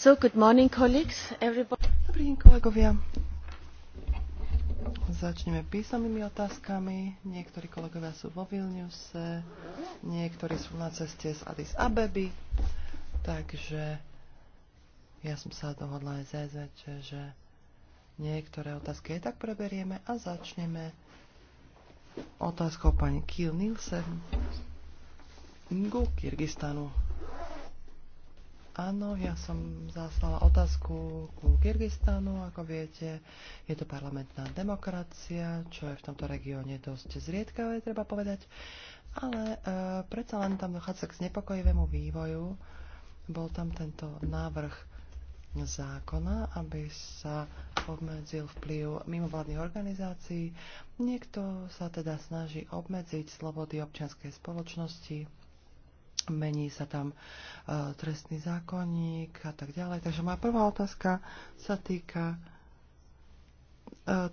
Dobrý deň, kolegovia. Začneme písomnými otázkami. Niektorí kolegovia sú vo Vilniuse, niektorí sú na ceste z Addis Abeby. Takže ja som sa dohodla aj e zezať, že niektoré otázky aj tak preberieme a začneme otázkou pani Kiel Nielsen ku Kyrgyzstanu. Áno, ja som zaslala otázku ku Kyrgyzstanu. Ako viete, je to parlamentná demokracia, čo je v tomto regióne dosť zriedkavé, treba povedať. Ale e, predsa len tam dochádza k znepokojivému vývoju. Bol tam tento návrh zákona, aby sa obmedzil vplyv mimovládnych organizácií. Niekto sa teda snaží obmedziť slobody občianskej spoločnosti mení sa tam e, trestný zákonník a tak ďalej. Takže moja prvá otázka sa týka e,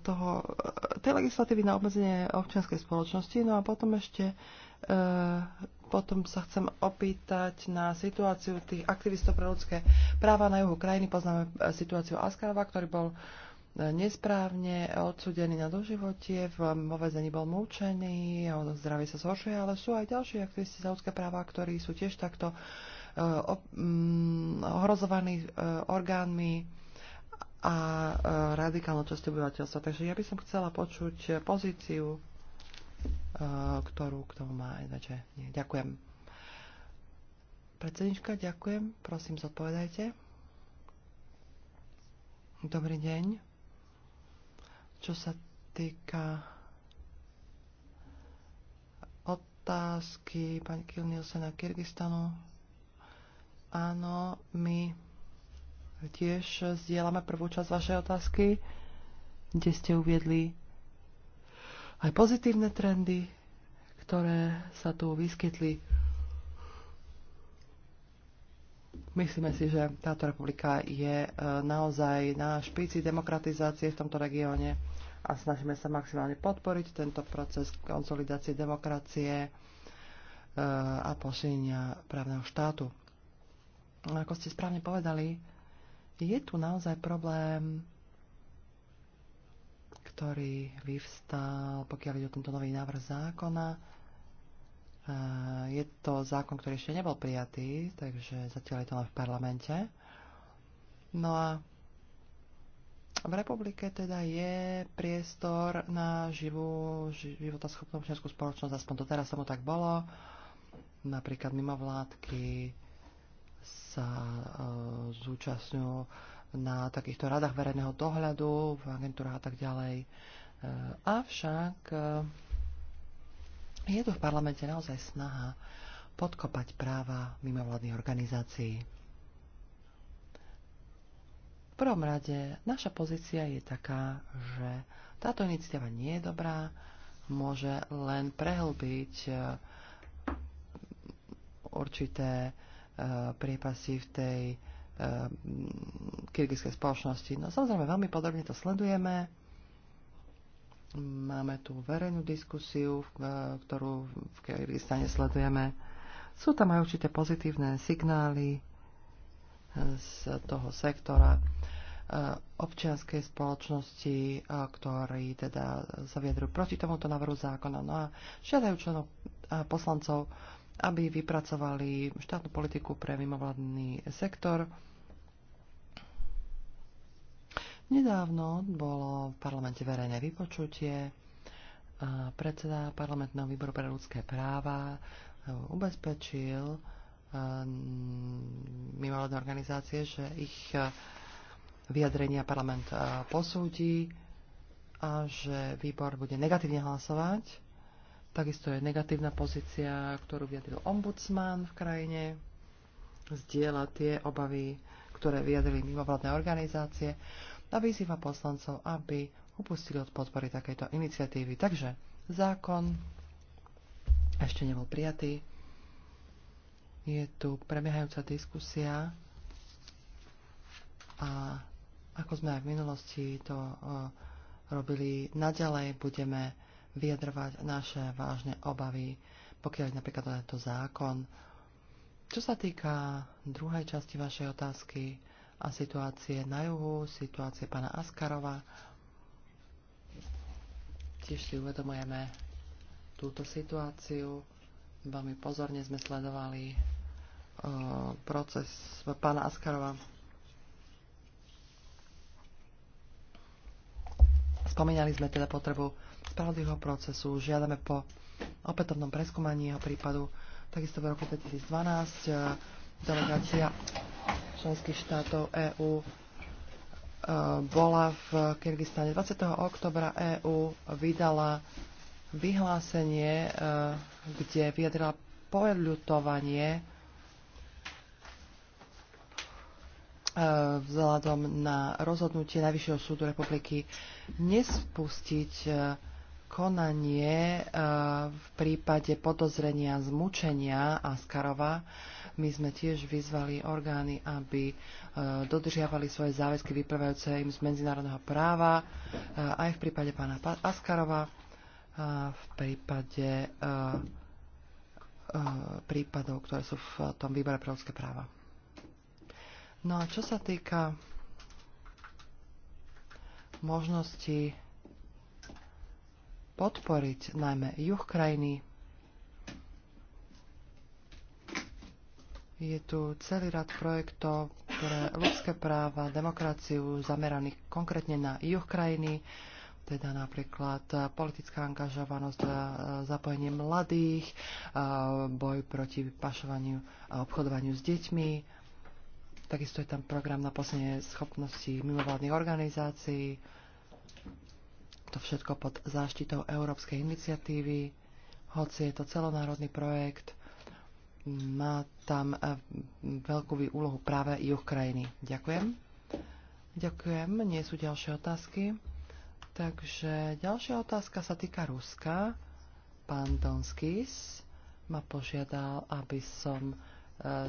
toho, e, tej legislatívy na obmedzenie občianskej spoločnosti. No a potom ešte potom sa chcem opýtať na situáciu tých aktivistov pre ľudské práva na juhu krajiny. Poznáme situáciu Askarova, ktorý bol nesprávne odsudený na doživotie, vo vezení bol mučený, jeho zdravie sa zhoršuje, ale sú aj ďalší aktivisti za ľudské práva, ktorí sú tiež takto e, mm, ohrozovaní e, orgánmi a e, radikálnou časťou obyvateľstva. Takže ja by som chcela počuť pozíciu, ktorú k tomu má nie, Ďakujem. Predsednička, ďakujem. Prosím, zodpovedajte. Dobrý deň. Čo sa týka otázky pani Kilnilsena Kyrgyzstanu, áno, my tiež zdieľame prvú časť vašej otázky, kde ste uviedli aj pozitívne trendy, ktoré sa tu vyskytli. Myslíme si, že táto republika je e, naozaj na špici demokratizácie v tomto regióne a snažíme sa maximálne podporiť tento proces konsolidácie demokracie e, a posilnenia právneho štátu. Ako ste správne povedali, je tu naozaj problém, ktorý vyvstal, pokiaľ ide o tento nový návrh zákona. E, je to zákon, ktorý ešte nebol prijatý, takže zatiaľ je to len v parlamente. No a v republike teda je priestor na živú, životaschopnú občianskú spoločnosť, aspoň to teraz tomu tak bolo. Napríklad mimovládky sa e, zúčastňujú na takýchto radách verejného dohľadu, v agentúrach a tak ďalej. E, avšak e, je tu v parlamente naozaj snaha podkopať práva mimovládnych organizácií prvom rade naša pozícia je taká, že táto iniciatíva nie je dobrá, môže len prehlbiť e, určité e, priepasy v tej e, kyrgyzskej spoločnosti. No samozrejme, veľmi podrobne to sledujeme. Máme tu verejnú diskusiu, ktorú v Kyrgyzstane sledujeme. Sú tam aj určité pozitívne signály, z toho sektora e, občianskej spoločnosti, e, ktorí teda sa vyjadrujú proti tomuto návrhu zákona. No a žiadajú členov a poslancov, aby vypracovali štátnu politiku pre mimovládny sektor. Nedávno bolo v parlamente verejné vypočutie. Predseda parlamentného výboru pre ľudské práva e, ubezpečil, Ehm, mimovládne organizácie, že ich eh, vyjadrenia parlament eh, posúdi a že výbor bude negatívne hlasovať. Takisto je negatívna pozícia, ktorú vyjadril ombudsman v krajine. Zdieľa tie obavy, ktoré vyjadrili mimovládne organizácie a vyzýva poslancov, aby upustili od podpory takejto iniciatívy. Takže zákon ešte nebol prijatý je tu prebiehajúca diskusia a ako sme aj v minulosti to robili, naďalej budeme vyjadrovať naše vážne obavy, pokiaľ napríklad je to zákon. Čo sa týka druhej časti vašej otázky a situácie na juhu, situácie pána Askarova, tiež si uvedomujeme túto situáciu. Veľmi pozorne sme sledovali Eh, proces pána Askarova. Spomínali sme teda potrebu spravodlivého procesu, žiadame po opätovnom preskúmaní jeho prípadu. Takisto v roku 2012 eh, delegácia členských štátov EÚ eh, bola v Kyrgyzstane. 20. oktobra EÚ vydala vyhlásenie, kde vyjadrila poľutovanie E, vzhľadom na rozhodnutie Najvyššieho súdu republiky nespustiť e, konanie e, v prípade podozrenia zmučenia Askarova. My sme tiež vyzvali orgány, aby dodržiavali svoje záväzky vyprávajúce im z medzinárodného práva, aj v prípade pána Askarova, v prípade prípadov, ktoré sú v tom výbore pre ľudské práva. No a čo sa týka možnosti podporiť najmä juh krajiny, je tu celý rad projektov pre ľudské práva, demokraciu zameraných konkrétne na juh krajiny, teda napríklad politická angažovanosť, zapojenie mladých, boj proti pašovaniu a obchodovaniu s deťmi, Takisto je tam program na posilnenie schopnosti mimovládnych organizácií. To všetko pod záštitou Európskej iniciatívy. Hoci je to celonárodný projekt, má tam eh, veľkú úlohu práve juh krajiny. Ďakujem. Ďakujem. Nie sú ďalšie otázky. Takže ďalšia otázka sa týka Ruska. Pán Donskis ma požiadal, aby som eh,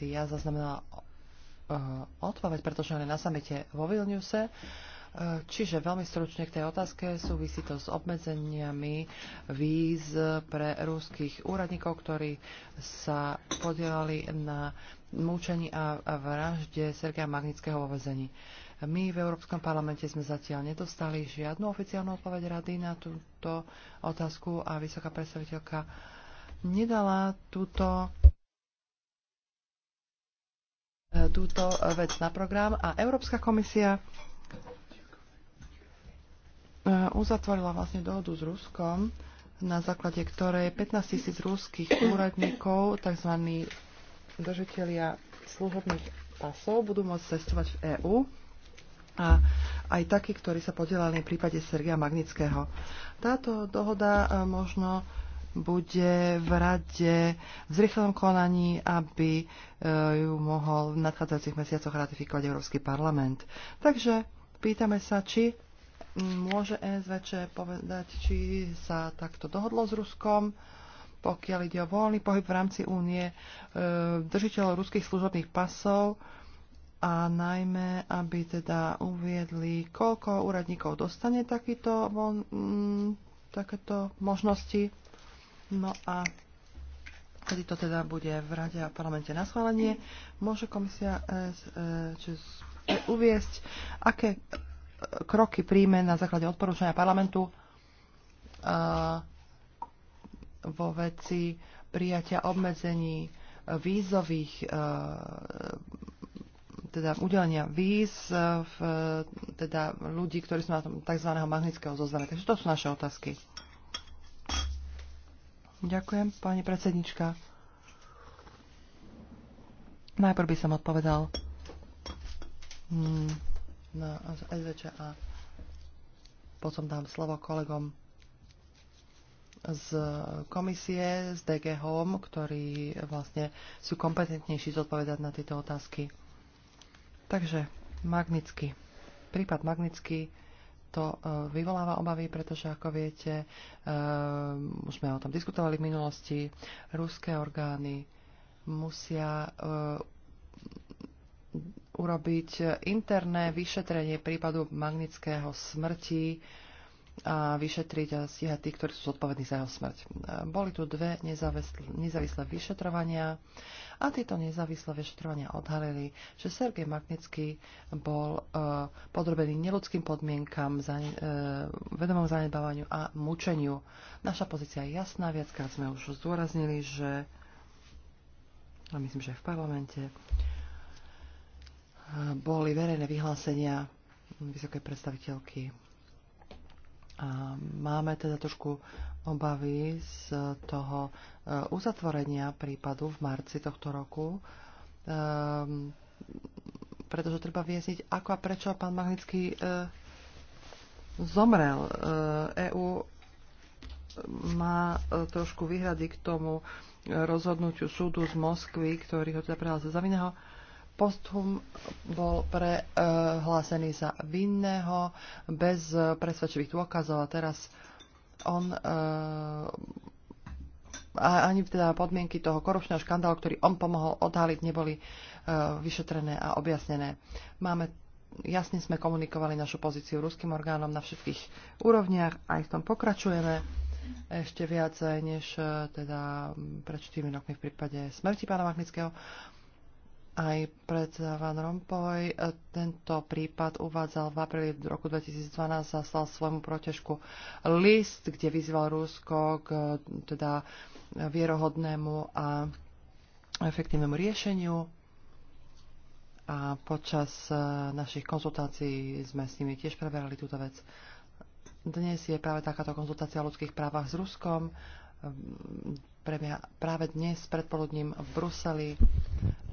si ja zaznamenala Eh, odpoveď, pretože on je na samite vo Vilniuse. Eh, čiže veľmi stručne k tej otázke súvisí to s obmedzeniami víz pre rúských úradníkov, ktorí sa podielali na múčení a vražde Sergeja Magnického vo vezení. My v Európskom parlamente sme zatiaľ nedostali žiadnu oficiálnu odpoveď rady na túto otázku a vysoká predstaviteľka nedala túto túto vec na program a Európska komisia e, uzatvorila vlastne dohodu s Ruskom, na základe ktorej 15 tisíc ruských úradníkov, tzv. držiteľia služobných pasov, budú môcť cestovať v EÚ a aj takí, ktorí sa podielali v prípade Sergia Magnického. Táto dohoda e, možno bude v rade v zrychlenom konaní, aby e, ju mohol v nadchádzajúcich mesiacoch ratifikovať Európsky parlament. Takže pýtame sa, či môže NSVČ e povedať, či sa takto dohodlo s Ruskom, pokiaľ ide o voľný pohyb v rámci únie e, držiteľov ruských služobných pasov a najmä, aby teda uviedli, koľko úradníkov dostane takýto, takéto možnosti No a kedy to teda bude v Rade a parlamente na schválenie, môže komisia eh, eh, uviesť, aké eh, kroky príjme na základe odporúčania parlamentu vo veci prijatia obmedzení vízových, teda udelenia víz v, teda ľudí, ktorí sú na tom tzv. magnického zozname. Takže to sú naše otázky. Ďakujem, pani predsednička. Najprv by som odpovedal mm, na SVČ a potom dám slovo kolegom z komisie, z DG Home, ktorí vlastne sú kompetentnejší zodpovedať na tieto otázky. Takže Magnický. Prípad Magnický to e, vyvoláva obavy, pretože ako viete, e, už sme o tom diskutovali v minulosti, ruské orgány musia e, urobiť interné vyšetrenie prípadu magnického smrti a vyšetriť a stíhať tých, ktorí sú zodpovední za jeho smrť. Boli tu dve nezávislé vyšetrovania a tieto nezávislé vyšetrovania odhalili, že Sergej Magnický bol uh, podrobený neludským podmienkam, za, uh, e, vedomom zanedbávaniu a mučeniu. Naša pozícia je jasná, viackrát sme už zdôraznili, že a myslím, že aj v parlamente e, boli verejné vyhlásenia vysokej predstaviteľky a máme teda trošku obavy z toho eh, uzatvorenia prípadu v marci tohto roku, ehm, pretože treba vyjasniť, ako a prečo pán Magnický eh, eh, e, zomrel. EÚ má trošku výhrady k tomu rozhodnutiu súdu z Moskvy, ktorý ho teda prehlásil za vinného. E, Posthum bol prehlásený za vinného bez presvedčivých dôkazov a teraz on e, ani teda podmienky toho korupčného škandálu, ktorý on pomohol odhaliť, neboli e, vyšetrené a objasnené. Máme jasne sme komunikovali našu pozíciu ruským orgánom na všetkých úrovniach, aj v tom pokračujeme ešte viacej než eh, teda pred 4 rokmi v prípade smrti pána Magnického aj pred Van Rompuy e, tento prípad uvádzal v apríli roku 2012 a svojmu protežku list, kde vyzval Rusko k e, teda vierohodnému a efektívnemu riešeniu. A počas e, našich konzultácií sme s nimi tiež preberali túto vec. Dnes je práve takáto konzultácia o ľudských právach s Ruskom mňa práve dnes predpoludním v Bruseli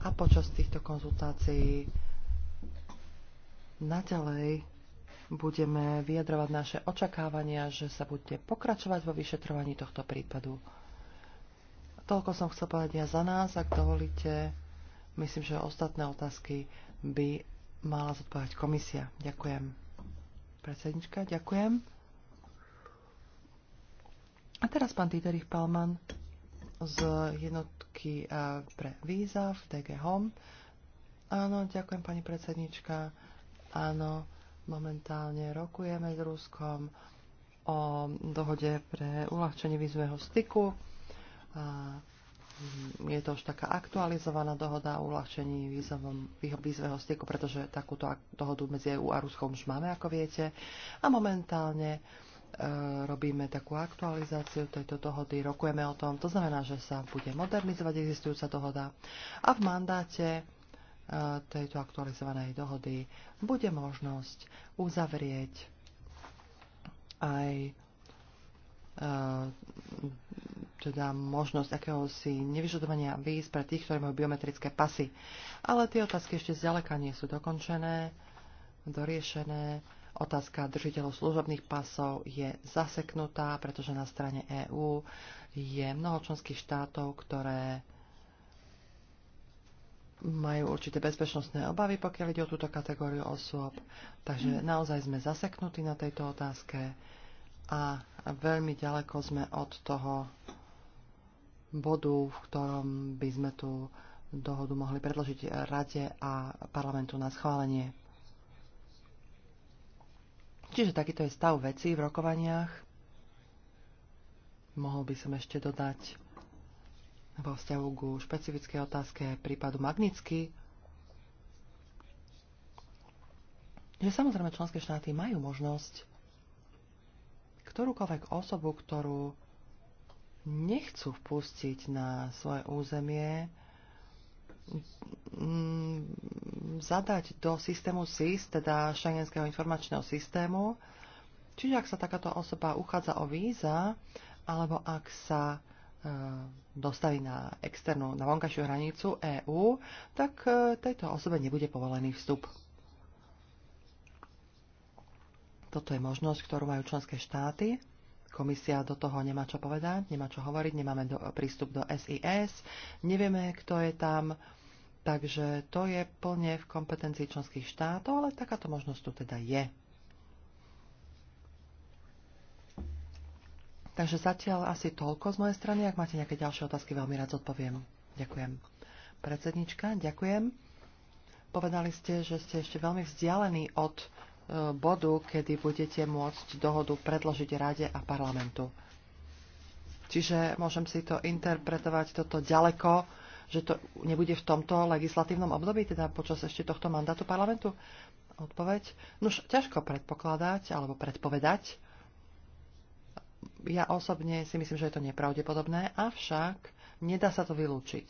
a počas týchto konzultácií naďalej budeme vyjadrovať naše očakávania, že sa bude pokračovať vo vyšetrovaní tohto prípadu. Toľko som chcel povedať ja za nás, ak dovolíte. Myslím, že ostatné otázky by mala zodpovedať komisia. Ďakujem. Predsednička, ďakujem. A teraz pán Dieterich Palman z jednotky eh, pre víza v DG Home. Áno, ďakujem pani predsednička. Áno, momentálne rokujeme s Ruskom o dohode pre uľahčenie vízového styku. A mm, je to už taká aktualizovaná dohoda o uľahčení vízového styku, pretože takúto dohodu medzi EU a Ruskom už máme, ako viete. A momentálne Eh, robíme takú aktualizáciu tejto dohody, rokujeme o tom. To znamená, že sa bude modernizovať existujúca dohoda a v mandáte eh, tejto aktualizovanej dohody bude možnosť uzavrieť aj eh, teda možnosť akéhosi nevyžadovania víz pre tých, ktorí majú biometrické pasy. Ale tie otázky ešte zďaleka nie sú dokončené, doriešené Otázka držiteľov služobných pasov je zaseknutá, pretože na strane EÚ je mnoho členských štátov, ktoré majú určité bezpečnostné obavy, pokiaľ ide o túto kategóriu osôb. Takže naozaj sme zaseknutí na tejto otázke a veľmi ďaleko sme od toho bodu, v ktorom by sme tú dohodu mohli predložiť Rade a parlamentu na schválenie. Čiže takýto je stav vecí v rokovaniach. Mohol by som ešte dodať vo vzťahu ku špecifickej otázke prípadu Magnicky, že samozrejme členské štáty majú možnosť ktorúkoľvek osobu, ktorú nechcú vpustiť na svoje územie, Mm, zadať do systému SIS, teda Schengenského informačného systému. Čiže ak sa takáto osoba uchádza o víza, alebo ak sa e, dostaví na externú, na vonkajšiu hranicu EÚ, tak e, tejto osobe nebude povolený vstup. Toto je možnosť, ktorú majú členské štáty komisia do toho nemá čo povedať, nemá čo hovoriť, nemáme do, prístup do SIS, nevieme, kto je tam, takže to je plne v kompetencii členských štátov, ale takáto možnosť tu teda je. Takže zatiaľ asi toľko z mojej strany. Ak máte nejaké ďalšie otázky, veľmi rád zodpoviem. Ďakujem. Predsednička, ďakujem. Povedali ste, že ste ešte veľmi vzdialení od bodu, kedy budete môcť dohodu predložiť Rade a parlamentu. Čiže môžem si to interpretovať toto ďaleko, že to nebude v tomto legislatívnom období, teda počas ešte tohto mandátu parlamentu? Odpoveď? už ťažko predpokladať alebo predpovedať. Ja osobne si myslím, že je to nepravdepodobné, avšak nedá sa to vylúčiť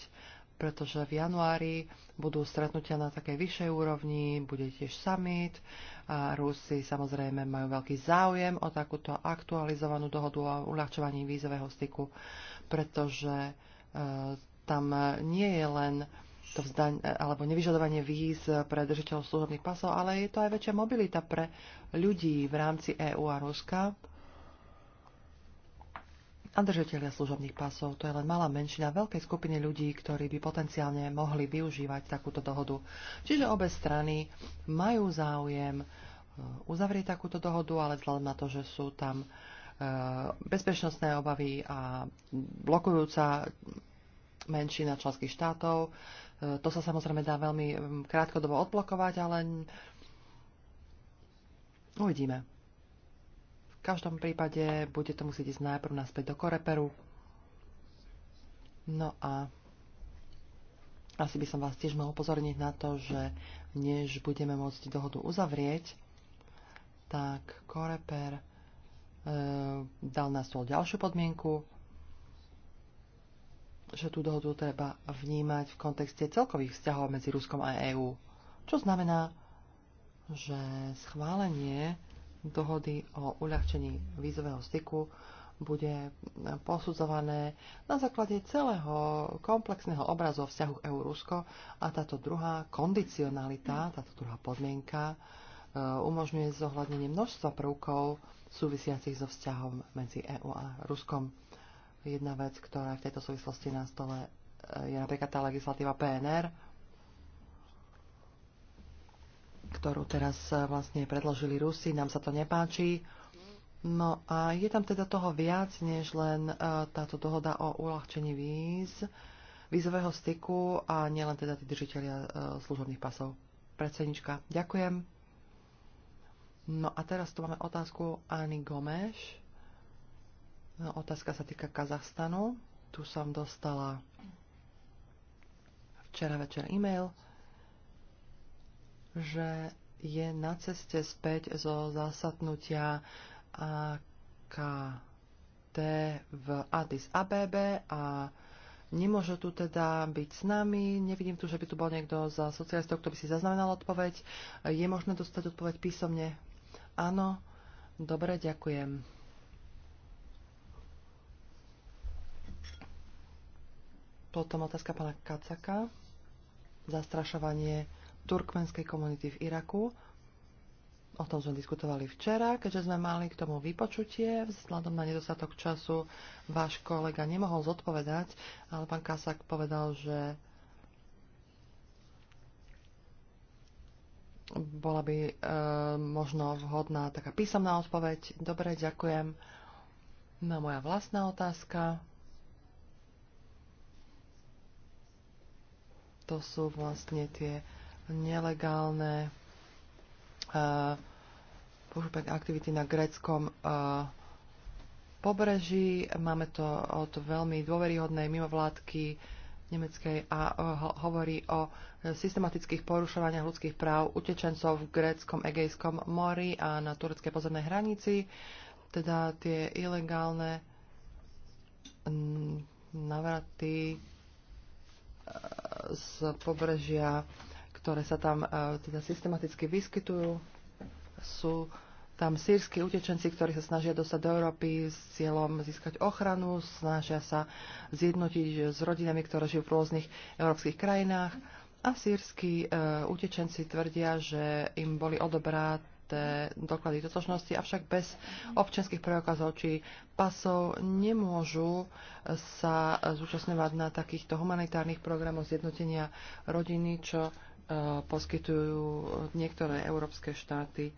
pretože v januári budú stretnutia na takej vyššej úrovni, bude tiež summit a Rusi samozrejme majú veľký záujem o takúto aktualizovanú dohodu o uľahčovaní vízového styku, pretože e, tam nie je len to vzdaň, alebo nevyžadovanie víz pre držiteľov služobných pasov, ale je to aj väčšia mobilita pre ľudí v rámci EÚ a Ruska, a držiteľia služobných pasov. To je len malá menšina veľkej skupiny ľudí, ktorí by potenciálne mohli využívať takúto dohodu. Čiže obe strany majú záujem e, uzavrieť takúto dohodu, ale vzhľadom na to, že sú tam e, bezpečnostné obavy a blokujúca menšina členských štátov. E, to sa samozrejme dá veľmi krátkodobo odblokovať, ale uvidíme každom prípade bude to musieť ísť najprv naspäť do Koreperu. No a asi by som vás tiež mal upozorniť na to, že než budeme môcť dohodu uzavrieť, tak Koreper e, dal na stôl ďalšiu podmienku, že tú dohodu treba vnímať v kontexte celkových vzťahov medzi Ruskom a EÚ. Čo znamená, že schválenie dohody o uľahčení vízového styku bude posudzované na základe celého komplexného obrazu o vzťahu EU-Rusko a táto druhá kondicionalita, táto druhá podmienka e, umožňuje zohľadnenie množstva prvkov súvisiacich so vzťahom medzi EÚ a Ruskom. Jedna vec, ktorá je v tejto súvislosti na stole, e, je napríklad tá legislatíva PNR, ktorú teraz e, vlastne predložili Rusi. Nám sa to nepáči. No a je tam teda toho viac, než len e, táto dohoda o uľahčení víz, vízového styku a nielen teda tí držiteľia e, služobných pasov. Predsednička, ďakujem. No a teraz tu máme otázku Ani Gomeš. No, otázka sa týka Kazachstanu. Tu som dostala včera večer e-mail že je na ceste späť zo zasadnutia AKT v Addis ABB a nemôže tu teda byť s nami. Nevidím tu, že by tu bol niekto za socialistov, kto by si zaznamenal odpoveď. Je možné dostať odpoveď písomne? Áno. Dobre, ďakujem. Potom otázka pána Kacaka. Zastrašovanie turkmenskej komunity v Iraku. O tom sme diskutovali včera, keďže sme mali k tomu vypočutie. Vzhľadom na nedostatok času váš kolega nemohol zodpovedať, ale pán Kasak povedal, že bola by e, možno vhodná taká písomná odpoveď. Dobre, ďakujem. Na no, moja vlastná otázka. To sú vlastne tie nelegálne uh, aktivity na gréckom eh, pobreží. Máme to od veľmi dôveryhodnej mimovládky nemeckej a eh, hovorí o systematických porušovaniach ľudských práv utečencov v gréckom Egejskom mori a na tureckej pozemnej hranici. Teda tie ilegálne mm, navraty z pobrežia ktoré sa tam e, teda systematicky vyskytujú. Sú tam sírsky utečenci, ktorí sa snažia dostať do Európy s cieľom získať ochranu, snažia sa zjednotiť s rodinami, ktoré žijú v rôznych európskych krajinách. A sírsky e, utečenci tvrdia, že im boli odobráté doklady totožnosti, avšak bez občianských preukazov či pasov nemôžu e, sa zúčastňovať na takýchto humanitárnych programoch zjednotenia rodiny, čo E, poskytujú niektoré európske štáty. E,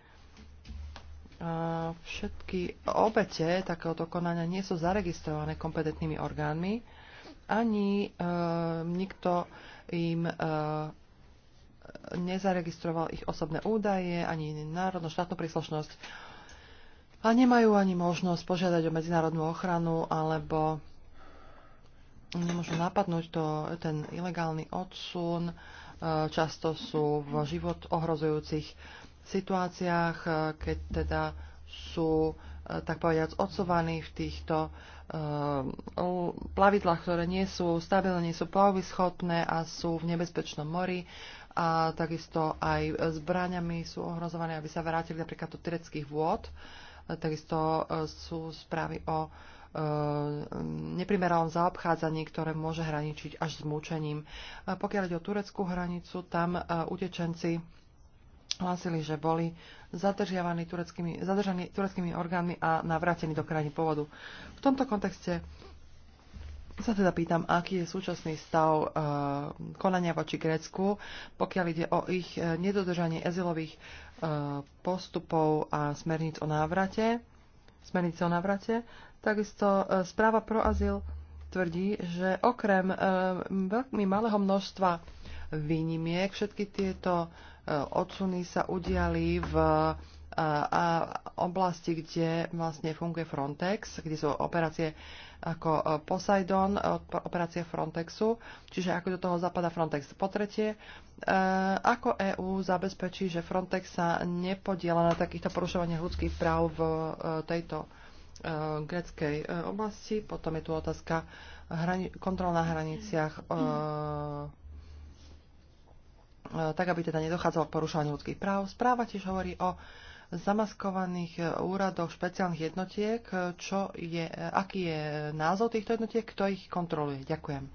všetky obete takéhoto konania nie sú zaregistrované kompetentnými orgánmi, ani e, nikto im nezaregistroval ich osobné údaje, ani národnú štátnu príslušnosť a nemajú ani možnosť požiadať o medzinárodnú ochranu alebo nemôžu napadnúť to, ten ilegálny odsun Eh, často sú v život ohrozujúcich situáciách, eh, keď teda sú eh, tak povediac odsovaní v týchto plavidlách, ktoré nie sú stabilné, nie sú plavbyschopné a sú v nebezpečnom mori a takisto aj zbraňami sú ohrozované, aby sa vrátili napríklad do tureckých vôd. Takisto sú správy o E, neprimeralom zaobchádzaní, ktoré môže hraničiť až s mučením. E, pokiaľ ide o tureckú hranicu, tam e, utečenci hlásili, že boli zadržiavaní tureckými, zadržaní tureckými orgánmi a navrátení do krajiny pôvodu. V tomto kontexte sa teda pýtam, aký je súčasný stav e, konania voči Grécku, pokiaľ ide o ich nedodržanie ezilových e, postupov a smerníc o návrate smernice o navrate. Takisto e, správa pro azyl tvrdí, že okrem e, veľmi malého množstva výnimiek všetky tieto e, odsuny sa udiali v oblasti, kde vlastne funguje Frontex, kde sú operácie ako e, Poseidon, e, operácia Frontexu, čiže ako do toho zapadá Frontex. Po tretie, e, ako EÚ zabezpečí, že Frontex sa nepodiela na takýchto porušovaniach ľudských práv v tejto greckej oblasti. Potom je tu otázka hrani- kontrol na hraniciach, tak aby teda nedochádzalo k porušovaniu ľudských práv. Správa tiež hovorí o zamaskovaných eh, úradoch špeciálnych jednotiek. Eh, čo je, eh, aký je názov týchto jednotiek, kto ich kontroluje? Ďakujem.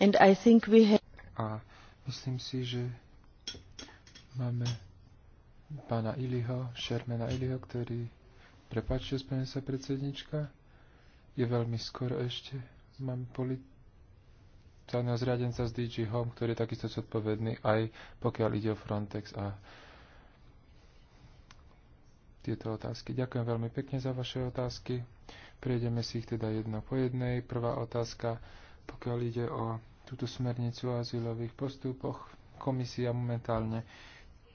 And I think we have... A myslím si, že máme pána Iliho, Šermena Iliho, ktorý, prepáčte, spomne sa predsednička, je veľmi skoro ešte, mám politi- štátneho zriadenca z DG Home, ktorý je takisto zodpovedný aj pokiaľ ide o Frontex a tieto otázky. Ďakujem veľmi pekne za vaše otázky. Prejdeme si ich teda jedna po jednej. Prvá otázka, pokiaľ ide o túto smernicu o azylových postupoch, komisia momentálne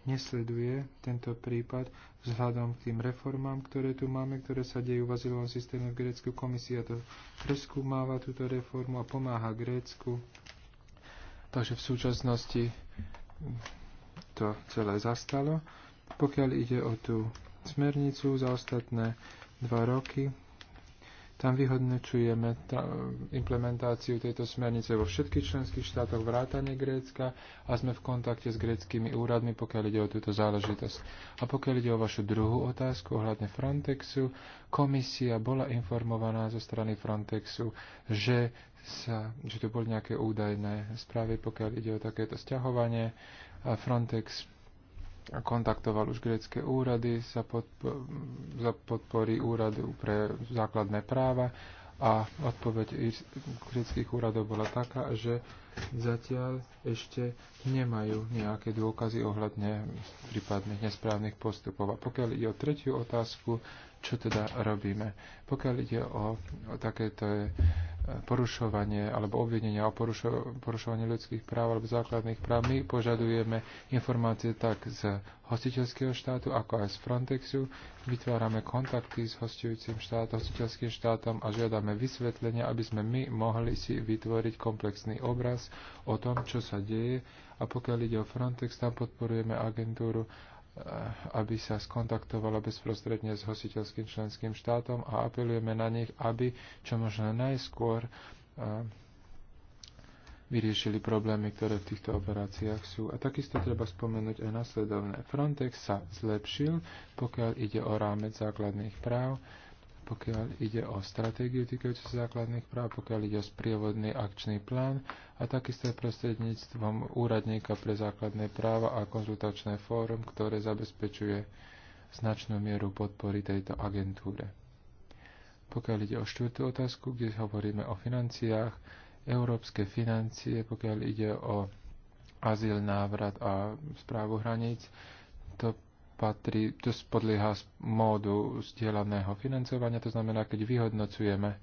nesleduje tento prípad vzhľadom k tým reformám, ktoré tu máme, ktoré sa dejú v azylovom systéme v Grécku. Komisia to preskúmáva túto reformu a pomáha Grécku. Takže v súčasnosti to celé zastalo. Pokiaľ ide o tú smernicu za ostatné dva roky, tam vyhodnocujeme implementáciu tejto smernice vo všetkých členských štátoch vrátane Grécka a sme v kontakte s gréckými úradmi, pokiaľ ide o túto záležitosť. A pokiaľ ide o vašu druhú otázku ohľadne Frontexu, komisia bola informovaná zo strany Frontexu, že, sa, že to boli nejaké údajné správy, pokiaľ ide o takéto sťahovanie. A Frontex kontaktoval už grecké úrady za, podpo- za podpory úradu pre základné práva a odpoveď greckých úradov bola taká, že zatiaľ ešte nemajú nejaké dôkazy ohľadne prípadných nesprávnych postupov. A pokiaľ ide o tretiu otázku, čo teda robíme. Pokiaľ ide o, o takéto e, porušovanie alebo obvinenia o porušo, porušovanie ľudských práv alebo základných práv, my požadujeme informácie tak z hostiteľského štátu, ako aj z Frontexu. Vytvárame kontakty s hostujúcim štátom, hostiteľským štátom a žiadame vysvetlenia, aby sme my mohli si vytvoriť komplexný obraz o tom, čo sa deje. A pokiaľ ide o Frontex, tam podporujeme agentúru Eh, aby sa skontaktovalo bezprostredne s hostiteľským členským štátom a apelujeme na nich, aby čo možno najskôr eh, vyriešili problémy, ktoré v týchto operáciách sú. A takisto treba spomenúť aj nasledovné. Frontex sa zlepšil, pokiaľ ide o rámec základných práv pokiaľ ide o stratégiu týkajúcu základných práv, pokiaľ ide o sprievodný akčný plán a takisto aj prostredníctvom úradníka pre základné práva a konzultačné fórum, ktoré zabezpečuje značnú mieru podpory tejto agentúre. Pokiaľ ide o štvrtú otázku, kde hovoríme o financiách, európske financie, pokiaľ ide o azyl, návrat a správu hraníc, to patrí, to z módu zdieľaného financovania, to znamená, keď vyhodnocujeme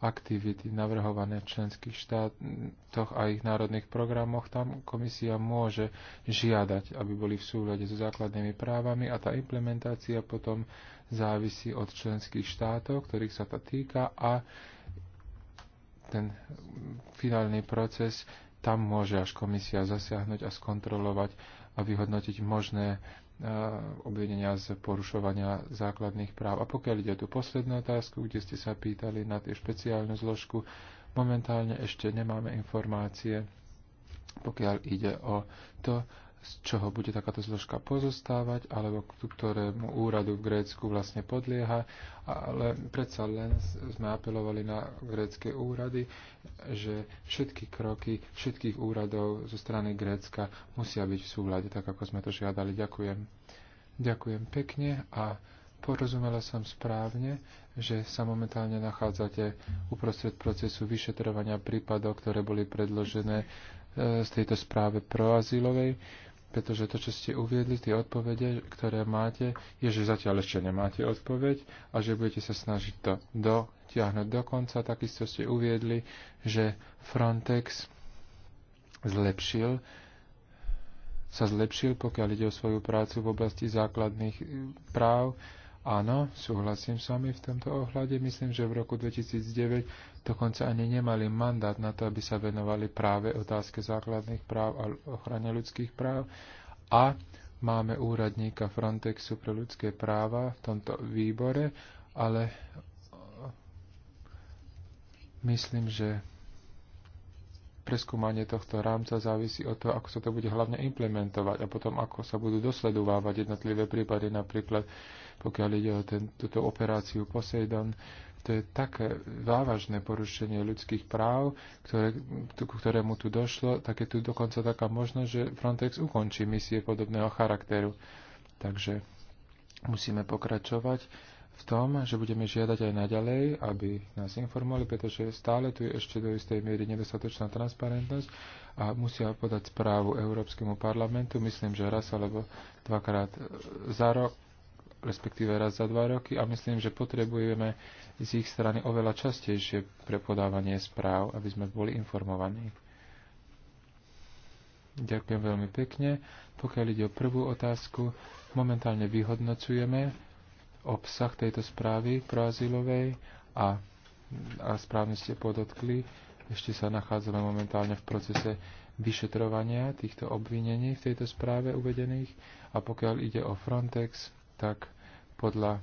aktivity navrhované v členských štátoch a ich národných programoch, tam komisia môže žiadať, aby boli v súhľade so základnými právami a tá implementácia potom závisí od členských štátov, ktorých sa to týka a ten finálny proces tam môže až komisia zasiahnuť a skontrolovať a vyhodnotiť možné Eh, obvinenia z porušovania základných práv. A pokiaľ ide o tú poslednú otázku, kde ste sa pýtali na tie špeciálnu zložku, momentálne ešte nemáme informácie, pokiaľ ide o to, z čoho bude takáto zložka pozostávať, alebo k ktorému úradu v Grécku vlastne podlieha, ale predsa len sme apelovali na grécké úrady, že všetky kroky všetkých úradov zo strany Grécka musia byť v súhľade, tak ako sme to žiadali. Ďakujem. Ďakujem pekne a porozumela som správne, že sa momentálne nachádzate uprostred procesu vyšetrovania prípadov, ktoré boli predložené e, z tejto správe azylovej pretože to, čo ste uviedli, tie odpovede, ktoré máte, je, že zatiaľ ešte nemáte odpoveď a že budete sa snažiť to dotiahnuť do konca. Takisto ste uviedli, že Frontex zlepšil, sa zlepšil, pokiaľ ide o svoju prácu v oblasti základných práv Áno, súhlasím s vami v tomto ohľade. Myslím, že v roku 2009 dokonca ani nemali mandát na to, aby sa venovali práve otázke základných práv a ochrane ľudských práv. A máme úradníka Frontexu pre ľudské práva v tomto výbore, ale myslím, že preskúmanie tohto rámca závisí od toho, ako sa to bude hlavne implementovať a potom ako sa budú dosledovávať jednotlivé prípady, napríklad pokiaľ ide o ten, túto operáciu Poseidon, to je také závažné porušenie ľudských práv, ktoré, k ktorému tu došlo, tak je tu dokonca taká možnosť, že Frontex ukončí misie podobného charakteru. Takže musíme pokračovať v tom, že budeme žiadať aj naďalej, aby nás informovali, pretože stále tu je ešte do istej miery nedostatočná transparentnosť a musia podať správu Európskemu parlamentu, myslím, že raz alebo dvakrát e, za rok, respektíve raz za dva roky a myslím, že potrebujeme z ich strany oveľa častejšie pre podávanie správ, aby sme boli informovaní. Ďakujem veľmi pekne. Pokiaľ ide o prvú otázku, momentálne vyhodnocujeme obsah tejto správy azylovej a, a správne ste podotkli, ešte sa nachádzame momentálne v procese vyšetrovania týchto obvinení v tejto správe uvedených a pokiaľ ide o Frontex, tak podľa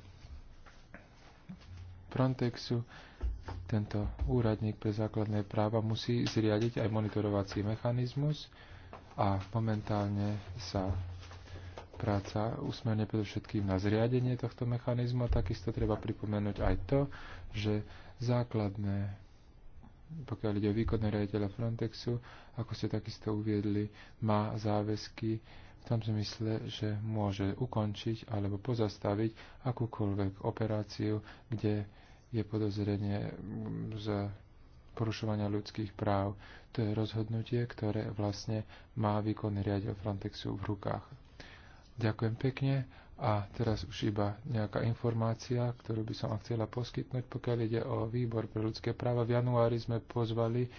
Frontexu tento úradník pre základné práva musí zriadiť aj monitorovací mechanizmus a momentálne sa práca usmerne predovšetkým na zriadenie tohto mechanizmu a takisto treba pripomenúť aj to, že základné pokiaľ ide o výkonné riaditeľa Frontexu, ako ste takisto uviedli, má záväzky v tom zmysle, že môže ukončiť alebo pozastaviť akúkoľvek operáciu, kde je podozrenie z porušovania ľudských práv. To je rozhodnutie, ktoré vlastne má výkonný riaditeľ Frontexu v rukách. Ďakujem pekne. A teraz už iba nejaká informácia, ktorú by som chcela poskytnúť, pokiaľ ide o výbor pre ľudské práva. V januári sme pozvali eh,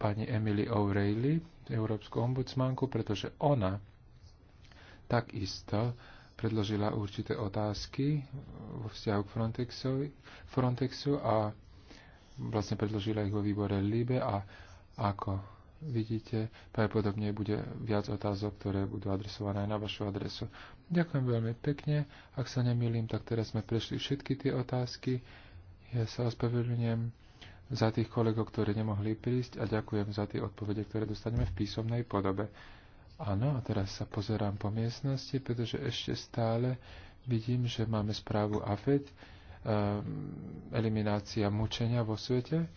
pani Emily O'Reilly, európsku ombudsmanku, pretože ona takisto predložila určité otázky vo vzťahu k Frontexu a vlastne predložila ich vo výbore LIBE a ako vidíte, pravdepodobne bude viac otázok, ktoré budú adresované aj na vašu adresu. Ďakujem veľmi pekne. Ak sa nemýlim, tak teraz sme prešli všetky tie otázky. Ja sa ospravedlňujem za tých kolegov, ktorí nemohli prísť a ďakujem za tie odpovede, ktoré dostaneme v písomnej podobe. Áno, a teraz sa pozerám po miestnosti, pretože ešte stále vidím, že máme správu AFED, um, eliminácia mučenia vo svete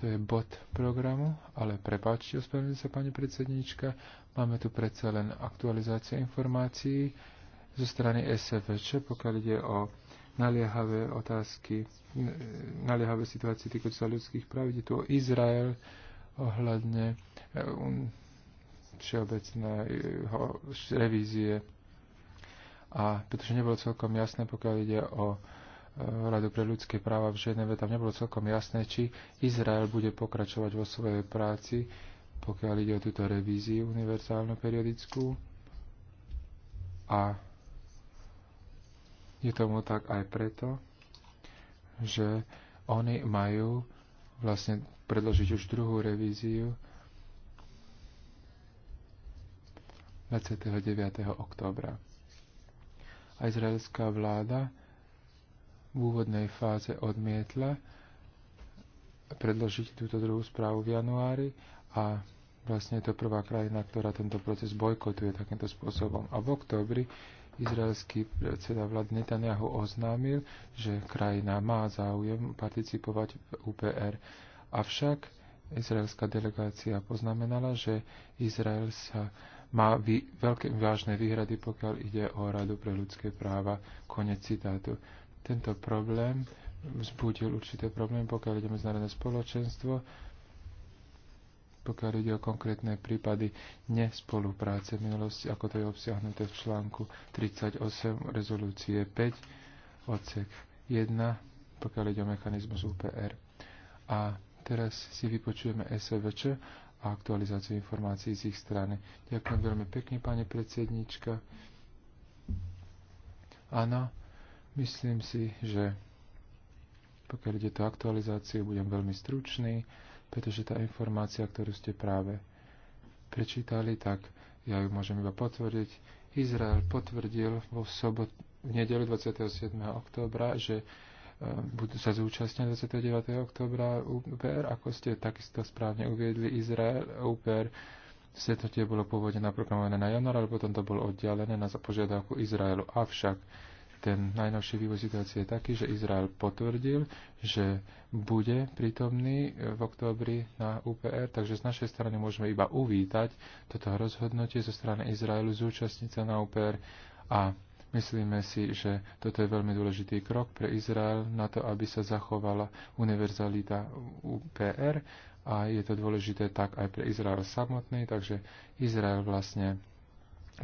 to je bod programu, ale prepáčte, ospravedlňujem sa, pani predsedníčka, máme tu predsa len aktualizácia informácií zo strany SFČ, pokiaľ ide o naliehavé otázky, e, naliehavé situácie týkajúce sa ľudských práv. Ide tu o Izrael ohľadne e, všeobecného revízie. A pretože nebolo celkom jasné, pokiaľ ide o Radu pre ľudské práva v Ženeve, tam nebolo celkom jasné, či Izrael bude pokračovať vo svojej práci, pokiaľ ide o túto revíziu univerzálnu periodickú. A je tomu tak aj preto, že oni majú vlastne predložiť už druhú revíziu 29. októbra. A izraelská vláda v úvodnej fáze odmietla predložiť túto druhú správu v januári a vlastne je to prvá krajina, ktorá tento proces bojkotuje takýmto spôsobom. A v októbri izraelský predseda vlád Netanyahu oznámil, že krajina má záujem participovať v UPR. Avšak izraelská delegácia poznamenala, že Izrael sa má vy, veľké vážne výhrady, pokiaľ ide o Radu pre ľudské práva. Konec citátu. Tento problém vzbudil určité problémy, pokiaľ ide medzinárodné spoločenstvo, pokiaľ ide o konkrétne prípady nespolupráce v minulosti, ako to je obsiahnuté v článku 38 rezolúcie 5, odsek 1, pokiaľ ide o mechanizmus UPR. A teraz si vypočujeme SVČ a aktualizáciu informácií z ich strany. Ďakujem veľmi pekne, pani predsednička. Áno Myslím si, že pokiaľ ide to aktualizáciu, budem veľmi stručný, pretože tá informácia, ktorú ste práve prečítali, tak ja ju môžem iba potvrdiť. Izrael potvrdil vo sobot, v nedelu 27. októbra, že e, budú sa zúčastnia 29. októbra UPR, ako ste takisto správne uviedli, Izrael UPR stretnutie bolo pôvodne naprogramované na január, ale potom to bolo oddialené na požiadavku Izraelu. Avšak ten najnovší vývoj situácie je taký, že Izrael potvrdil, že bude prítomný e, v októbri na UPR, takže z našej strany môžeme iba uvítať toto rozhodnutie zo strany Izraelu zúčastniť sa na UPR a myslíme si, že toto je veľmi dôležitý krok pre Izrael na to, aby sa zachovala univerzalita UPR a je to dôležité tak aj pre Izrael samotný, takže Izrael vlastne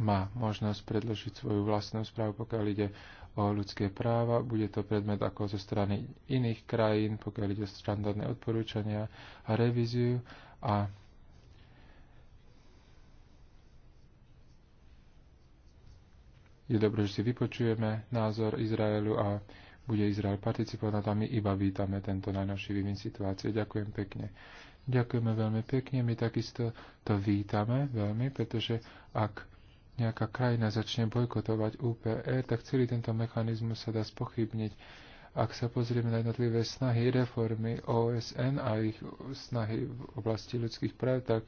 má možnosť predložiť svoju vlastnú správu, pokiaľ ide o ľudské práva. Bude to predmet ako zo strany iných krajín, pokiaľ ide o štandardné odporúčania a revíziu. A je dobré, že si vypočujeme názor Izraelu a bude Izrael participovať a my iba vítame tento najnovší vývin situácie. Ďakujem pekne. Ďakujeme veľmi pekne, my takisto to vítame veľmi, pretože ak nejaká krajina začne bojkotovať UPR, tak celý tento mechanizmus sa dá spochybniť. Ak sa pozrieme na jednotlivé snahy reformy OSN a ich snahy v oblasti ľudských práv, tak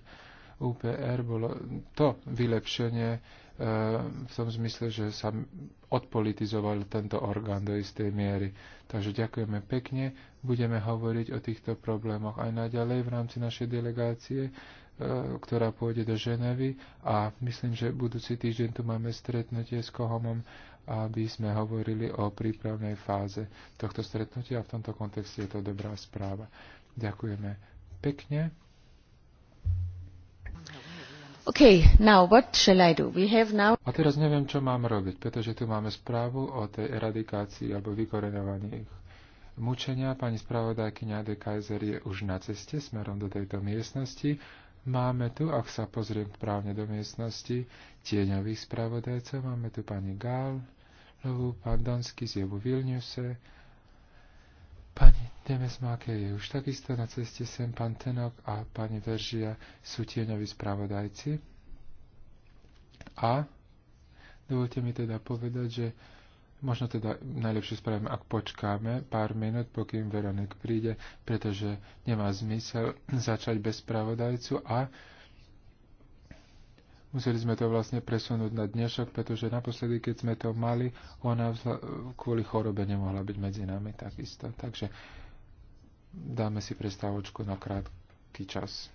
UPR bolo to vylepšenie e, v tom zmysle, že sa odpolitizoval tento orgán do istej miery. Takže ďakujeme pekne, budeme hovoriť o týchto problémoch aj naďalej v rámci našej delegácie E, ktorá pôjde do Ženevy a myslím, že budúci týždeň tu máme stretnutie s Kohomom, aby sme hovorili o prípravnej fáze tohto stretnutia a v tomto kontexte je to dobrá správa. Ďakujeme pekne. Okay, now what shall I do? We have now... A teraz neviem, čo mám robiť, pretože tu máme správu o tej eradikácii alebo vykorenovaných mučenia. Pani spravodajkyňa de Kaiser je už na ceste smerom do tejto miestnosti Máme tu, ak sa pozriem právne do miestnosti, tieňových spravodajcov. Máme tu pani Gál, Lovu, pán Donsky z Jebu Vilniuse. Pani Demesmáke je už takisto na ceste sem, pán Tenok a pani Veržia sú tieňoví spravodajci. A dovolte mi teda povedať, že Možno teda najlepšie spravíme, ak počkáme pár minút, pokým Veronik príde, pretože nemá zmysel začať bez spravodajcu a museli sme to vlastne presunúť na dnešok, pretože naposledy, keď sme to mali, ona kvôli chorobe nemohla byť medzi nami takisto. Takže dáme si prestávočku na krátky čas.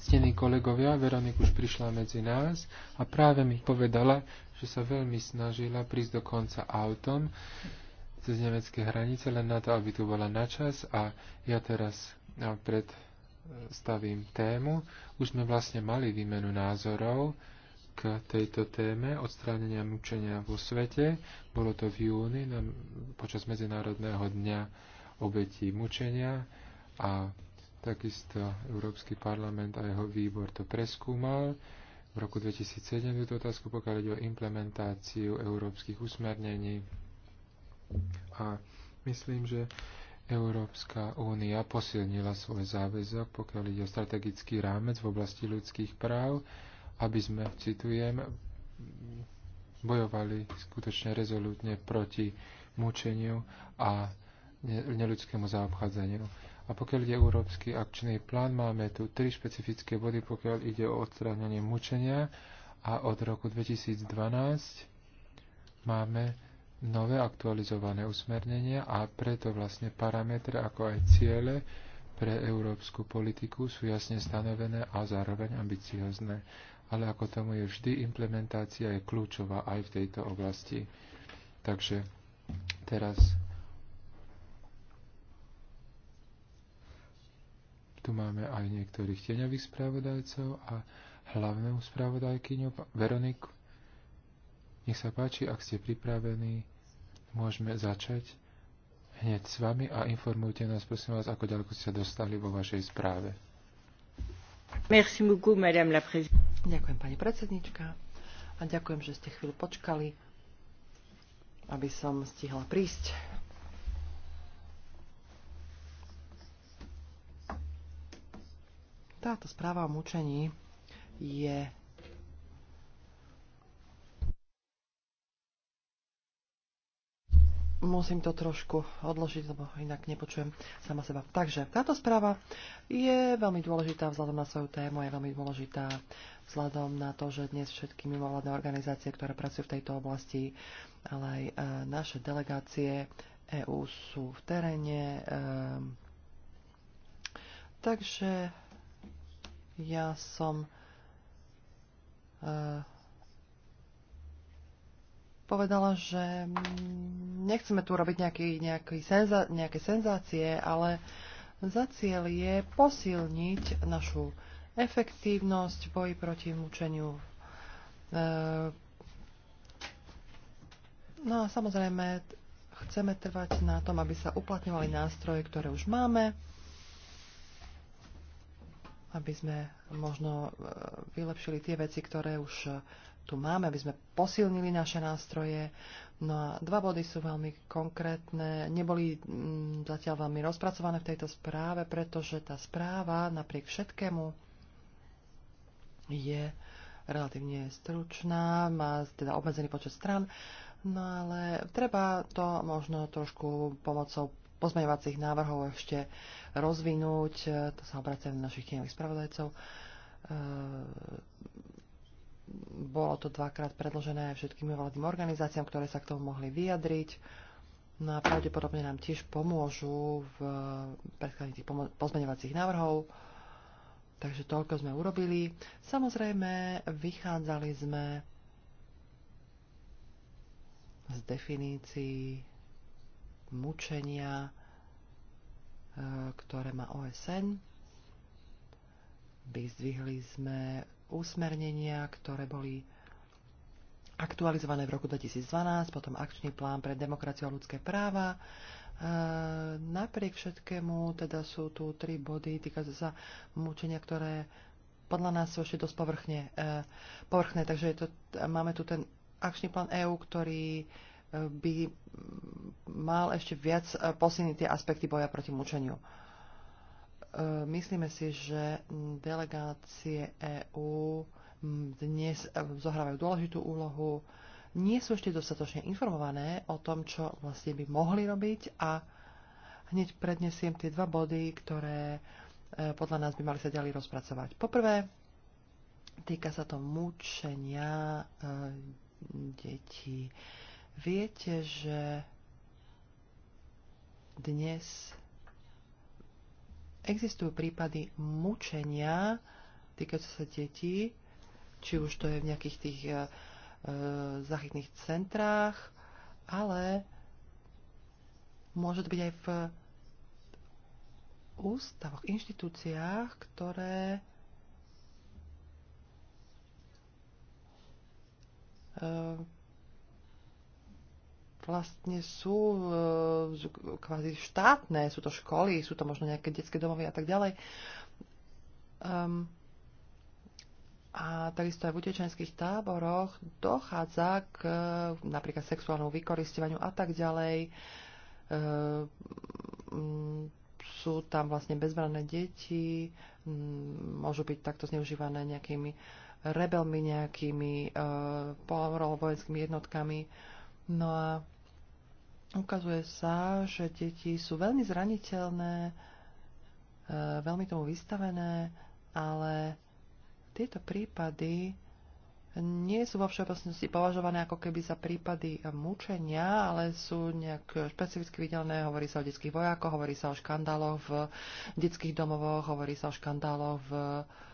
Ctení kolegovia, Veronik už prišla medzi nás a práve mi povedala, že sa veľmi snažila prísť do konca autom cez nemecké hranice, len na to, aby tu bola na čas a ja teraz predstavím tému. Už sme vlastne mali výmenu názorov, k tejto téme odstránenia mučenia vo svete. Bolo to v júni na, počas Medzinárodného dňa obetí mučenia a takisto Európsky parlament a jeho výbor to preskúmal. V roku 2007 túto otázku, pokiaľ ide o implementáciu európskych usmernení. A myslím, že Európska únia posilnila svoj záväzok, pokiaľ ide o strategický rámec v oblasti ľudských práv, aby sme, citujem, bojovali skutočne rezolútne proti mučeniu a neľudskému zaobchádzaniu. A pokiaľ ide Európsky akčný plán, máme tu tri špecifické body, pokiaľ ide o odstránenie mučenia a od roku 2012 máme nové aktualizované usmernenia a preto vlastne parametre ako aj ciele pre európsku politiku sú jasne stanovené a zároveň ambiciozne. Ale ako tomu je vždy, implementácia je kľúčová aj v tejto oblasti. Takže teraz Tu máme aj niektorých tieňových spravodajcov a hlavnú spravodajkyňu Veroniku. Nech sa páči, ak ste pripravení, môžeme začať hneď s vami a informujte nás, prosím vás, ako ďaleko ste sa dostali vo vašej správe. Merci beaucoup, madame la Ďakujem, pani predsednička. A ďakujem, že ste chvíľu počkali, aby som stihla prísť. Táto správa o mučení je musím to trošku odložiť, lebo inak nepočujem sama seba. Takže táto správa je veľmi dôležitá vzhľadom na svoju tému, je veľmi dôležitá vzhľadom na to, že dnes všetky mimovládne organizácie, ktoré pracujú v tejto oblasti, ale aj e, naše delegácie EÚ sú v teréne. E, takže ja som uh, povedala, že nechceme tu robiť nejaký, nejaký senza, nejaké senzácie, ale za cieľ je posilniť našu efektívnosť v boji proti mučeniu. Uh, no a samozrejme chceme trvať na tom, aby sa uplatňovali nástroje, ktoré už máme aby sme možno e, vylepšili tie veci, ktoré už e, tu máme, aby sme posilnili naše nástroje. No a dva body sú veľmi konkrétne. Neboli mm, zatiaľ veľmi rozpracované v tejto správe, pretože tá správa napriek všetkému je relatívne stručná, má teda obmedzený počet stran, no ale treba to možno trošku pomocou pozmeňovacích návrhov ešte rozvinúť. E, to sa obracujem na našich tieňových spravodajcov. E, bolo to dvakrát predložené všetkým vládnym organizáciám, ktoré sa k tomu mohli vyjadriť. No a pravdepodobne nám tiež pomôžu v e, predkladaní tých pozmeňovacích návrhov. Takže toľko sme urobili. Samozrejme, vychádzali sme z definícií mučenia, e, ktoré má OSN. Vyzdvihli sme úsmernenia, ktoré boli aktualizované v roku 2012, potom akčný plán pre demokraciu a ľudské práva. E, napriek všetkému teda sú tu tri body týkajúce sa mučenia, ktoré podľa nás sú ešte dosť povrchne, e, povrchné. Takže je to, máme tu ten akčný plán EÚ, ktorý by mal ešte viac e, posilniť tie aspekty boja proti mučeniu. E, myslíme si, že delegácie EÚ dnes e, zohrávajú dôležitú úlohu, nie sú ešte dostatočne informované o tom, čo vlastne by mohli robiť a hneď prednesiem tie dva body, ktoré podľa nás by mali sa ďalej rozpracovať. Poprvé, týka sa to mučenia detí. Viete, že dnes existujú prípady mučenia týkajúce sa detí, či už to je v nejakých tých e, e zachytných centrách, ale môže to byť aj v ústavoch, inštitúciách, ktoré e, vlastne e, sú kvázi štátne, sú to školy, sú to možno nejaké detské domovy a tak ďalej. Um, a takisto aj v utečenských táboroch dochádza k e, napríklad sexuálnemu vykoristovaniu a tak ďalej. E, mm, sú tam vlastne bezbranné deti, mm, môžu byť takto zneužívané nejakými rebelmi, nejakými vojenskými jednotkami. No a ukazuje sa, že deti sú veľmi zraniteľné, e, veľmi tomu vystavené, ale tieto prípady nie sú vo všeobecnosti považované ako keby za prípady mučenia, ale sú nejak špecificky videlné, Hovorí sa o detských vojakoch, hovorí sa o škandáloch v detských domovoch, hovorí sa o škandáloch v uh,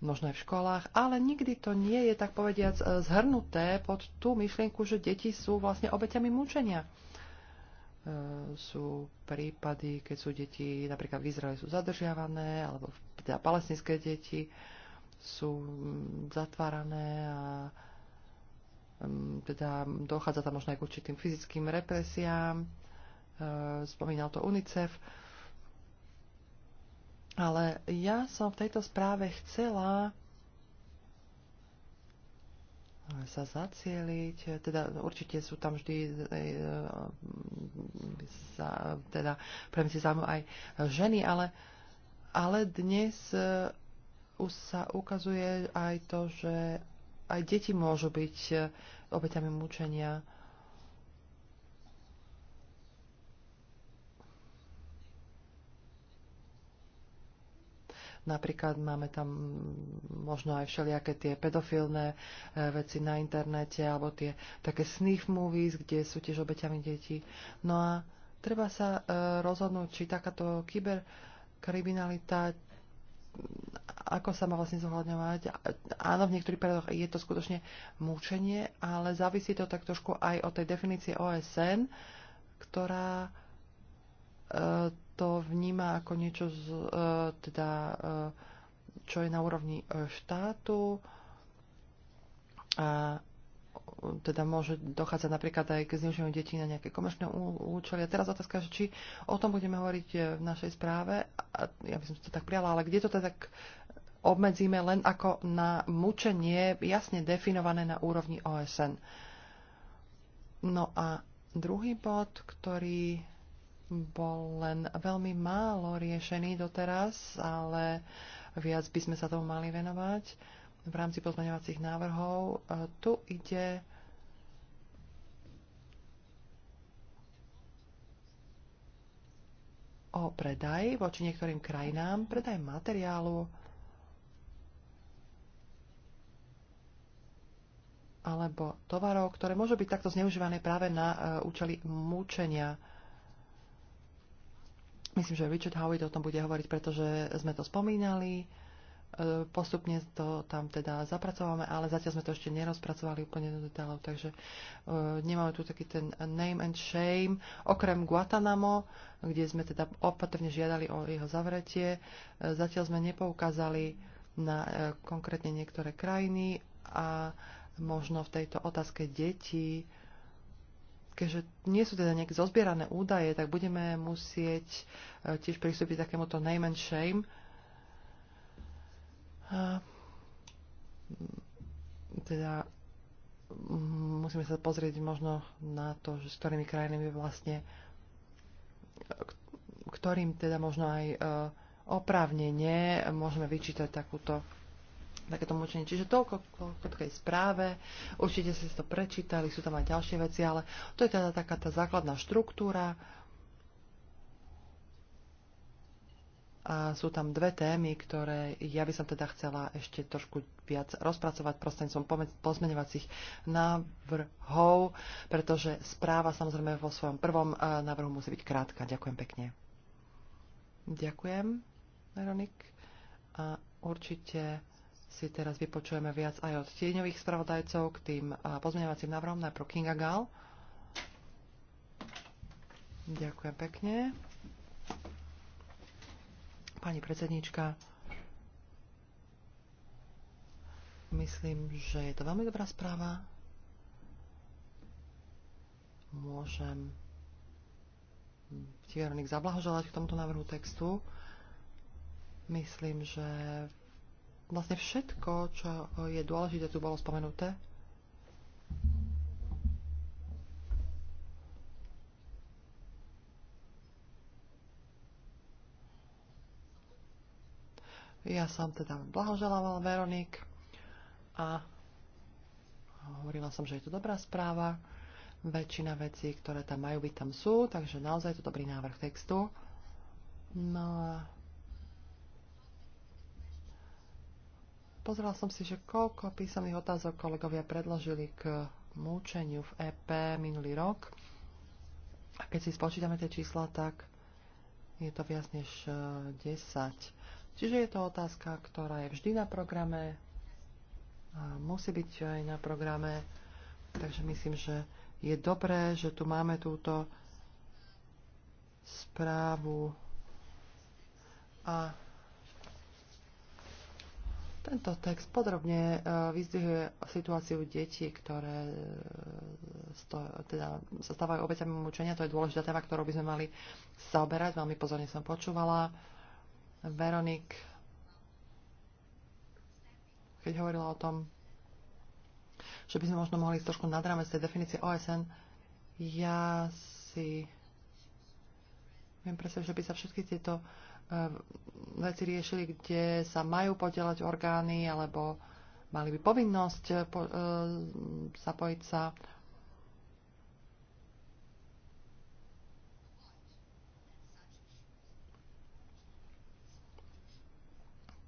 možno aj v školách, ale nikdy to nie je, tak povediac, e, zhrnuté pod tú myšlienku, že deti sú vlastne obeťami mučenia. E, sú prípady, keď sú deti napríklad v Izraeli sú zadržiavané, alebo teda palestinské deti sú mm, zatvárané a mm, teda dochádza tam možno aj k určitým fyzickým represiám. E, spomínal to UNICEF. Ale ja som v tejto správe chcela eh, sa zacieliť, eh, teda určite sú tam vždy sa, eh, teda pre si zaujímavé aj ženy, ale, ale dnes už sa ukazuje aj to, že aj deti môžu byť obeťami mučenia. Napríklad máme tam možno aj všelijaké tie pedofilné e, veci na internete alebo tie také sniff movies, kde sú tiež obeťami detí. No a treba sa e, rozhodnúť, či takáto kyberkriminalita ako sa má vlastne zohľadňovať. Áno, v niektorých prípadoch je to skutočne mučenie, ale závisí to tak trošku aj od tej definície OSN, ktorá e, to vníma ako niečo, z, e, teda, e, čo je na úrovni e, štátu a teda môže dochádzať napríklad aj k zneužívaniu detí na nejaké komerčné účely. A teraz otázka, či o tom budeme hovoriť v našej správe, a ja by som si to tak prijala, ale kde to teda tak obmedzíme len ako na mučenie jasne definované na úrovni OSN. No a druhý bod, ktorý bol len veľmi málo riešený doteraz, ale viac by sme sa tomu mali venovať v rámci pozmeňovacích návrhov. E, tu ide o predaj voči niektorým krajinám, predaj materiálu, alebo tovarov, ktoré môžu byť takto zneužívané práve na e, účely mučenia Myslím, že Richard Howard o tom bude hovoriť, pretože sme to spomínali. E, postupne to tam teda zapracovávame, ale zatiaľ sme to ešte nerozpracovali úplne do detailov, takže e, nemáme tu taký ten name and shame. Okrem Guantanamo, kde sme teda opatrne žiadali o jeho zavretie, e, zatiaľ sme nepoukázali na konkrétne niektoré krajiny a možno v tejto otázke detí keďže nie sú teda nejaké zozbierané údaje, tak budeme musieť e, tiež pristúpiť takémuto name and shame. A, mm, teda mm, musíme sa pozrieť možno na to, že s ktorými krajinami vlastne ktorým teda možno aj e, oprávnenie môžeme vyčítať takúto takéto mučenie. Čiže toľko k tej správe. Určite ste si to prečítali, sú tam aj ďalšie veci, ale to je teda taká tá základná štruktúra. A sú tam dve témy, ktoré ja by som teda chcela ešte trošku viac rozpracovať prostredníctvom pozmeňovacích návrhov, pretože správa samozrejme vo svojom prvom eh, návrhu musí byť krátka. Ďakujem pekne. Ďakujem, Veronik. A určite si teraz vypočujeme viac aj od tieňových spravodajcov k tým pozmeňovacím návrhom, najprv Kinga Gal. Ďakujem pekne. Pani predsednička, myslím, že je to veľmi dobrá správa. Môžem ti, Veronik, zablahoželať k tomuto návrhu textu. Myslím, že vlastne všetko, čo je dôležité, tu bolo spomenuté. Ja som teda blahoželávala Veronik a hovorila som, že je to dobrá správa. Väčšina vecí, ktoré tam majú byť, tam sú, takže naozaj je to dobrý návrh textu. No a Pozrela som si, že koľko písaných otázok kolegovia predložili k múčeniu v EP minulý rok. A keď si spočítame tie čísla, tak je to viac než 10. E, Čiže je to otázka, ktorá je vždy na programe, a musí byť aj na programe, takže myslím, že je dobré, že tu máme túto správu a tento text podrobne e, vyzdvihuje situáciu detí, ktoré e, sto, teda, sa stávajú obeťami mučenia. To je dôležitá téma, ktorou by sme mali zaoberať. Veľmi pozorne som počúvala. Veronik, keď hovorila o tom, že by sme možno mohli ísť trošku nad rámec tej definície OSN, ja si viem presne, že by sa všetky tieto uh, E, veci riešili, kde sa majú podielať orgány alebo mali by povinnosť e, po, e, zapojiť sa.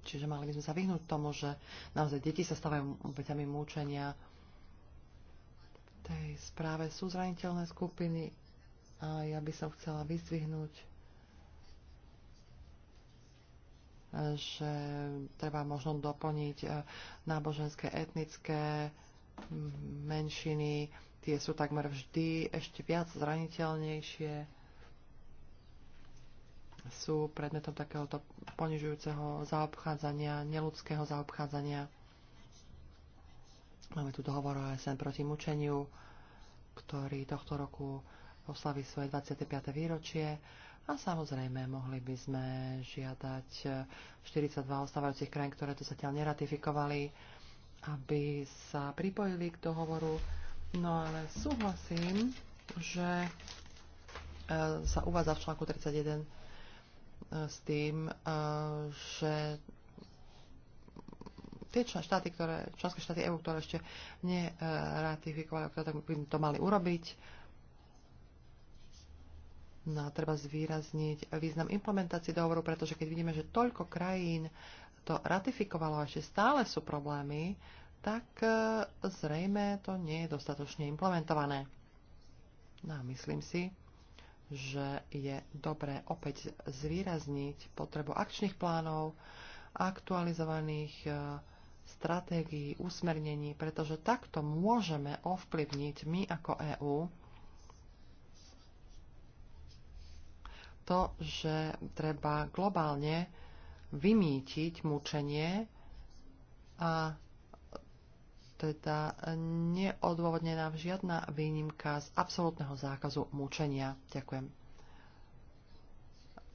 Čiže mali by sme sa vyhnúť tomu, že naozaj deti sa stávajú obeťami múčenia. V tej správe sú zraniteľné skupiny a ja by som chcela vyzdvihnúť že treba možno doplniť e, náboženské, etnické menšiny. Tie sú takmer vždy ešte viac zraniteľnejšie sú predmetom takéhoto ponižujúceho zaobchádzania, neludského zaobchádzania. Máme tu dohovor o SN proti mučeniu, ktorý tohto roku oslaví svoje 25. výročie a samozrejme, mohli by sme žiadať 42 eh, ostávajúcich krajín, ktoré to zatiaľ neratifikovali, aby sa pripojili k dohovoru. No ale súhlasím, že eh, sa uvádza v článku 31 eh, s tým, že tie štáty, ktoré, členské štáty EU, ktoré ešte neratifikovali, ktoré by to mali urobiť, No treba zvýrazniť význam implementácie dohovoru, pretože keď vidíme, že toľko krajín to ratifikovalo a ešte stále sú problémy, tak e, zrejme to nie je dostatočne implementované. No a myslím si, že je dobré opäť zvýrazniť potrebu akčných plánov, aktualizovaných e, stratégií, usmernení, pretože takto môžeme ovplyvniť my ako EÚ to, že treba globálne vymýtiť mučenie a teda neodôvodnená žiadna výnimka z absolútneho zákazu mučenia. Ďakujem.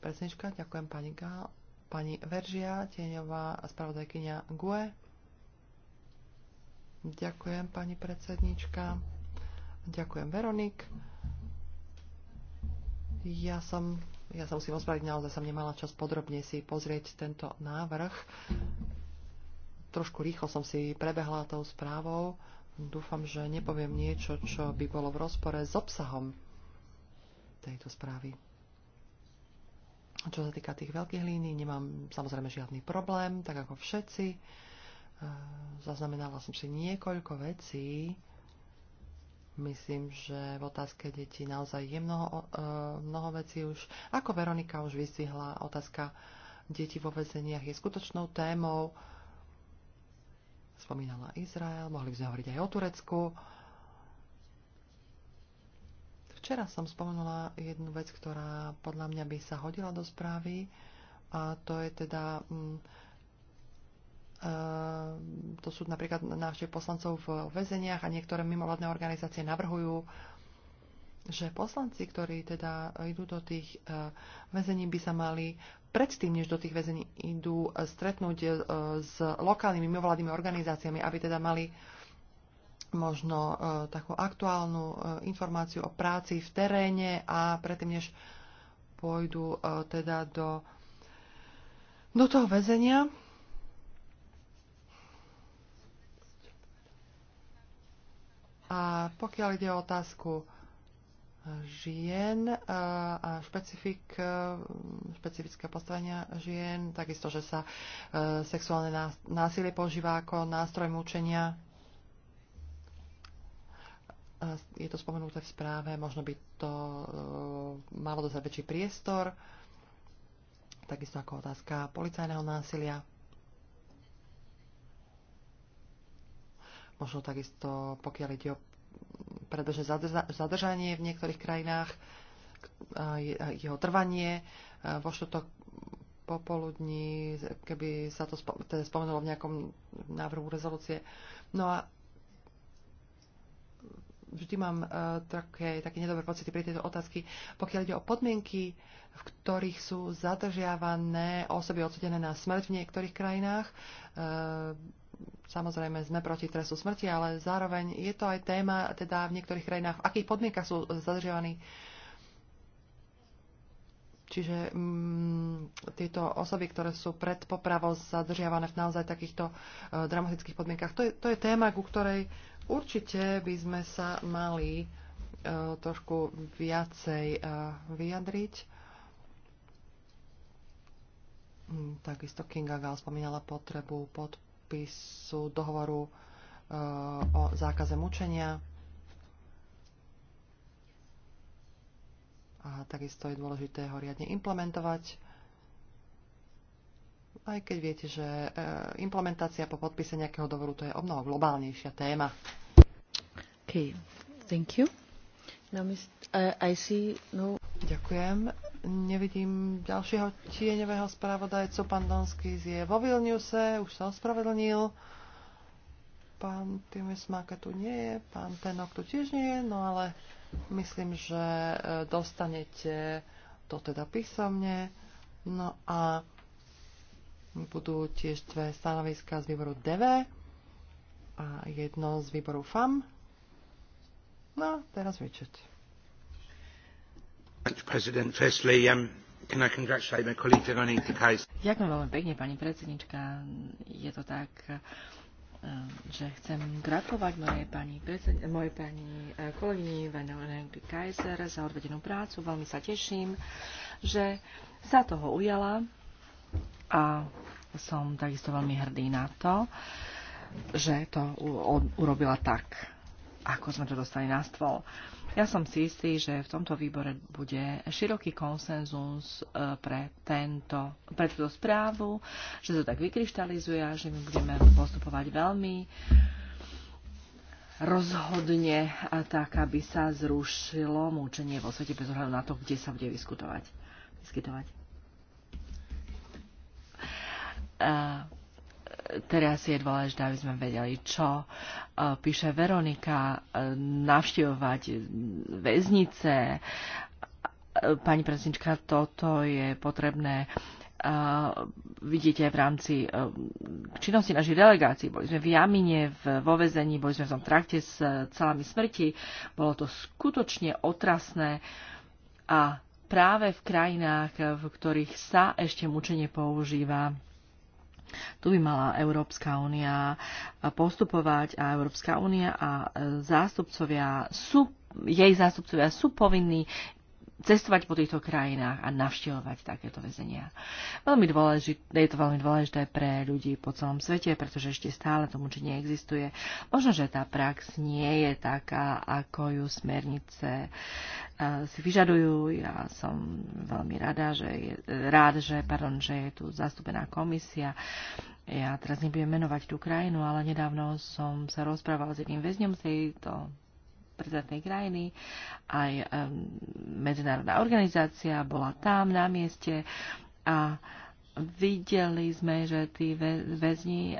Presnička, ďakujem pani Gál. Pani Veržia, tieňová spravodajkynia GUE. Ďakujem pani predsednička. Ďakujem Veronik. Ja som ja sa musím ospravedlniť, naozaj som nemala čas podrobne si pozrieť tento návrh. Trošku rýchlo som si prebehla tou správou. Dúfam, že nepoviem niečo, čo by bolo v rozpore s obsahom tejto správy. Čo sa týka tých veľkých línií, nemám samozrejme žiadny problém, tak ako všetci. Zaznamenala som si niekoľko vecí, Myslím, že v otázke detí naozaj je mnoho, e, mnoho vecí už. Ako Veronika už vystihla, otázka detí vo väzeniach je skutočnou témou. Spomínala Izrael, mohli by sme hovoriť aj o Turecku. Včera som spomenula jednu vec, ktorá podľa mňa by sa hodila do správy a to je teda mm, Ehm, to sú napríklad návštev poslancov v väzeniach a niektoré mimovládne organizácie navrhujú, že poslanci, ktorí teda idú do tých eh, väzení, by sa mali predtým, než do tých väzení idú, eh, stretnúť eh, s lokálnymi mimovládnymi organizáciami, aby teda mali možno takú aktuálnu informáciu o práci v teréne a predtým, než pôjdu teda do, do toho väzenia A pokiaľ ide o otázku eh, žien eh, a špecifik, eh, špecifické postavenia žien, takisto, že sa sexuálne násilie používa ako nástroj mučenia. Je to spomenuté v správe, možno by to malo dosať väčší priestor, takisto ako otázka policajného násilia. Možno takisto, pokiaľ ide o predbežné zadržanie v niektorých krajinách, jeho trvanie. Vo štotok popoludní, keby sa to teda spomenulo v nejakom návrhu rezolúcie. No a vždy mám uh, také, také nedobré pocity pri tejto otázky. Pokiaľ ide o podmienky, v ktorých sú zadržiavané osoby odsudené na smrť v niektorých krajinách, uh, samozrejme sme proti trestu smrti, ale zároveň je to aj téma teda v niektorých krajinách, v akých podmienkach sú eh, zadržiavaní. Čiže mm, tieto osoby, ktoré sú pred popravou zadržiavané v naozaj takýchto e, dramatických podmienkach, to je, to je téma, ku ktorej určite by sme sa mali e, trošku viacej e, vyjadriť. Hm, takisto Kinga Gal spomínala potrebu pod podpisu dohovoru e, o zákaze mučenia. A takisto je dôležité ho riadne implementovať. Aj keď viete, že e, implementácia po podpise nejakého dohovoru to je o mnoho globálnejšia téma. Okay. Thank you. Now, Mr. Uh, I see no... Ďakujem. Nevidím ďalšieho tieňového spravodajcu. Pán Donský je vo Vilniuse, už sa ospravedlnil. Pán Timis Maka tu nie je, pán Tenok tu tiež nie je, no ale myslím, že e, dostanete to teda písomne. No a budú tiež dve stanoviska z výboru DV a jedno z výboru FAM. No, teraz vyčeť. Um, Ďakujem veľmi pekne, pani predsednička. Je to tak, um, že chcem gratulovať mojej pani, predsed... mojej pani eh, kolegyni Vanelene Kaiser za odvedenú prácu. Veľmi sa teším, že sa toho ujala a som takisto veľmi hrdý na to, že to urobila tak, ako sme to dostali na stôl. Ja som si istý, že v tomto výbore bude široký konsenzus e, pre, tento, pre túto správu, že sa tak vykryštalizuje a že my budeme postupovať veľmi rozhodne tak, aby sa zrušilo múčenie vo svete bez ohľadu na to, kde sa bude vyskutovať, vyskytovať. Uh, teraz je dôležité, aby sme vedeli, čo e, píše Veronika, e, navštevovať väznice. E, pani prezidentka, toto je potrebné vidíte v rámci činnosti našej delegácií, Boli sme v Jamine, v, vo vezení, boli sme v tom trakte s celami smrti. Bolo to skutočne otrasné a práve v krajinách, v ktorých sa ešte mučenie používa, tu by mala Európska únia postupovať a Európska únia a e, zástupcovia sú jej zástupcovia sú povinní cestovať po týchto krajinách a navštevovať takéto väzenia. Veľmi dôležité, je to veľmi dôležité pre ľudí po celom svete, pretože ešte stále to mučenie existuje. Možno, že tá prax nie je taká, ako ju smernice eh, si vyžadujú. Ja som veľmi rada, že je, rád, že, pardon, že je tu zastúpená komisia. Ja teraz nebudem menovať tú krajinu, ale nedávno som sa rozprával s jedným väzňom z tejto prezidentnej krajiny, aj medzinárodná organizácia bola tam na mieste a videli sme, že tí väzni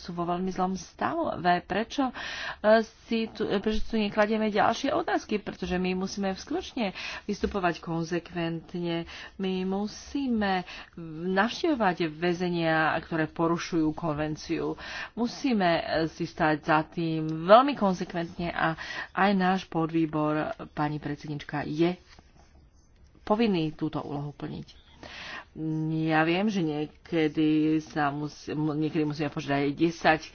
sú vo veľmi zlom stave. Prečo e, si tu, prečo tu nekladieme ďalšie otázky? Pretože my musíme skutočne vystupovať konzekventne. My musíme navštevovať väzenia, ktoré porušujú konvenciu. Musíme e, si stať za tým veľmi konzekventne a aj náš podvýbor, pani predsednička, je povinný túto úlohu plniť. Ja viem, že niekedy, sa musí, niekedy musíme požiadať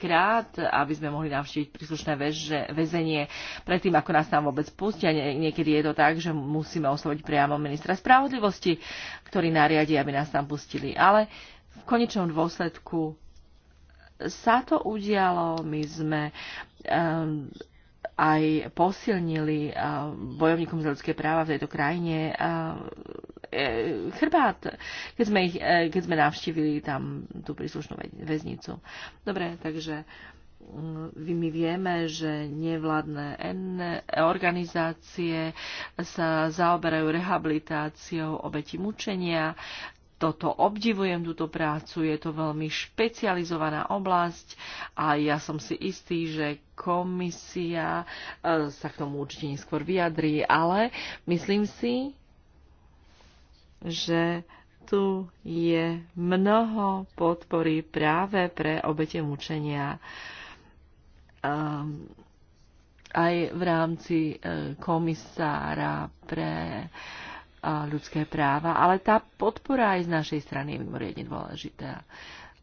10 krát, aby sme mohli navštíviť príslušné väže, väzenie predtým, ako nás tam vôbec pustia. Nie, niekedy je to tak, že musíme osloviť priamo ministra spravodlivosti, ktorý nariadi, aby nás tam pustili. Ale v konečnom dôsledku sa to udialo, my sme um, aj posilnili eh, bojovníkom za ľudské práva v tejto krajine eh, eh, chrbát, keď sme, ich, keď sme navštívili tam tú príslušnú väznicu. Dobre, takže mm, my vieme, že nevládne organizácie sa zaoberajú rehabilitáciou obeti mučenia, toto obdivujem, túto prácu. Je to veľmi špecializovaná oblasť a ja som si istý, že komisia e, sa k tomu určite neskôr vyjadrí, ale myslím si, že tu je mnoho podpory práve pre obete mučenia. Um, aj v rámci e, komisára pre uh, ľudské práva, ale tá podpora aj z našej strany je mimoriadne dôležitá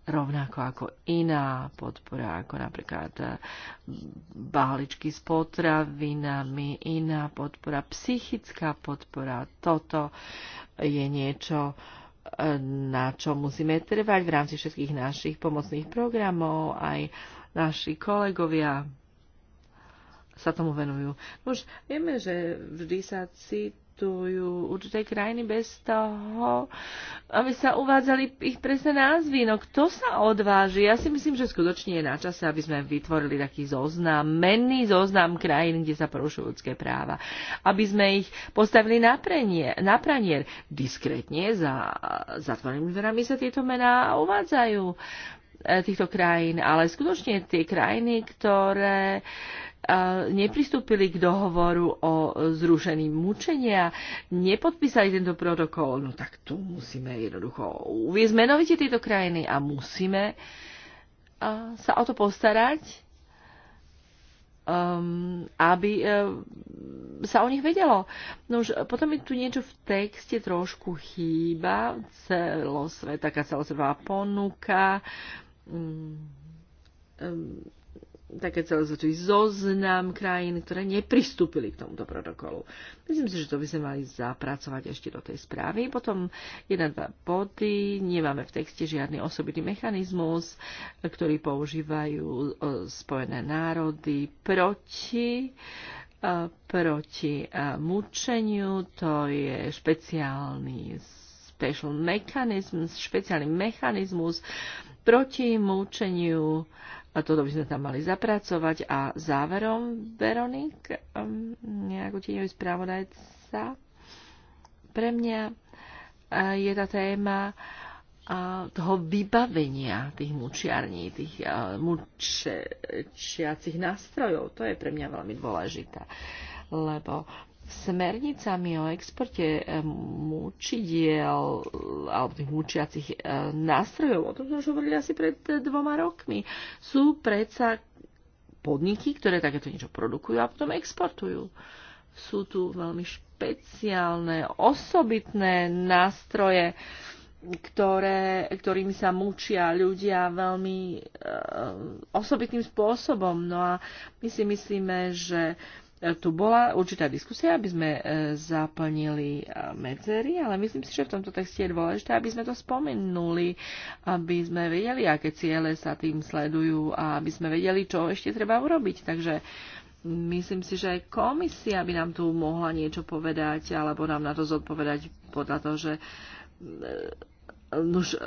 rovnako ako iná podpora, ako napríklad e, báličky s potravinami, iná podpora, psychická podpora. Toto je niečo, e, na čo musíme trvať v rámci všetkých našich pomocných programov, aj naši kolegovia sa tomu venujú. Už vieme, že vždy sa cít existujú určité krajiny bez toho, aby sa uvádzali ich presné názvy. No kto sa odváži? Ja si myslím, že skutočne je na čase, aby sme vytvorili taký zoznam, menný zoznam krajín, kde sa porušujú ľudské práva. Aby sme ich postavili na, prenie, na pranier. Diskrétne za zatvorenými dverami sa tieto mená uvádzajú e, týchto krajín, ale skutočne tie krajiny, ktoré nepristúpili k dohovoru o zrušení mučenia, nepodpísali tento protokol, no tak tu musíme jednoducho uviezť menovite tieto krajiny a musíme sa o to postarať, um, aby e, sa o nich vedelo. No už potom je tu niečo v texte trošku chýba, celosvet, taká celosvetová ponuka, mm, také celé zväčšový zoznam krajín, ktoré nepristúpili k tomuto protokolu. Myslím si, že to by sme mali zapracovať ešte do tej správy. Potom jedna, dva body. Nemáme v texte žiadny osobitý mechanizmus, ktorý používajú Spojené národy proti proti mučeniu. To je špeciálny special mechanism, špeciálny mechanizmus proti mučeniu a toto by sme tam mali zapracovať. A záverom, Veronik, um, ako tieňový správodajca, pre mňa uh, je tá téma uh, toho vybavenia tých mučiarní, tých uh, mučiacich nástrojov. To je pre mňa veľmi dôležité, lebo smernicami o exporte eh, mučidiel alebo tých mučiacich eh, nástrojov, o tom sme už hovorili asi pred eh, dvoma rokmi, sú predsa podniky, ktoré takéto niečo produkujú a potom exportujú. Sú tu veľmi špeciálne, osobitné nástroje, ktoré, ktorými sa mučia ľudia veľmi e, osobitným spôsobom. No a my si myslíme, že e, E, tu bola určitá diskusia, aby sme e, zaplnili e, medzery, ale myslím si, že v tomto texte je dôležité, aby sme to spomenuli, aby sme vedeli, aké ciele sa tým sledujú a aby sme vedeli, čo ešte treba urobiť. Takže myslím si, že aj komisia by nám tu mohla niečo povedať alebo nám na to zodpovedať podľa toho, že Nož, e,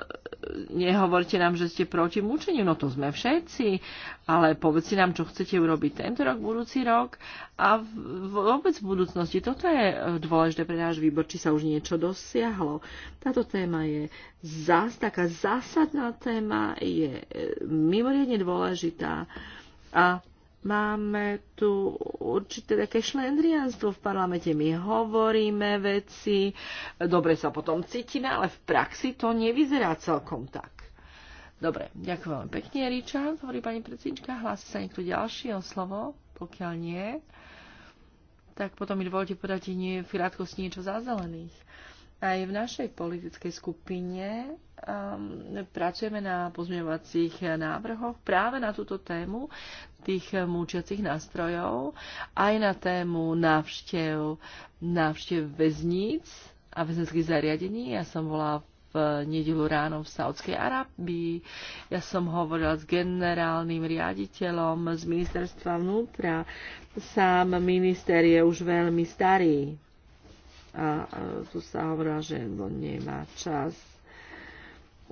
nehovorte nám, že ste proti mučeniu, no to sme všetci, ale povedzte nám, čo chcete urobiť tento rok, budúci rok a vôbec v budúcnosti. Toto je e, dôležité pre náš výbor, či sa už niečo dosiahlo. Táto téma je zás taká zásadná téma, je e, mimoriadne dôležitá a Máme tu určité také šlendrianstvo v parlamente. My hovoríme veci, dobre sa potom cítime, ale v praxi to nevyzerá celkom tak. Dobre, ďakujem veľmi pekne, Richard, hovorí pani predsednička. Hlási sa niekto ďalší o slovo? Pokiaľ nie, tak potom mi dovolte podať nie, v krátkosti niečo za zelených. Aj v našej politickej skupine um, pracujeme na pozmeňovacích návrhoch práve na túto tému tých eh, múčiacich nástrojov, aj na tému návštev, návštev väzníc a väzenských zariadení. Ja som bola v nedelu ráno v Saudskej Arabii. Ja som hovorila s generálnym riaditeľom z ministerstva vnútra. Sám minister je už veľmi starý. A tu sa hovorila, že nemá čas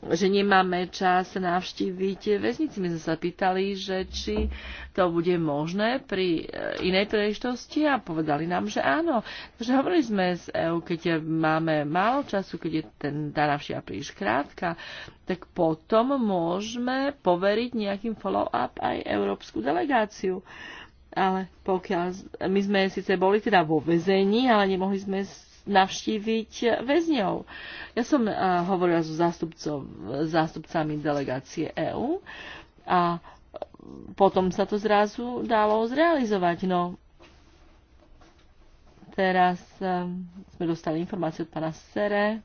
že nemáme čas navštíviť väznici. My sme sa pýtali, že či to bude možné pri e, inej príležitosti a povedali nám, že áno. Takže hovorili sme z EU, keď máme málo času, keď je ten, tá návšteva príliš krátka, tak potom môžeme poveriť nejakým follow-up aj európsku delegáciu. Ale pokiaľ my sme síce boli teda vo väzení, ale nemohli sme navštíviť väzňov. Ja som eh, hovorila so zástupcami delegácie EÚ a potom sa to zrazu dalo zrealizovať. No, teraz eh, sme dostali informáciu od pana Sere,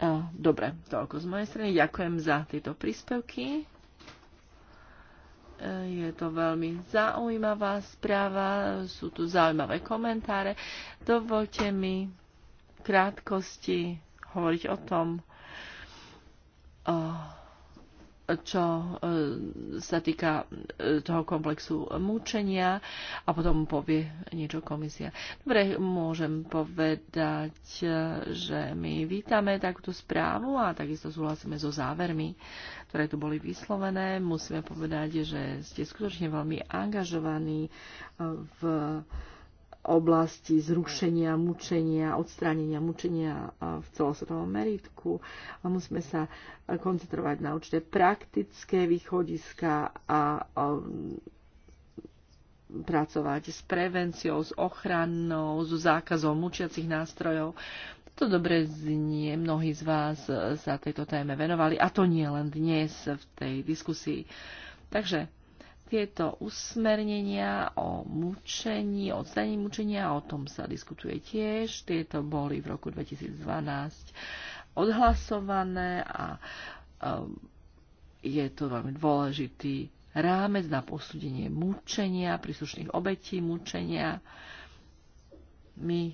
eh, Dobre, toľko z mojej strany. Ďakujem za tieto príspevky. Je to veľmi zaujímavá správa, sú tu zaujímavé komentáre. Dovolte mi v krátkosti hovoriť o tom, o čo e, sa týka e, toho komplexu mučenia a potom povie niečo komisia. Dobre, môžem povedať, e, že my vítame takúto správu a takisto súhlasíme so závermi, ktoré tu boli vyslovené. Musíme povedať, že ste skutočne veľmi angažovaní v oblasti zrušenia mučenia, odstránenia mučenia v celosvetovom meritku. A musíme sa e, koncentrovať na určité praktické východiska a pracovať s prevenciou, s ochranou, so zákazom mučiacich nástrojov. To dobre znie, mnohí z vás e, sa tejto téme venovali a to nie len dnes v tej diskusii. Takže tieto usmernenia o mučení, o odstranení mučenia, o tom sa diskutuje tiež. Tieto boli v roku 2012 odhlasované a um, je to veľmi dôležitý rámec na posúdenie mučenia, príslušných obetí mučenia. My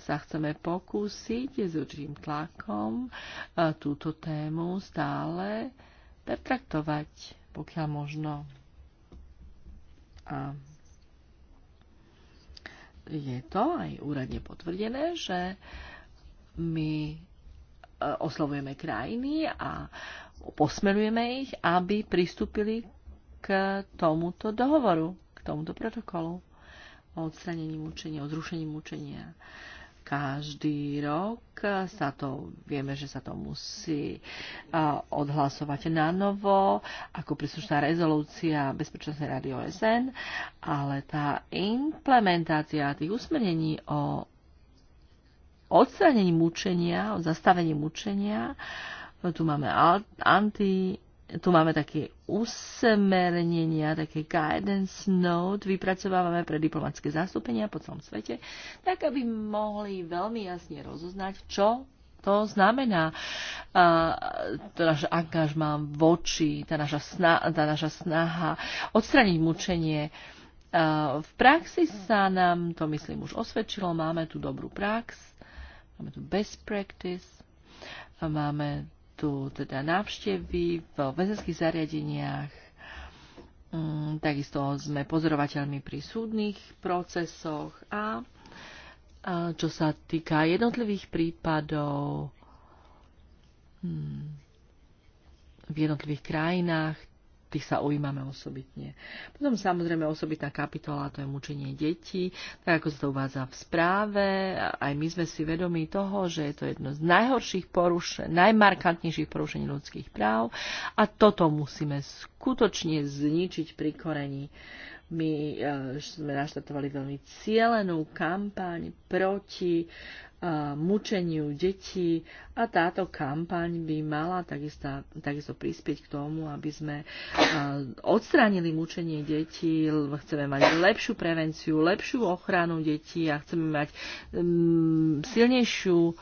sa chceme pokúsiť s určitým tlakom uh, túto tému stále pertraktovať, pokiaľ možno. A je to aj úradne potvrdené, že my e, oslovujeme krajiny a posmerujeme ich, aby pristúpili k tomuto dohovoru, k tomuto protokolu o odstranení mučenia, o zrušení mučenia každý rok sa to, vieme, že sa to musí odhlasovať na novo ako príslušná rezolúcia Bezpečnostnej rady OSN, ale tá implementácia tých usmernení o odstranení mučenia, o zastavení mučenia, tu máme anti tu máme také usmernenia, také guidance note, vypracovávame pre diplomatické zastúpenia po celom svete, tak aby mohli veľmi jasne rozoznať, čo to znamená to naše angažma voči, tá naša, sna, tá naša snaha odstraniť mučenie. V praxi sa nám to, myslím, už osvedčilo. Máme tu dobrú prax, máme tu best practice, máme tu teda návštevy v väzenských zariadeniach. Mm, takisto sme pozorovateľmi pri súdnych procesoch a čo sa týka jednotlivých prípadov mm, v jednotlivých krajinách, tých sa ujímame osobitne. Potom samozrejme osobitná kapitola, to je mučenie detí, tak ako sa to uvádza v správe. Aj my sme si vedomi toho, že je to jedno z najhorších porušení, najmarkantnejších porušení ľudských práv a toto musíme skutočne zničiť pri korení. My e, sme naštartovali veľmi cielenú kampaň proti e, mučeniu detí a táto kampaň by mala takisto, takisto prispieť k tomu, aby sme odstránili mučenie detí, chceme mať lepšiu prevenciu, lepšiu ochranu detí a chceme mať mm, silnejšiu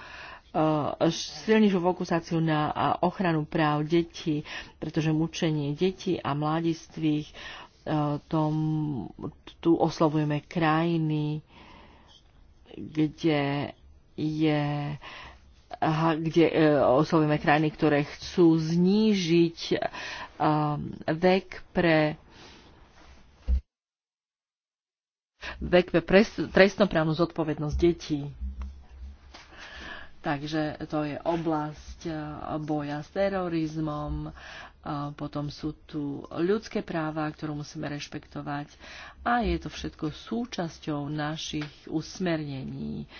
silnejšiu fokusáciu na ochranu práv detí, pretože mučenie detí a mladistvých tom, tu oslovujeme krajiny, kde je kde e, oslovíme krajiny, ktoré chcú znížiť e, um, vek pre vek pre trestnoprávnu zodpovednosť detí. Takže to je oblasť e, boja s terorizmom, potom sú tu ľudské práva, ktorú musíme rešpektovať a je to všetko súčasťou našich usmernení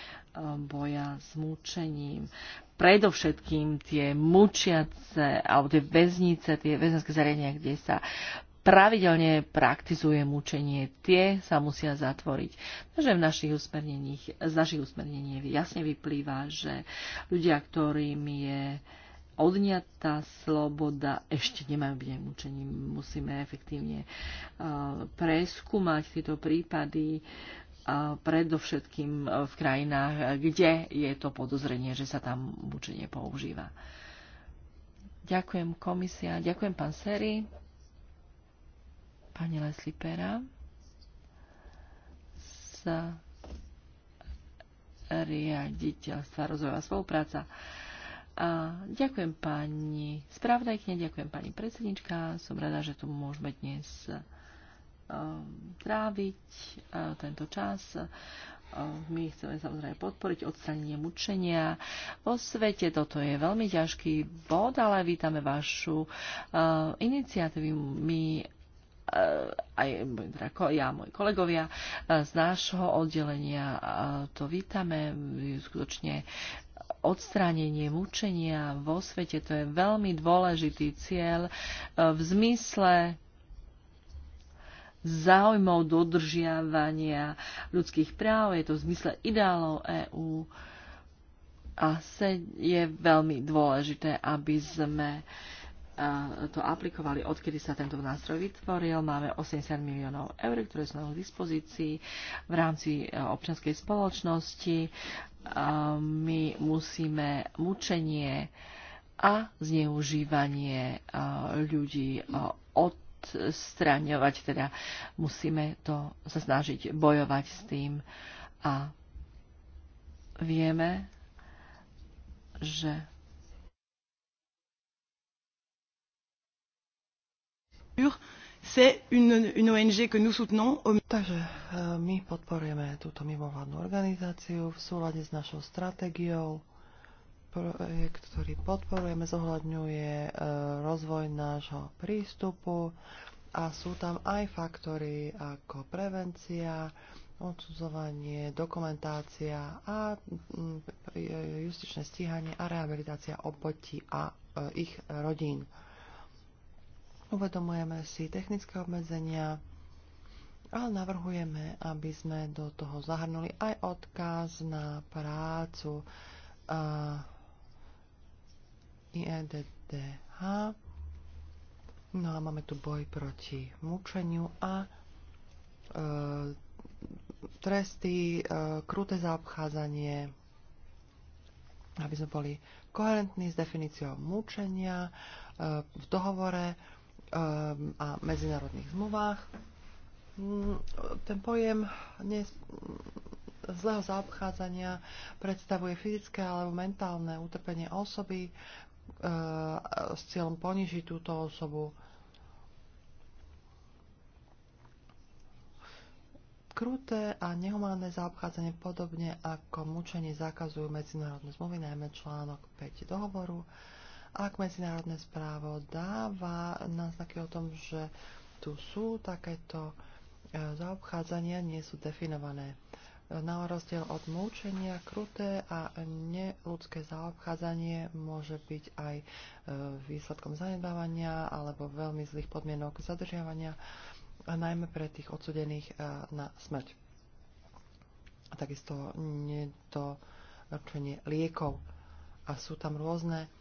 boja s mučením. Predovšetkým tie mučiace alebo tie väznice, tie väznické zariadenia, kde sa pravidelne praktizuje mučenie, tie sa musia zatvoriť. Takže v našich usmerneniach, z našich usmernení jasne vyplýva, že ľudia, ktorým je odňatá sloboda, ešte nemajú byť aj mučení. Musíme efektívne uh, preskúmať tieto prípady, predovšetkým e, v krajinách, kde je to podozrenie, že sa tam mučenie používa. Ďakujem komisia, ďakujem pán Seri, pani Leslie Pera z riaditeľstva rozvojová spolupráca. A ďakujem pani spravodajkne, ďakujem pani predsednička. Som rada, že tu môžeme dnes Um, tráviť tento čas. My chceme samozrejme podporiť odstranenie mučenia. Vo svete toto je veľmi ťažký bod, ale vítame vašu uh, iniciatívu. My uh, aj ja, moji kolegovia uh, z nášho oddelenia to vítame. Skutočne odstránenie mučenia vo svete, to je veľmi dôležitý cieľ v zmysle záujmov dodržiavania ľudských práv, je to v zmysle ideálov EÚ a se je veľmi dôležité, aby sme to aplikovali, odkedy sa tento nástroj vytvoril. Máme 80 miliónov eur, ktoré sú na dispozícii v rámci e, občianskej spoločnosti. My musíme mučenie a zneužívanie ľudí od odstraňovať, teda musíme to sa snažiť bojovať s tým a vieme, že C'est une, une ONG que nous soutenons. Takže e, my podporujeme túto mimovládnu organizáciu v súlade s našou stratégiou projekt, ktorý podporujeme, zohľadňuje e, rozvoj nášho prístupu a sú tam aj faktory ako prevencia, odsudzovanie, dokumentácia a e, justičné stíhanie a rehabilitácia obotí a e, ich rodín. Uvedomujeme si technické obmedzenia, ale navrhujeme, aby sme do toho zahrnuli aj odkaz na prácu uh, IEDDH. No a máme tu boj proti mučeniu a e, tresty, e, kruté zaobchádzanie, aby sme boli koherentní s definíciou mučenia e, v dohovore e, a medzinárodných zmluvách. Mm, ten pojem dnes zlého zaobchádzania predstavuje fyzické alebo mentálne utrpenie osoby, E, s cieľom ponižiť túto osobu. Kruté a nehumánne zaobchádzanie podobne ako mučenie zakazujú medzinárodné zmluvy, najmä článok 5 dohovoru. Ak medzinárodné správo dáva náznaky o tom, že tu sú takéto e, zaobchádzania, nie sú definované. Na rozdiel od múčenia, kruté a neludské zaobchádzanie môže byť aj e, výsledkom zanedbávania alebo veľmi zlých podmienok zadržiavania, najmä pre tých odsudených e, na smrť. A takisto nedoručenie liekov. A sú tam rôzne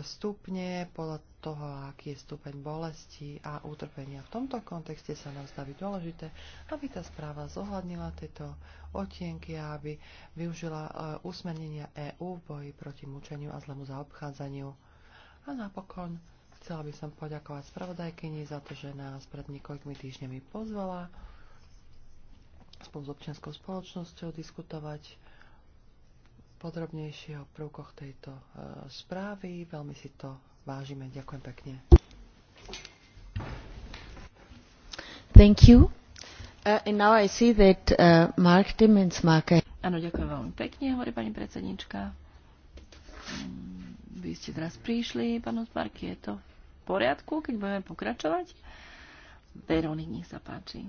stupne, podľa toho, aký je stupeň bolesti a utrpenia. V tomto kontexte sa nám staví dôležité, aby tá správa zohľadnila tieto otienky a aby využila e, usmernenia EÚ v boji proti mučeniu a zlému zaobchádzaniu. A napokon chcela by som poďakovať spravodajkyni za to, že nás pred niekoľkými týždňami pozvala spolu s občianskou spoločnosťou diskutovať podrobnejšie o prvkoch tejto e, správy. Veľmi si to vážime. Ďakujem pekne. Thank you. Uh, and now I see that uh, Mark Dimmensmarker... Áno, ďakujem veľmi pekne, hovorí pani predsednička. Mm, vy ste teraz prišli, pán Osmark, je to v poriadku, keď budeme pokračovať? Veronik, nech sa páči.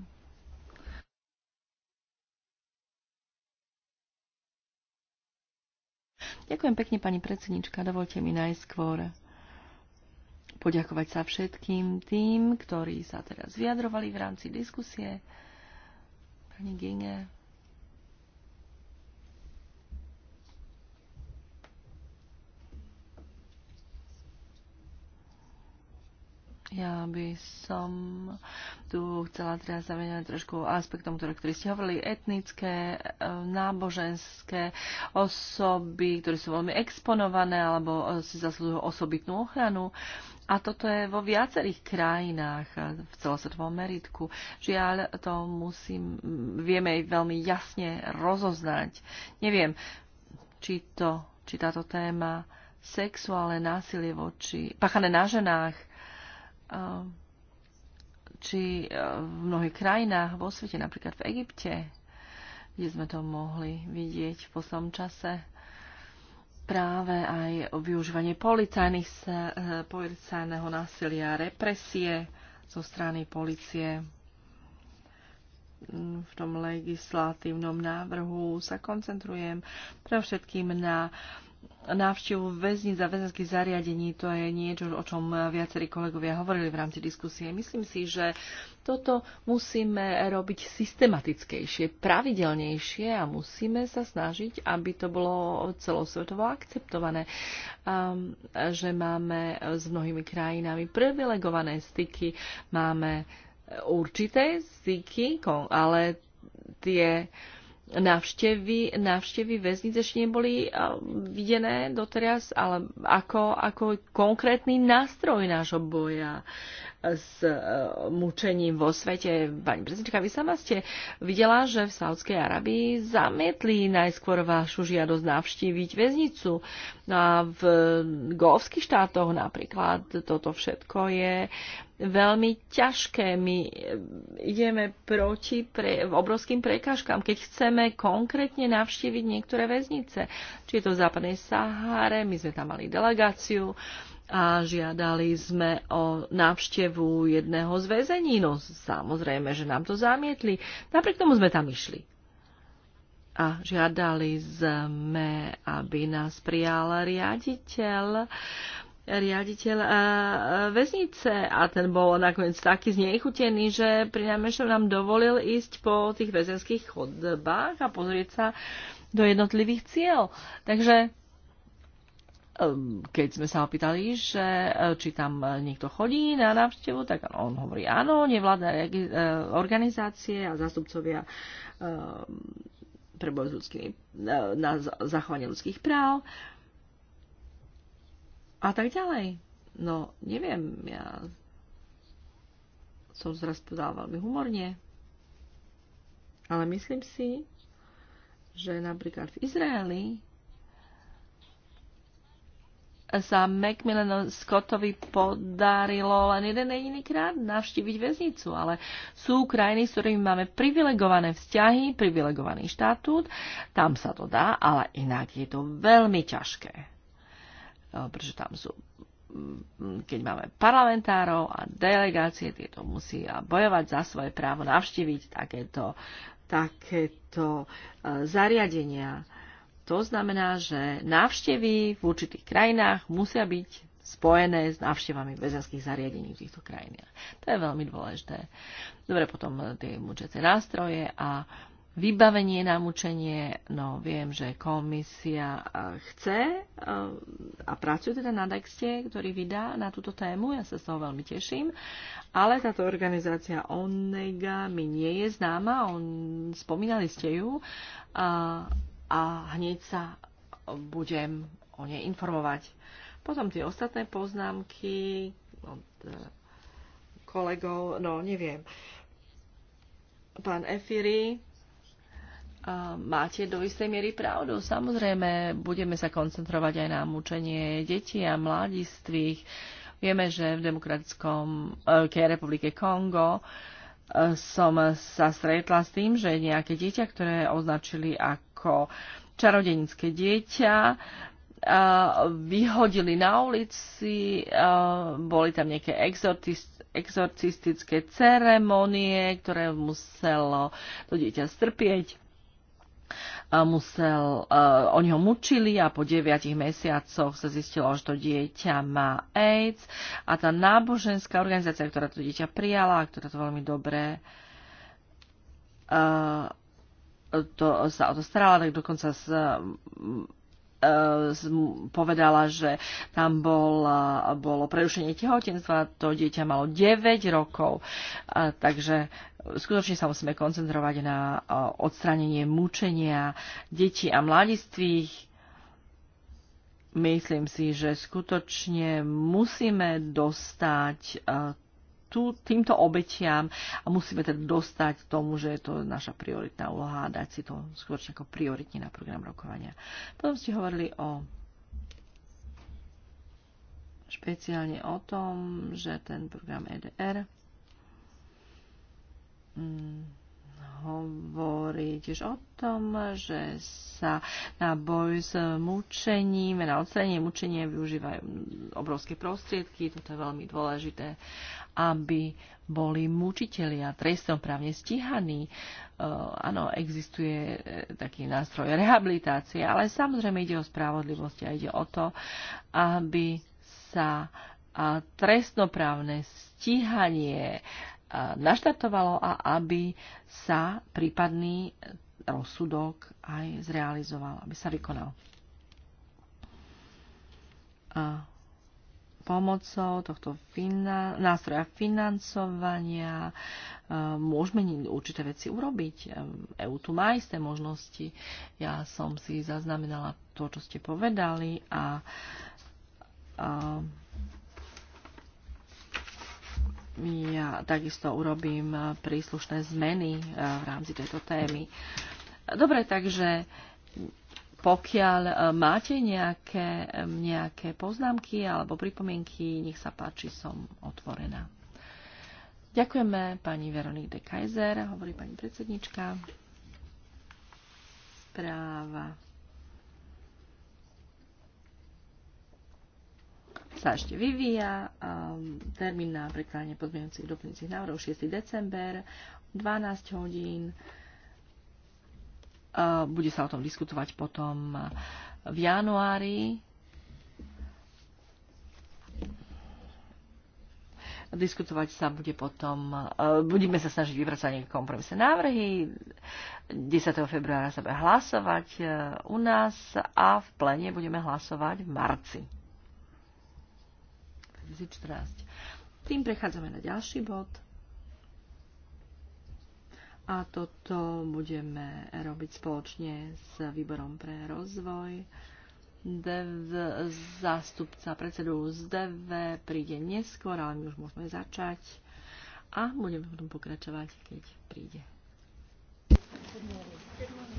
Ďakujem pekne, pani predsednička. Dovolte mi najskôr poďakovať sa všetkým tým, ktorí sa teraz vyjadrovali v rámci diskusie. Pani Gine, Ja by som tu chcela teraz sa venovať trošku aspektom, ktoré, ktoré ste hovorili, etnické, e, náboženské osoby, ktoré sú veľmi exponované alebo e, si zaslúžujú osobitnú ochranu. A toto je vo viacerých krajinách e, v celosvetovom meritku. Žiaľ, to musím, vieme veľmi jasne rozoznať. Neviem, či, to, či táto téma sexuálne násilie voči, páchané na ženách, či e, v mnohých krajinách vo svete, napríklad v Egypte, kde sme to mohli vidieť v poslednom čase, práve aj využívanie e, policajného násilia, represie zo strany policie. V tom legislatívnom návrhu sa koncentrujem pre všetkým na uh, návštevu väzníc a väzenských zariadení, to je niečo, o čom viacerí kolegovia hovorili v rámci diskusie. Myslím si, že toto musíme robiť systematickejšie, pravidelnejšie a musíme sa snažiť, aby to bolo celosvetovo akceptované, že máme s mnohými krajinami privilegované styky, máme určité styky, ale tie návštevy, návštevy väznice ešte neboli eh, videné doteraz, ale ako, ako konkrétny nástroj nášho boja s e, mučením vo svete. Pani prezidentka, vy sama ste videla, že v Saudskej Arabii zamietli najskôr vašu žiadosť navštíviť väznicu. No a v golfských štátoch napríklad toto všetko je veľmi ťažké. My ideme proti pre, obrovským prekážkam, keď chceme konkrétne navštíviť niektoré väznice. Či je to v západnej Sahare, my sme tam mali delegáciu, uh, a žiadali sme o návštevu jedného z väzení. No samozrejme, že nám to zamietli. Napriek tomu sme tam išli. A žiadali sme, aby nás prijal riaditeľ riaditeľ e, e, väznice a ten bol nakoniec taký znechutený, že pri najmenšom nám dovolil ísť po tých väzenských chodbách a pozrieť sa do jednotlivých cieľ. Takže keď sme sa opýtali, že eh, či tam eh, niekto chodí na návštevu, tak on hovorí áno, nevládne eh, organizácie a zástupcovia pre boj ľudskými, na zachovanie ľudských práv a tak ďalej. No, neviem, ja som zraz povedala veľmi humorne, ale myslím si, že napríklad v Izraeli sa Macmillanu Scottovi podarilo len jeden jediný krát navštíviť väznicu, ale sú krajiny, s ktorými máme privilegované vzťahy, privilegovaný štatút, tam sa to dá, ale inak je to veľmi ťažké, eh, pretože tam sú mm, keď máme parlamentárov a delegácie, tieto musia bojovať za svoje právo navštíviť takéto, takéto eh, zariadenia to znamená, že návštevy v určitých krajinách musia byť spojené s návštevami väzenských zariadení v týchto krajinách. To je veľmi dôležité. Dobre, potom tie mučiace nástroje a vybavenie na mučenie. No, viem, že komisia chce a pracuje teda na texte, ktorý vydá na túto tému. Ja sa z toho veľmi teším. Ale táto organizácia Onega mi nie je známa. On, spomínali ste ju. A a hneď sa budem o nej informovať. Potom tie ostatné poznámky od e, kolegov, no neviem. Pán Efiri, e, máte do istej miery pravdu. Samozrejme, budeme sa koncentrovať aj na mučenie detí a mladistvých. Vieme, že v demokratickom e, republike Kongo som sa stretla s tým, že nejaké dieťa, ktoré označili ako ako čarodenické dieťa, vyhodili na ulici, boli tam nejaké exorcistické ceremonie, ktoré muselo to dieťa strpieť. Musel, oni ho mučili a po 9 mesiacoch sa zistilo, že to dieťa má AIDS a tá náboženská organizácia, ktorá to dieťa prijala, ktorá to veľmi dobre to, sa o to starala, tak dokonca s e, povedala, že tam bol, bolo prerušenie tehotenstva, to dieťa malo 9 rokov. Takže skutočne sa musíme koncentrovať na e, odstránenie mučenia detí a mladistvých. Myslím si, že skutočne musíme dostať e, tú, týmto obetiam a musíme teda dostať tomu, že je to naša prioritná úloha a dať si to skôr ako prioritne na program rokovania. Potom ste hovorili o špeciálne o tom, že ten program EDR mm, hovorí tiež o tom, že sa na boj s mučením, na odstranenie mučenia využívajú obrovské prostriedky, toto je veľmi dôležité, aby boli mučitelia trestom právne stíhaní. E, áno, existuje e, taký nástroj rehabilitácie, ale samozrejme ide o spravodlivosť a ide o to, aby sa a trestnoprávne stíhanie naštartovalo a aby sa prípadný rozsudok aj zrealizoval, aby sa vykonal. A pomocou tohto finan- nástroja financovania e, môžeme určité veci urobiť. EU e tu má isté možnosti. Ja som si zaznamenala to, čo ste povedali a, a ja takisto urobím eh, príslušné zmeny eh, v rámci tejto témy. Dobre, takže pokiaľ eh, máte nejaké, nejaké poznámky alebo pripomienky, nech sa páči, som otvorená. Ďakujeme pani Veronik de Kaiser, hovorí pani predsednička. Správa sa ešte vyvíja. Termín na prekladanie podmienujúcich doplňujúcich návrhov 6. december, 12 hodín. Bude sa o tom diskutovať potom v januári. Diskutovať sa bude potom, budeme sa snažiť vybrať nejaké kompromisné návrhy. 10. februára sa bude hlasovať e, u nás a v plene budeme hlasovať v marci. 2014. Tým prechádzame na ďalší bod. A toto budeme robiť spoločne s výborom pre rozvoj. Dev, zástupca predsedu z DV príde neskôr, ale my už môžeme začať a budeme potom pokračovať, keď príde. Good morning. Good morning.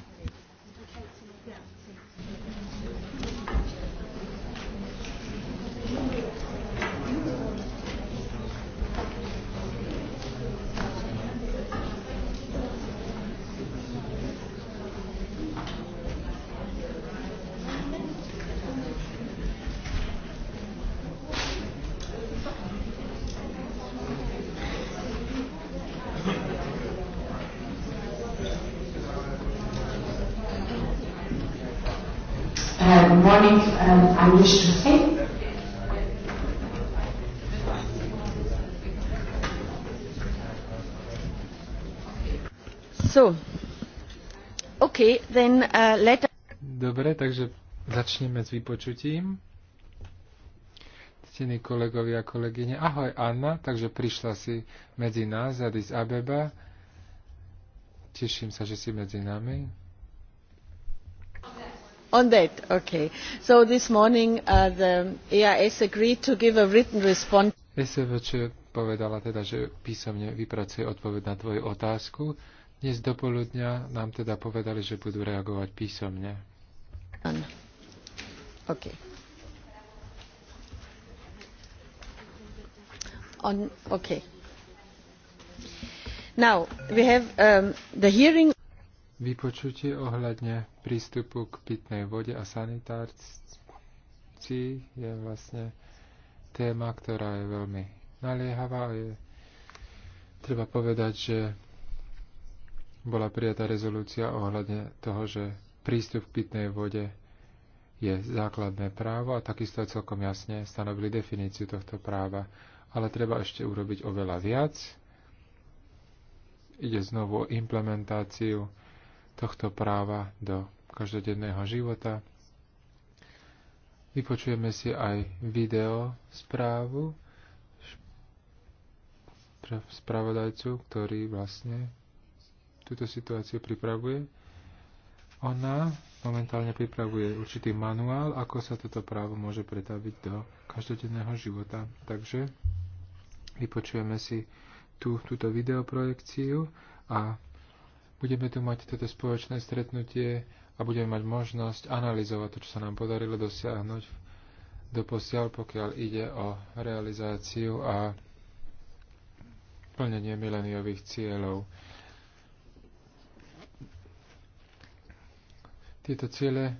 angeschlossen. So. Okay, then, uh, let... Dobre, takže začneme s vypočutím. Ctení kolegovia a kolegyne. Ahoj Anna, takže prišla si medzi nás z Abeba. Teším sa, že si medzi nami on that okay so this morning uh, the eas agreed to give a written response povedala teda, že písomne vypracuje odpoveď na tvoju otázku. Dnes do poludnia nám teda povedali, že budú reagovať písomne. Okay. On, okay. Now, we have um, the hearing vypočutie ohľadne prístupu k pitnej vode a sanitárci je vlastne téma, ktorá je veľmi naliehavá. Je, treba povedať, že bola prijatá rezolúcia ohľadne toho, že prístup k pitnej vode je základné právo a takisto celkom jasne stanovili definíciu tohto práva. Ale treba ešte urobiť oveľa viac. Ide znovu o implementáciu tohto práva do každodenného života. Vypočujeme si aj video správu spravodajcu, ktorý vlastne túto situáciu pripravuje. Ona momentálne pripravuje určitý manuál, ako sa toto právo môže pretaviť do každodenného života. Takže vypočujeme si tú, túto videoprojekciu a Budeme tu mať toto spoločné stretnutie a budeme mať možnosť analyzovať to, čo sa nám podarilo dosiahnuť do posiaľ, pokiaľ ide o realizáciu a plnenie mileniových cieľov. Tieto ciele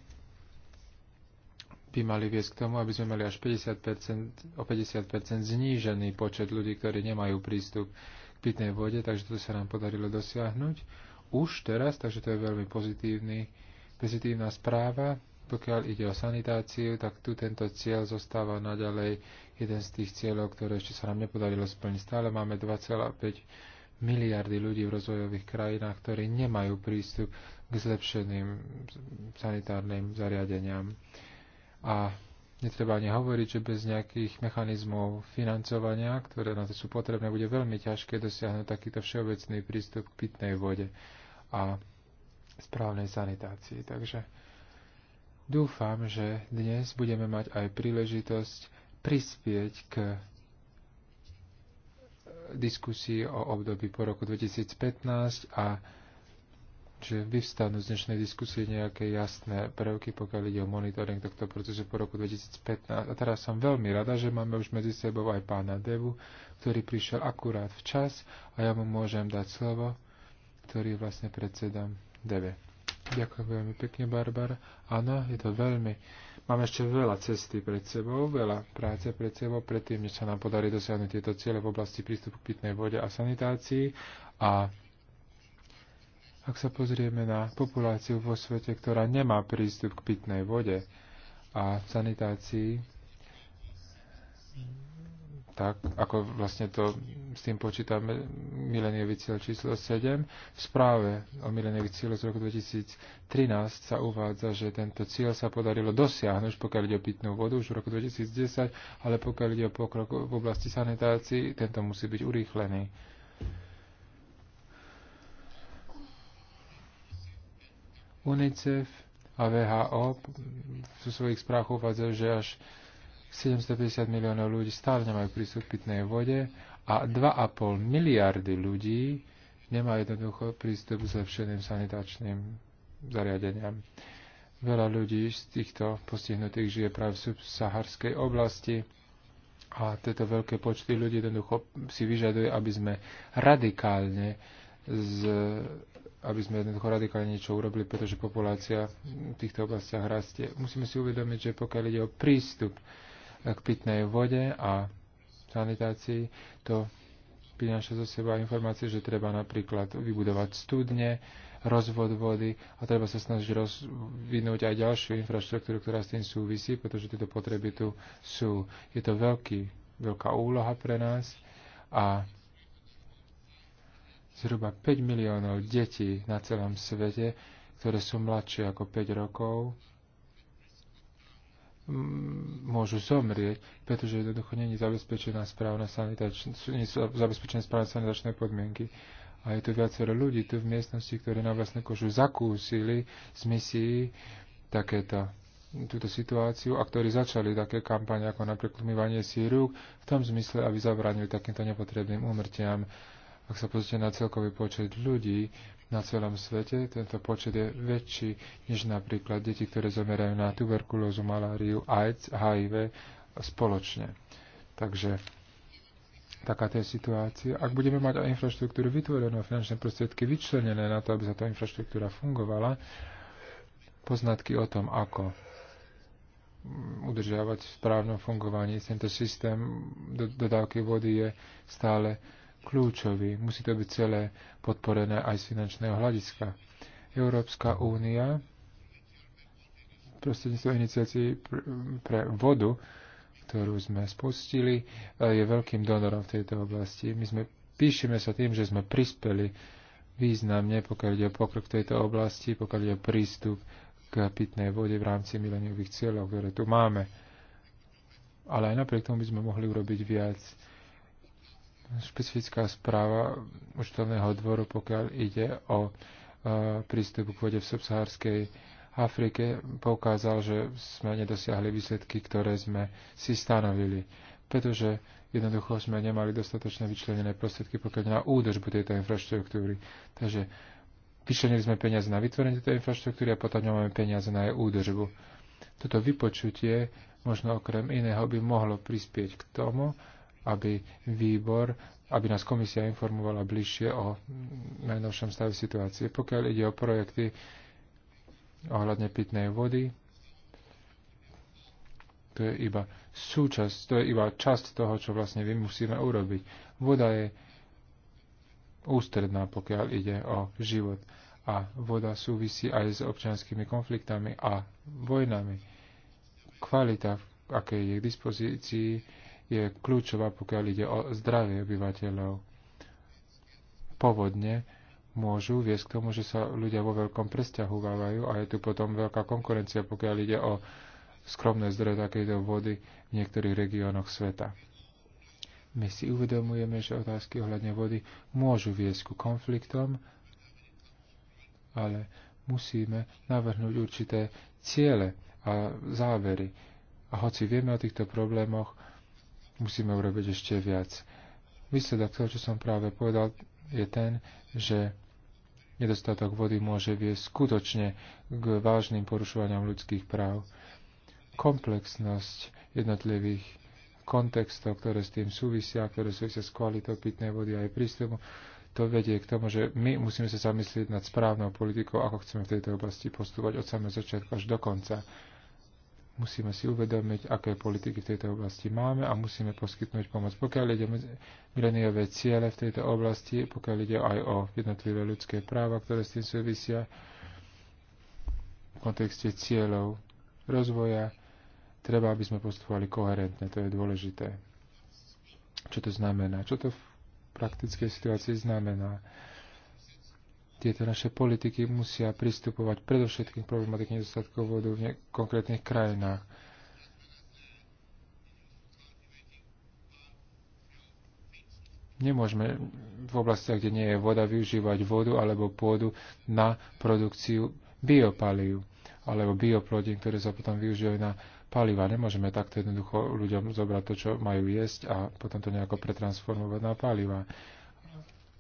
by mali viesť k tomu, aby sme mali až 50%, o 50% znížený počet ľudí, ktorí nemajú prístup k pitnej vode, takže to sa nám podarilo dosiahnuť už teraz, takže to je veľmi pozitívny, pozitívna správa. Pokiaľ ide o sanitáciu, tak tu tento cieľ zostáva naďalej jeden z tých cieľov, ktoré ešte sa nám nepodarilo splniť. Stále máme 2,5 miliardy ľudí v rozvojových krajinách, ktorí nemajú prístup k zlepšeným sanitárnym zariadeniam. A netreba ani hovoriť, že bez nejakých mechanizmov financovania, ktoré na to sú potrebné, bude veľmi ťažké dosiahnuť takýto všeobecný prístup k pitnej vode a správnej sanitácii. Takže dúfam, že dnes budeme mať aj príležitosť prispieť k diskusii o období po roku 2015 a že vyvstanú z dnešnej diskusie nejaké jasné prvky, pokiaľ ide o monitoring tohto procesu po roku 2015. A teraz som veľmi rada, že máme už medzi sebou aj pána Devu, ktorý prišiel akurát včas a ja mu môžem dať slovo ktorý je vlastne predsedom DEVE. Ďakujem veľmi pekne, Barbar. Áno, je to veľmi... Máme ešte veľa cesty pred sebou, veľa práce pred sebou, predtým, než sa nám podarí dosiahnuť tieto ciele v oblasti prístupu k pitnej vode a sanitácii. A ak sa pozrieme na populáciu vo svete, ktorá nemá prístup k pitnej vode a sanitácii, tak ako vlastne to s tým počítame mileniový cieľ číslo 7. V správe o mileniových cíl z roku 2013 sa uvádza, že tento cieľ sa podarilo dosiahnuť, pokiaľ ide o pitnú vodu už v roku 2010, ale pokiaľ ide o pokrok v oblasti sanitácií, tento musí byť urýchlený. UNICEF a VHO v svojich správach uvádzajú, že až 750 miliónov ľudí stále nemajú prístup k pitnej vode a 2,5 miliardy ľudí nemá jednoducho prístup k zlepšeným sanitačným zariadeniam. Veľa ľudí z týchto postihnutých žije práve v subsaharskej oblasti a tieto veľké počty ľudí jednoducho si vyžaduje, aby sme radikálne z, aby sme jednoducho radikálne niečo urobili, pretože populácia v týchto oblastiach rastie. Musíme si uvedomiť, že pokiaľ ide o prístup k pitnej vode a sanitácii, to prináša zo seba informácie, že treba napríklad vybudovať studne, rozvod vody a treba sa snažiť rozvinúť aj ďalšiu infraštruktúru, ktorá s tým súvisí, pretože tieto potreby tu sú. Je to veľký, veľká úloha pre nás a zhruba 5 miliónov detí na celom svete, ktoré sú mladšie ako 5 rokov, môžu zomrieť, pretože jednoducho je zabezpečená správna sanitačná, nie sú zabezpečené správne sanitačné podmienky. A je tu viacero ľudí tu v miestnosti, ktorí na vlastnú kožu zakúsili z misií takéto túto situáciu a ktorí začali také kampane ako napríklad umývanie si rúk v tom zmysle, aby zabránili takýmto nepotrebným úmrtiam. Ak sa pozrite na celkový počet ľudí, na celom svete. Tento počet je väčší než napríklad deti, ktoré zomerajú na tuberkulózu, maláriu, AIDS, HIV spoločne. Takže to je situácia. Ak budeme mať aj infraštruktúru vytvorenú a finančné prostriedky vyčlenené na to, aby sa tá infraštruktúra fungovala, poznatky o tom, ako udržiavať v správnom fungovaní tento systém dodávky vody je stále kľúčový. Musí to byť celé podporené aj z finančného hľadiska. Európska únia prostredníctvo iniciácií pre vodu, ktorú sme spustili, je veľkým donorom v tejto oblasti. My sme, píšeme sa tým, že sme prispeli významne, pokiaľ ide o pokrok v tejto oblasti, pokiaľ ide o prístup k pitnej vode v rámci mileniových cieľov, ktoré tu máme. Ale aj napriek tomu by sme mohli urobiť viac špecifická správa účtovného dvoru, pokiaľ ide o e, prístup k vode v subsahárskej Afrike, poukázal, že sme nedosiahli výsledky, ktoré sme si stanovili, pretože jednoducho sme nemali dostatočne vyčlenené prostriedky, pokiaľ na údržbu tejto infraštruktúry. Takže vyčlenili sme peniaze na vytvorenie tejto infraštruktúry a potom nemáme peniaze na jej údržbu. Toto vypočutie možno okrem iného by mohlo prispieť k tomu, aby výbor, aby nás komisia informovala bližšie o najnovšom stave situácie. Pokiaľ ide o projekty ohľadne pitnej vody, to je iba súčasť, to je iba časť toho, čo vlastne my musíme urobiť. Voda je ústredná, pokiaľ ide o život. A voda súvisí aj s občianskými konfliktami a vojnami. Kvalita, aké je k dispozícii, je kľúčová, pokiaľ ide o zdravie obyvateľov. Povodne môžu viesť k tomu, že sa ľudia vo veľkom presťahovávajú a je tu potom veľká konkurencia, pokiaľ ide o skromné zdroje takejto vody v niektorých regiónoch sveta. My si uvedomujeme, že otázky ohľadne vody môžu viesť ku konfliktom, ale musíme navrhnúť určité ciele a závery. A hoci vieme o týchto problémoch, musíme urobiť ešte viac. Výsledok toho, čo som práve povedal, je ten, že nedostatok vody môže viesť skutočne k vážnym porušovaniam ľudských práv. Komplexnosť jednotlivých kontextov, ktoré s tým súvisia, ktoré súvisia s kvalitou pitnej vody a aj prístupu, to vedie k tomu, že my musíme sa zamyslieť nad správnou politikou, ako chceme v tejto oblasti postúvať od samého začiatku až do konca. Musíme si uvedomiť, aké politiky v tejto oblasti máme a musíme poskytnúť pomoc. Pokiaľ ide o mileniové ciele v tejto oblasti, pokiaľ ide aj o jednotlivé ľudské práva, ktoré s tým súvisia v kontexte cieľov rozvoja, treba, aby sme postupovali koherentne. To je dôležité. Čo to znamená? Čo to v praktickej situácii znamená? tieto naše politiky musia pristupovať predovšetkým problematike nedostatkov vodu v konkrétnych krajinách. Nemôžeme v oblastiach, kde nie je voda, využívať vodu alebo pôdu na produkciu biopalív alebo bioplodín, ktoré sa potom využívajú na paliva. Nemôžeme takto jednoducho ľuďom zobrať to, čo majú jesť a potom to nejako pretransformovať na paliva.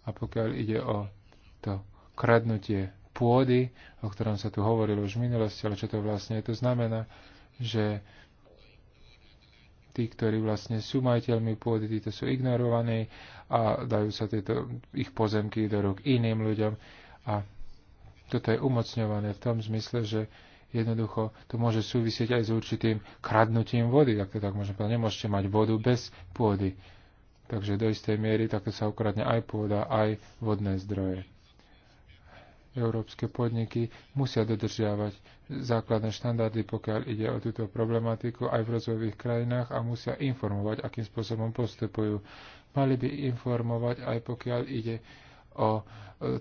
A pokiaľ ide o to kradnutie pôdy, o ktorom sa tu hovorilo už v minulosti, ale čo to vlastne je. To znamená, že tí, ktorí vlastne sú majiteľmi pôdy, títo sú ignorovaní a dajú sa tieto ich pozemky do rúk iným ľuďom. A toto je umocňované v tom zmysle, že jednoducho to môže súvisieť aj s určitým kradnutím vody, tak to tak môžem povedať. Nemôžete mať vodu bez pôdy. Takže do istej miery takto sa ukradne aj pôda, aj vodné zdroje európske podniky musia dodržiavať základné štandardy, pokiaľ ide o túto problematiku aj v rozvojových krajinách a musia informovať, akým spôsobom postupujú. Mali by informovať aj pokiaľ ide o e,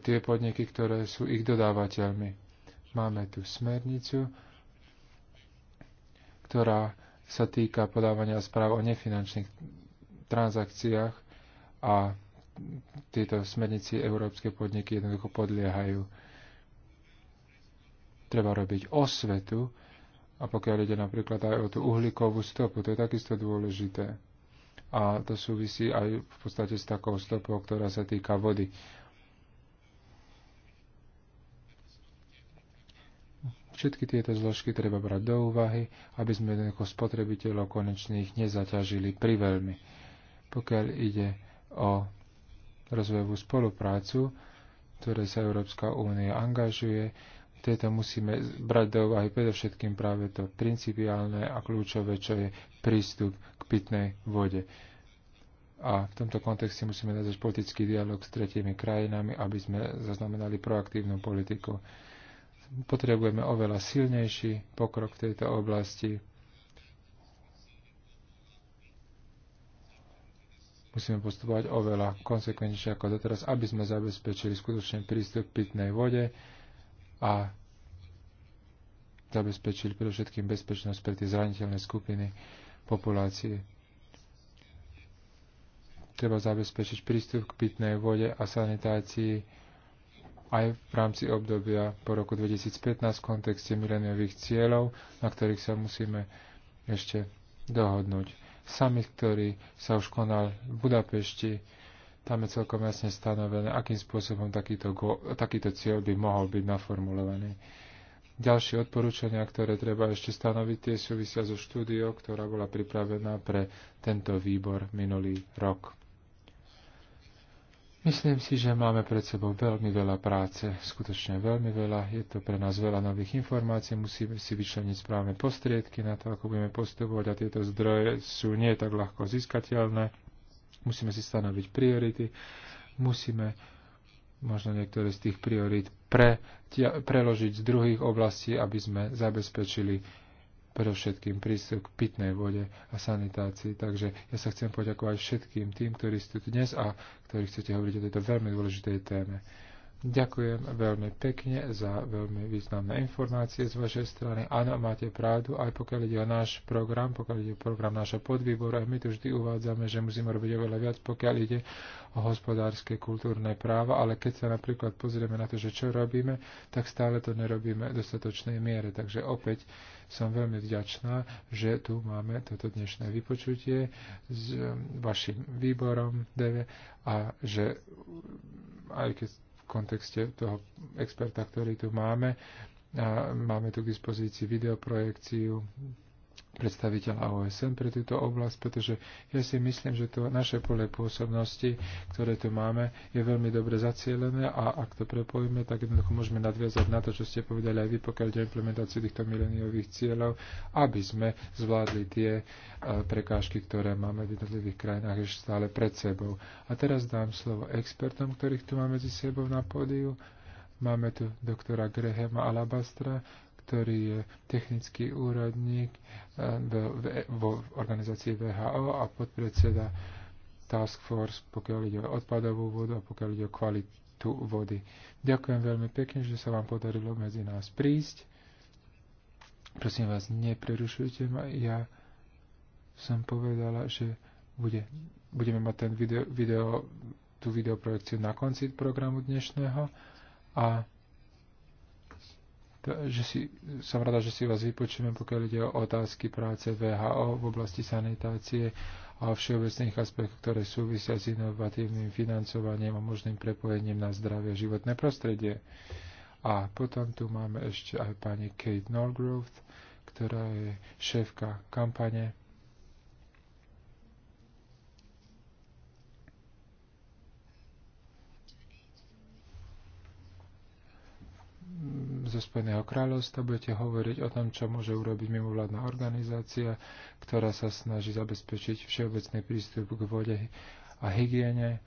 tie podniky, ktoré sú ich dodávateľmi. Máme tu smernicu, ktorá sa týka podávania správ o nefinančných transakciách a tieto smernici európske podniky jednoducho podliehajú. Treba robiť osvetu a pokiaľ ide napríklad aj o tú uhlíkovú stopu, to je takisto dôležité. A to súvisí aj v podstate s takou stopou, ktorá sa týka vody. Všetky tieto zložky treba brať do úvahy, aby sme jednoducho spotrebiteľov konečných nezaťažili priveľmi. Pokiaľ ide o rozvojovú spoluprácu, ktoré sa Európska únia angažuje. Tieto musíme brať do úvahy predovšetkým práve to principiálne a kľúčové, čo je prístup k pitnej vode. A v tomto kontexte musíme nazvať politický dialog s tretimi krajinami, aby sme zaznamenali proaktívnu politiku. Potrebujeme oveľa silnejší pokrok v tejto oblasti, musíme postupovať oveľa konsekvenčne ako doteraz, aby sme zabezpečili skutočne prístup k pitnej vode a zabezpečili predovšetkým bezpečnosť pre tie zraniteľné skupiny populácie. Treba zabezpečiť prístup k pitnej vode a sanitácii aj v rámci obdobia po roku 2015 v kontexte mileniových cieľov, na ktorých sa musíme ešte dohodnúť summit, ktorý sa už konal v Budapešti. Tam je celkom jasne stanovené, akým spôsobom takýto, go, takýto cieľ by mohol byť naformulovaný. Ďalšie odporúčania, ktoré treba ešte stanoviť, tie súvisia so štúdiou, ktorá bola pripravená pre tento výbor minulý rok. Myslím si, že máme pred sebou veľmi veľa práce, skutočne veľmi veľa. Je to pre nás veľa nových informácií, musíme si vyčleniť správne prostriedky na to, ako budeme postupovať a tieto zdroje sú nie tak ľahko získateľné. Musíme si stanoviť priority, musíme možno niektoré z tých priorít pre, tia, preložiť z druhých oblastí, aby sme zabezpečili predovšetkým prístup k pitnej vode a sanitácii. Takže ja sa chcem poďakovať všetkým tým, ktorí ste tu dnes a ktorí chcete hovoriť o tejto veľmi dôležitej téme. Ďakujem veľmi pekne za veľmi významné informácie z vašej strany. Áno, máte pravdu, aj pokiaľ ide o náš program, pokiaľ ide o program nášho podvýboru, aj my tu vždy uvádzame, že musíme robiť oveľa viac, pokiaľ ide o hospodárske kultúrne práva, ale keď sa napríklad pozrieme na to, že čo robíme, tak stále to nerobíme v dostatočnej miere. Takže opäť som veľmi vďačná, že tu máme toto dnešné vypočutie s vašim výborom DV a že aj keď kontexte toho experta, ktorý tu máme. A máme tu k dispozícii videoprojekciu, predstaviteľa OSN pre túto oblasť, pretože ja si myslím, že to naše pole pôsobnosti, ktoré tu máme, je veľmi dobre zacielené a ak to prepojíme, tak jednoducho môžeme nadviazať na to, čo ste povedali aj vy, pokiaľ ide o implementáciu týchto mileniových cieľov, aby sme zvládli tie e, prekážky, ktoré máme v jednotlivých krajinách ešte stále pred sebou. A teraz dám slovo expertom, ktorých tu máme medzi sebou na pódiu. Máme tu doktora Grehema Alabastra, ktorý je technický úradník eh, vo organizácii VHO a podpredseda Task Force, pokiaľ ide o odpadovú vodu a pokiaľ ide o kvalitu vody. Ďakujem veľmi pekne, že sa vám podarilo medzi nás prísť. Prosím vás, neprerušujte ma. Ja som povedala, že bude, budeme mať ten video, video, tú videoprojekciu na konci programu dnešného a že si, som rada, že si vás vypočujeme, pokiaľ ide o otázky práce VHO v oblasti sanitácie a všeobecných aspektov, ktoré súvisia s inovatívnym financovaním a možným prepojením na zdravie a životné prostredie. A potom tu máme ešte aj pani Kate Norgrove, ktorá je šéfka kampane zo Spojeného kráľovstva, budete hovoriť o tom, čo môže urobiť mimovládna organizácia, ktorá sa snaží zabezpečiť všeobecný prístup k vode a hygiene,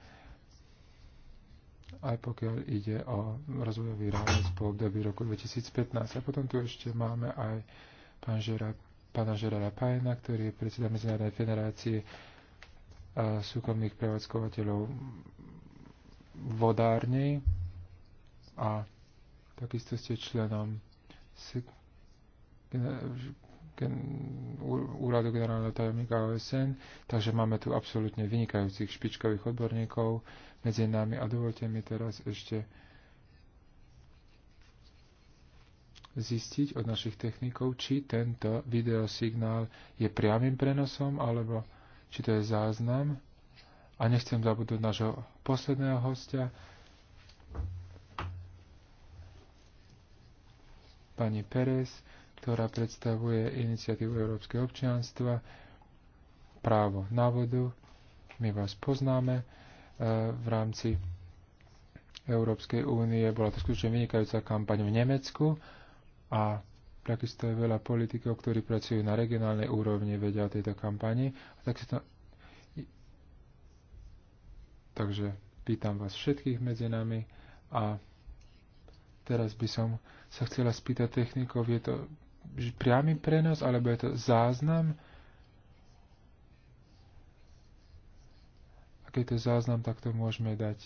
aj pokiaľ ide o rozvojový rámec po období roku 2015. A potom tu ešte máme aj pán Žera, pána Žerara Pajena, ktorý je predseda Medzinárodnej federácie súkromných prevádzkovateľov vodárnej. a Takisto ste členom úradu generálneho tajomníka OSN, takže máme tu absolútne vynikajúcich špičkových odborníkov medzi nami a dovolte mi teraz ešte zistiť od našich technikov, či tento videosignál je priamým prenosom, alebo či to je záznam. A nechcem zabudnúť nášho posledného hostia, pani Pérez, ktorá predstavuje iniciatívu Európskeho občianstva, právo na vodu. My vás poznáme e, v rámci Európskej únie. Bola to skutočne vynikajúca kampaň v Nemecku a takisto je veľa politikov, ktorí pracujú na regionálnej úrovni, vedia o tejto kampani. tak to... Takže pýtam vás všetkých medzi nami a Teraz by som sa chcela spýtať technikov, je to priamy prenos, alebo je to záznam? Ak je to záznam, tak to môžeme dať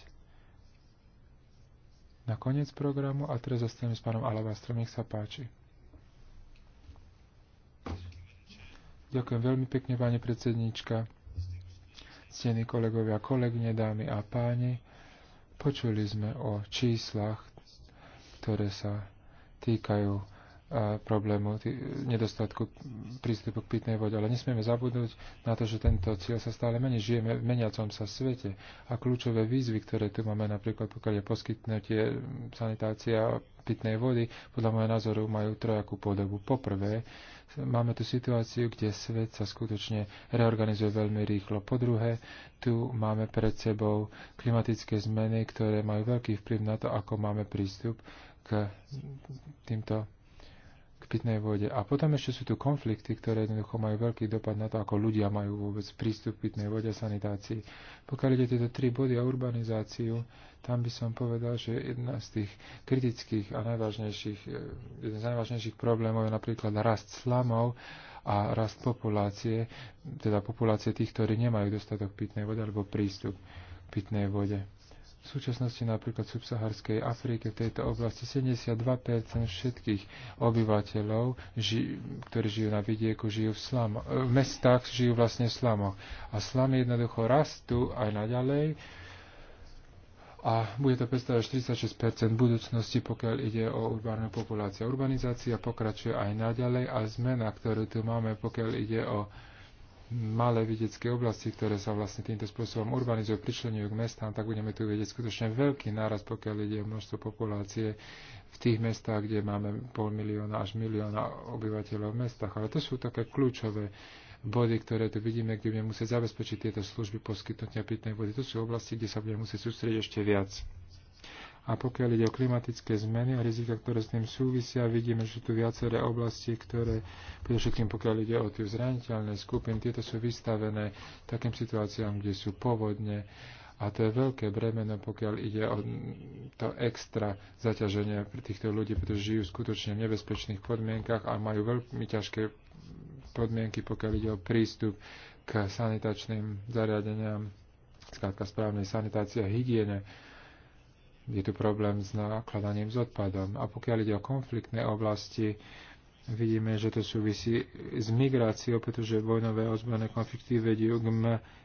na koniec programu a teraz zastaneme s pánom Alabastrom. Nech sa páči. Ďakujem veľmi pekne, pani predsednička. Ctení kolegovia, kolegne, dámy a páni, počuli sme o číslach ktoré sa týkajú e, problému tý, nedostatku prístupu k pitnej vode. Ale nesmieme zabudnúť na to, že tento cieľ sa stále mení. Žijeme v meniacom sa svete a kľúčové výzvy, ktoré tu máme, napríklad pokiaľ je poskytnutie sanitácia pitnej vody, podľa môjho názoru majú trojakú podobu. Poprvé, máme tu situáciu, kde svet sa skutočne reorganizuje veľmi rýchlo. Po druhé, tu máme pred sebou klimatické zmeny, ktoré majú veľký vplyv na to, ako máme prístup k týmto k pitnej vode. A potom ešte sú tu konflikty, ktoré jednoducho majú veľký dopad na to, ako ľudia majú vôbec prístup k pitnej vode a sanitácii. Pokiaľ ide tieto tri body a urbanizáciu, tam by som povedal, že jedna z tých kritických a najvážnejších, e, jeden z najvážnejších problémov je napríklad rast slamov a rast populácie, teda populácie tých, ktorí nemajú dostatok pitnej vody alebo prístup k pitnej vode. V súčasnosti napríklad v subsaharskej Afrike v tejto oblasti 72% všetkých obyvateľov, ži, ktorí žijú na vidieku, žijú v, slamo, v mestách, žijú vlastne v slamoch. A slamy jednoducho rastú aj naďalej a bude to predstavať 46 budúcnosti, pokiaľ ide o urbánnu populáciu. Urbanizácia pokračuje aj naďalej a zmena, ktorú tu máme, pokiaľ ide o malé vedecké oblasti, ktoré sa vlastne týmto spôsobom urbanizujú, pričlenujú k mestám, tak budeme tu vedieť skutočne veľký náraz, pokiaľ ide o množstvo populácie v tých mestách, kde máme pol milióna až milióna obyvateľov v mestách. Ale to sú také kľúčové body, ktoré tu vidíme, kde budeme musieť zabezpečiť tieto služby poskytnutia pitnej vody. To sú oblasti, kde sa budeme musieť sústrediť ešte viac. A pokiaľ ide o klimatické zmeny a rizika, ktoré s tým súvisia, vidíme, že tu viaceré oblasti, ktoré, predovšetkým pokiaľ ide o tie zraniteľné skupiny, tieto sú vystavené takým situáciám, kde sú povodne. A to je veľké bremeno, pokiaľ ide o to extra zaťaženie pre týchto ľudí, pretože žijú skutočne v nebezpečných podmienkach a majú veľmi ťažké podmienky, pokiaľ ide o prístup k sanitačným zariadeniam, skrátka správnej sanitácie a hygiene je tu problém s nakladaním s odpadom. A pokiaľ ide o konfliktné oblasti, vidíme, že to súvisí s migráciou, pretože vojnové ozbrojené konflikty vedú k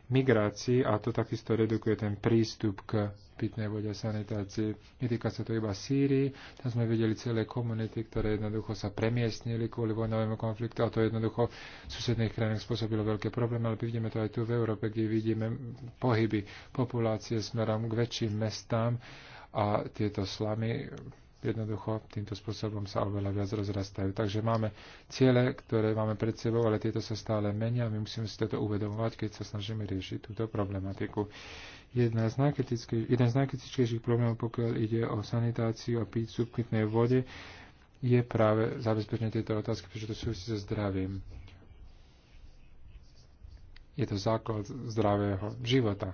migrácii a to takisto redukuje ten prístup k pitnej vode a sanitácii. Netýka sa to iba Sýrii, tam sme videli celé komunity, ktoré jednoducho sa premiestnili kvôli vojnovému konfliktu a to jednoducho v susedných krajinách spôsobilo veľké problémy, ale vidíme to aj tu v Európe, kde vidíme pohyby populácie smerom k väčším mestám a tieto slamy jednoducho týmto spôsobom sa oveľa viac rozrastajú. Takže máme ciele, ktoré máme pred sebou, ale tieto sa stále menia a my musíme si toto uvedomovať, keď sa snažíme riešiť túto problematiku. Jedna z jeden z najkritickejších problémov, pokiaľ ide o sanitáciu a v pitnej vode, je práve zabezpečenie tejto otázky, pretože to súvisí so zdravím. Je to základ zdravého života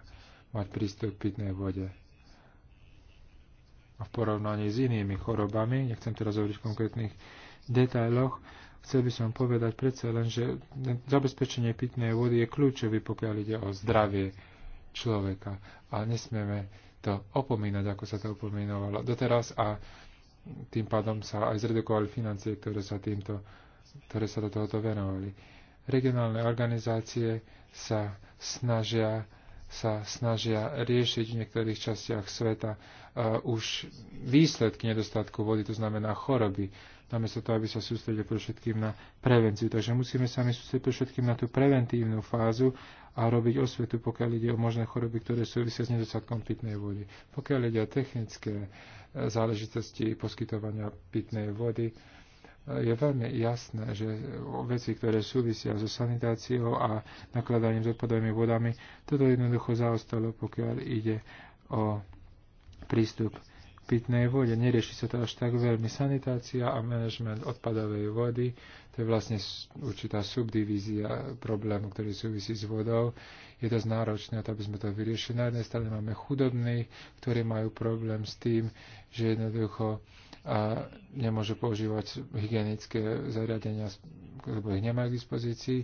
mať prístup k pitnej vode a v porovnaní s inými chorobami, nechcem teraz hovoriť v konkrétnych detailoch, chcel by som povedať predsa len, že zabezpečenie pitnej vody je kľúčový, pokiaľ ide o zdravie človeka. A nesmieme to opomínať, ako sa to opomínovalo doteraz a tým pádom sa aj zredukovali financie, ktoré sa, týmto, ktoré sa do tohoto venovali. Regionálne organizácie sa snažia sa snažia riešiť v niektorých častiach sveta uh, už výsledky nedostatku vody, to znamená choroby, namiesto toho, aby sa sústredili pre všetkým na prevenciu. Takže musíme sa my sústrediť pre všetkým na tú preventívnu fázu a robiť osvetu, pokiaľ ide o možné choroby, ktoré súvisia s nedostatkom pitnej vody. Pokiaľ ide o technické e, záležitosti poskytovania pitnej vody, uh, je veľmi jasné, že veci, ktoré súvisia so sanitáciou a nakladaním s odpadovými vodami, toto jednoducho zaostalo, pokiaľ ide o prístup pitnej vode. Nerieši sa to až tak veľmi. Sanitácia a manažment odpadovej vody, to je vlastne určitá subdivízia problému, ktorý súvisí s vodou. Je dosť náročné, aby sme to vyriešili. Na jednej strane máme chudobných, ktorí majú problém s tým, že jednoducho a nemôže používať hygienické zariadenia, lebo ich nemajú k dispozícii.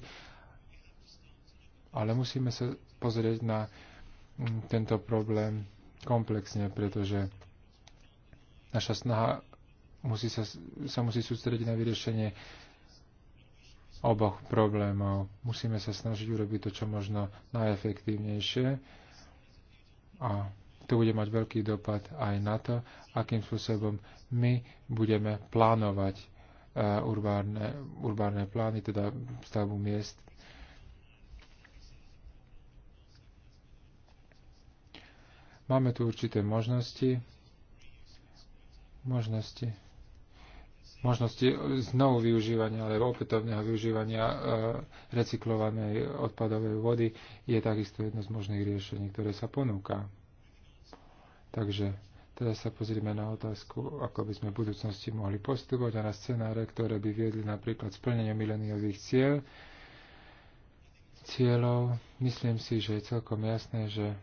Ale musíme sa pozrieť na mm, tento problém komplexne, pretože naša snaha musí sa, sa musí sústrediť na vyriešenie oboch problémov. Musíme sa snažiť urobiť to, čo možno najefektívnejšie a to bude mať veľký dopad aj na to, akým spôsobom my budeme plánovať eh, urbárne, urbárne plány, teda stavbu miest. Máme tu určité možnosti, možnosti, možnosti znovu využívania alebo opätovného využívania eh, recyklovanej odpadovej vody je takisto jedno z možných riešení, ktoré sa ponúka. Takže teraz sa pozrieme na otázku, ako by sme v budúcnosti mohli postupovať a na scenáre, ktoré by viedli napríklad splnenie mileniových cieľ, cieľov. Myslím si, že je celkom jasné, že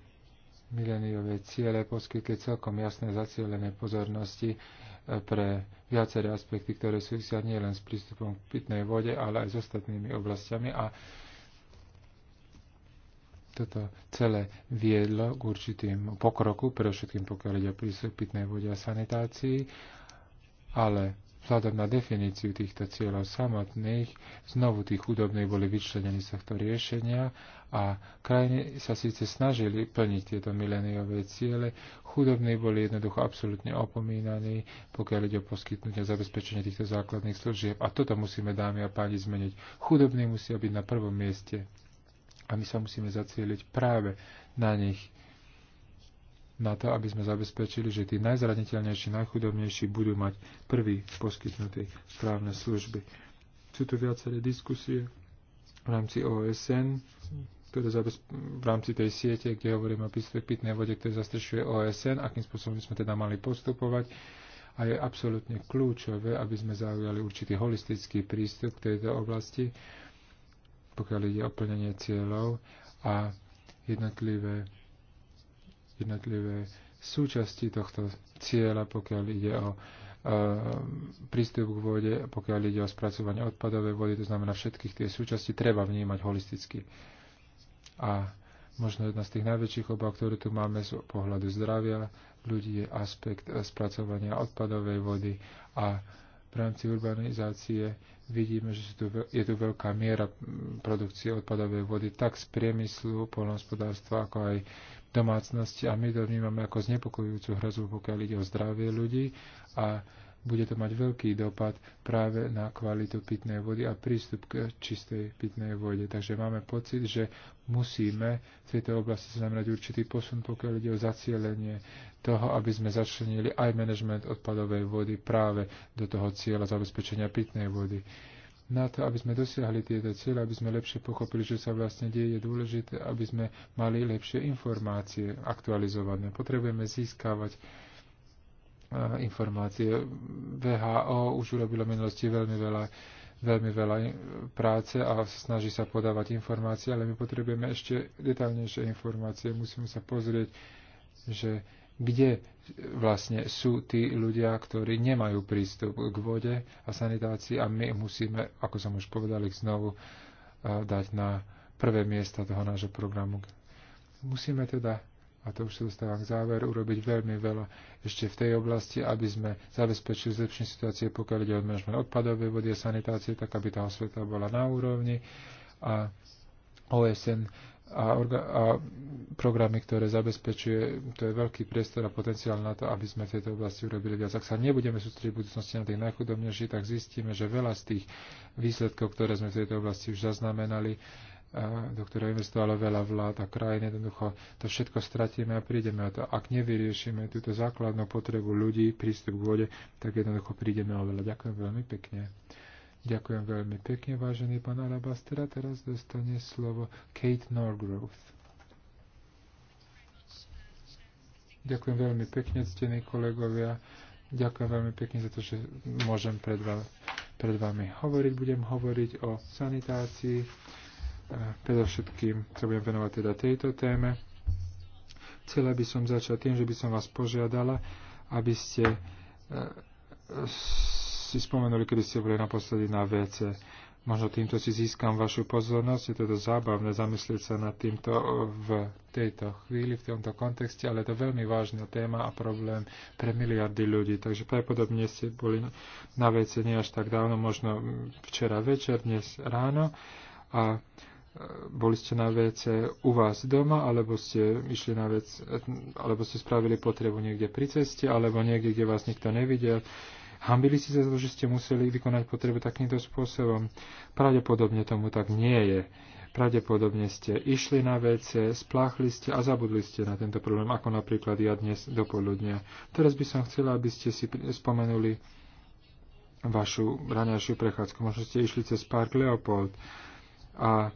mileniové ciele poskytli celkom jasné zacielené pozornosti eh, pre viaceré aspekty, ktoré súvisia nielen s prístupom k pitnej vode, ale aj s ostatnými oblastiami a toto celé viedlo k určitým pokroku, všetkým pokiaľ ide o prístup pitnej vode a sanitácii, ale vzhľadom na definíciu týchto cieľov samotných, znovu tí chudobní boli vyčlenení z tohto riešenia a krajiny sa síce snažili plniť tieto mileniové ciele, chudobní boli jednoducho absolútne opomínaní, pokiaľ ide o poskytnutie a zabezpečenie týchto základných služieb. A toto musíme, dámy a páni, zmeniť. Chudobní musia byť na prvom mieste a my sa musíme zacieliť práve na nich, na to, aby sme zabezpečili, že tí najzraniteľnejší, najchudobnejší budú mať prvý poskytnutý správne služby. Sú tu viaceré diskusie v rámci OSN, ktoré v rámci tej siete, kde hovoríme o pitnej vode, ktoré zastrešuje OSN, akým spôsobom sme teda mali postupovať. A je absolútne kľúčové, aby sme zaujali určitý holistický prístup k tejto oblasti, pokiaľ ide o plnenie cieľov a jednotlivé, jednotlivé súčasti tohto cieľa, pokiaľ ide o eh, prístup k vode, pokiaľ ide o spracovanie odpadovej vody, to znamená všetkých tie súčasti treba vnímať holisticky. A možno jedna z tých najväčších obav, ktoré tu máme z pohľadu zdravia ľudí, je aspekt eh, spracovania odpadovej vody a v rámci urbanizácie vidíme, že tu, je tu veľká miera produkcie odpadovej vody, tak z priemyslu, polnohospodárstva, ako aj domácnosti. A my to vnímame ako znepokojujúcu hrozbu, pokiaľ ide o zdravie ľudí. A bude to mať veľký dopad práve na kvalitu pitnej vody a prístup k čistej pitnej vode. Takže máme pocit, že musíme v tejto oblasti znamenať určitý posun, pokiaľ ide o zacielenie toho, aby sme začlenili aj manažment odpadovej vody práve do toho cieľa zabezpečenia pitnej vody na to, aby sme dosiahli tieto cieľe, aby sme lepšie pochopili, čo sa vlastne deje, je dôležité, aby sme mali lepšie informácie aktualizované. Potrebujeme získavať informácie. VHO už urobilo v minulosti veľmi veľa veľmi veľa práce a snaží sa podávať informácie, ale my potrebujeme ešte detaľnejšie informácie. Musíme sa pozrieť, že kde vlastne sú tí ľudia, ktorí nemajú prístup k vode a sanitácii a my musíme, ako som už povedal, ich znovu dať na prvé miesta toho nášho programu. Musíme teda a to už sa dostávam k záver, urobiť veľmi veľa ešte v tej oblasti, aby sme zabezpečili zlepšenie situácie, pokiaľ ide o manažment odpadovej vody a sanitácie, tak aby tá osveta bola na úrovni a OSN a, orga- a programy, ktoré zabezpečuje, to je veľký priestor a potenciál na to, aby sme v tejto oblasti urobili viac. Ak sa nebudeme sústrediť v budúcnosti na tých najchudobnejších, tak zistíme, že veľa z tých výsledkov, ktoré sme v tejto oblasti už zaznamenali, uh, do ktorého investovalo veľa vlád a krajín. Jednoducho to všetko stratíme a prídeme o to. Ak nevyriešime túto základnú potrebu ľudí, prístup k vode, tak jednoducho prídeme o veľa. Ďakujem veľmi pekne. Ďakujem veľmi pekne, vážený pán Alabastera. Teraz dostane slovo Kate Norgrove. Ďakujem veľmi pekne, ctení kolegovia. Ďakujem veľmi pekne za to, že môžem pred, pred vami hovoriť. Budem hovoriť o sanitácii Predovšetkým sa budem venovať teda tejto téme. Chcela by som začať tým, že by som vás požiadala, aby ste e, si spomenuli, kedy ste boli naposledy na WC. Možno týmto si získam vašu pozornosť, je to dosť zábavné zamyslieť sa nad týmto v tejto chvíli, v tomto kontexte, ale je to veľmi vážna téma a problém pre miliardy ľudí. Takže pravdepodobne ste boli na WC nie až tak dávno, možno včera večer, dnes ráno. A boli ste na WC u vás doma, alebo ste išli na vec, alebo ste spravili potrebu niekde pri ceste, alebo niekde, kde vás nikto nevidel. Hambili ste sa za to, že ste museli vykonať potrebu takýmto spôsobom? Pravdepodobne tomu tak nie je. Pravdepodobne ste išli na WC, spláchli ste a zabudli ste na tento problém, ako napríklad ja dnes do poludnia. Teraz by som chcela, aby ste si spomenuli vašu ranejšiu prechádzku. Možno ste išli cez Park Leopold a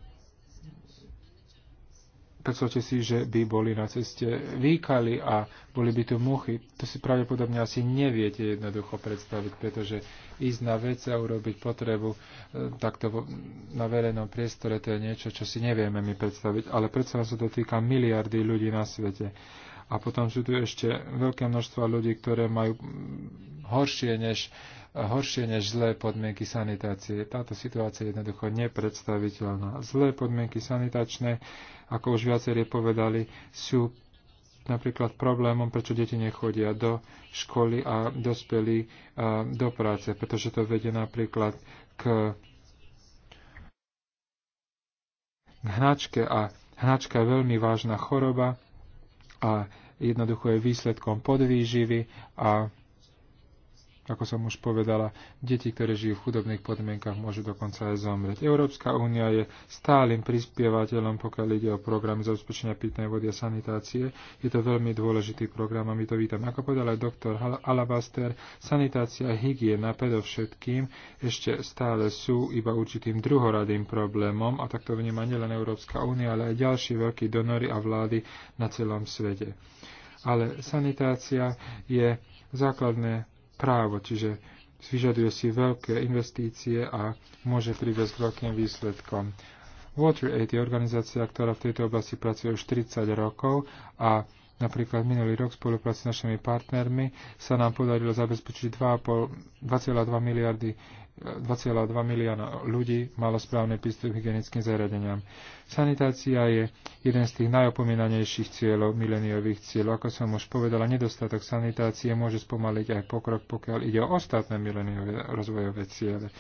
predstavte si, že by boli na ceste výkali a boli by tu muchy. To si pravdepodobne asi neviete jednoducho predstaviť, pretože ísť na vec a urobiť potrebu e, takto na verejnom priestore, to je niečo, čo si nevieme my predstaviť. Ale predsa sa to týka miliardy ľudí na svete. A potom sú tu ešte veľké množstvo ľudí, ktoré majú horšie než, horšie než zlé podmienky sanitácie. Táto situácia je jednoducho nepredstaviteľná. Zlé podmienky sanitačné ako už viacerie povedali, sú napríklad problémom, prečo deti nechodia do školy a dospelí do práce, pretože to vedie napríklad k, k hnačke a hnačka je veľmi vážna choroba a jednoducho je výsledkom podvýživy a ako som už povedala, deti, ktoré žijú v chudobných podmienkach, môžu dokonca aj zomrieť. Európska únia je stálym prispievateľom, pokiaľ ide o program zabezpečenia pitnej vody a sanitácie. Je to veľmi dôležitý program a my to vítame. Ako povedal aj doktor Alabaster, sanitácia a hygiena predovšetkým ešte stále sú iba určitým druhoradým problémom a takto vníma nielen Európska únia, ale aj ďalší veľkí donory a vlády na celom svete. Ale sanitácia je základné právo, čiže vyžaduje si veľké investície a môže priviesť k veľkým výsledkom. Water Aid je organizácia, ktorá v tejto oblasti pracuje už 30 rokov a Napríklad minulý rok v spolupráci s našimi partnermi sa nám podarilo zabezpečiť 2,2 miliardy 2,2 milióna ľudí malo správny prístup k hygienickým zariadeniam. Sanitácia je jeden z tých najopomínanejších cieľov, mileniových cieľov. Ako som už povedala, nedostatok sanitácie môže spomaliť aj pokrok, pokiaľ ide o ostatné mileniové rozvojové ciele.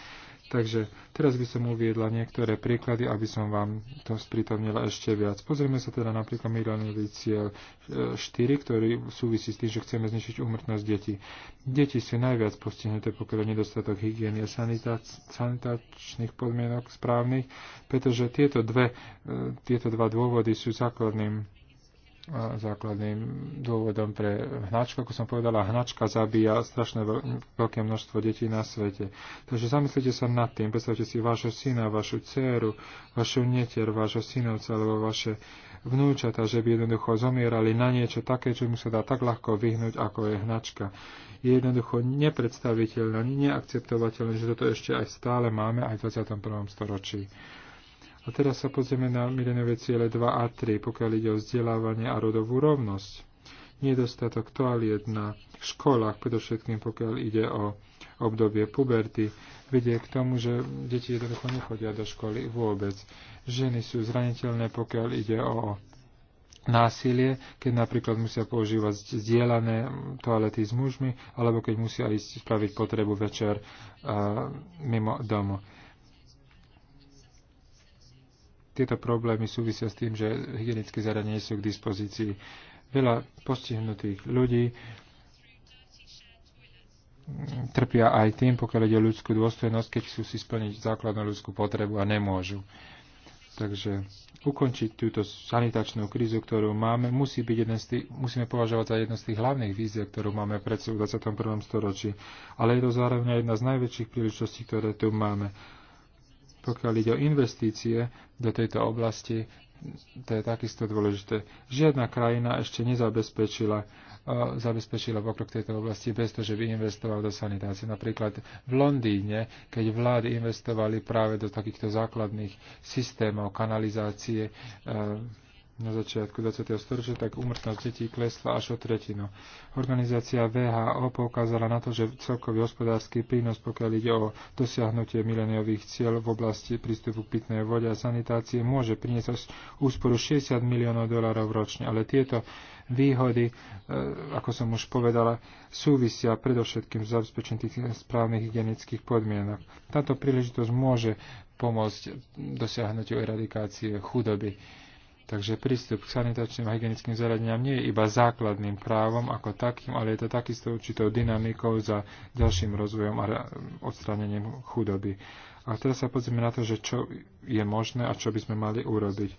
Takže teraz by som uviedla niektoré príklady, aby som vám to sprítomnila ešte viac. Pozrieme sa teda napríklad milionový cieľ 4, e, ktorý súvisí s tým, že chceme znišiť úmrtnosť detí. Deti sú najviac postihnuté, pokiaľ nedostatok hygieny a sanitačných podmienok správnych, pretože tieto, dve, e, tieto dva dôvody sú základným základným dôvodom pre hnačku. Ako som povedala, hnačka zabíja strašné veľké množstvo detí na svete. Takže zamyslite sa nad tým. Predstavte si vášho syna, vašu dceru, vašu netier, vášho synovca alebo vaše vnúčata, že by jednoducho zomierali na niečo také, čo mu sa dá tak ľahko vyhnúť, ako je hnačka. Je jednoducho nepredstaviteľné, neakceptovateľné, že toto ešte aj stále máme aj v 21. storočí. A teraz sa pozrieme na milenové ciele 2 a 3, pokiaľ ide o vzdelávanie a rodovú rovnosť. Nedostatok toaliet na školách, predovšetkým pokiaľ ide o obdobie puberty, vedie k tomu, že deti jednoducho nechodia do školy vôbec. Ženy sú zraniteľné, pokiaľ ide o násilie, keď napríklad musia používať zdieľané toalety s mužmi, alebo keď musia ísť spraviť potrebu večer uh, mimo domu tieto problémy súvisia s tým, že hygienické zariadenia sú k dispozícii. Veľa postihnutých ľudí trpia aj tým, pokiaľ ide o ľudskú dôstojnosť, keď chcú si splniť základnú ľudskú potrebu a nemôžu. Takže ukončiť túto sanitačnú krízu, ktorú máme, musí byť jeden z tých, musíme považovať za jednu z tých hlavných víziev, ktorú máme pred sebou v 21. storočí. Ale je to zároveň jedna z najväčších príležitostí, ktoré tu máme pokiaľ ide o investície do tejto oblasti, to je takisto dôležité. Žiadna krajina ešte nezabezpečila e, zabezpečila pokrok tejto oblasti bez toho, že by investoval do sanitácie. Napríklad v Londýne, keď vlády investovali práve do takýchto základných systémov kanalizácie, e, na začiatku 20. storočia, tak úmrtnosť detí klesla až o tretinu. Organizácia VHO poukázala na to, že celkový hospodársky prínos, pokiaľ ide o dosiahnutie mileniových cieľ v oblasti prístupu k pitnej vode a sanitácie, môže priniesť úsporu 60 miliónov dolárov ročne. Ale tieto výhody, e, ako som už povedala, súvisia predovšetkým s zabezpečením tých správnych hygienických podmienok. Táto príležitosť môže pomôcť dosiahnutiu eradikácie chudoby. Takže prístup k sanitačným a hygienickým zariadeniam nie je iba základným právom ako takým, ale je to takisto určitou dynamikou za ďalším rozvojom a odstránením chudoby. A teraz sa pozrieme na to, že čo je možné a čo by sme mali urobiť.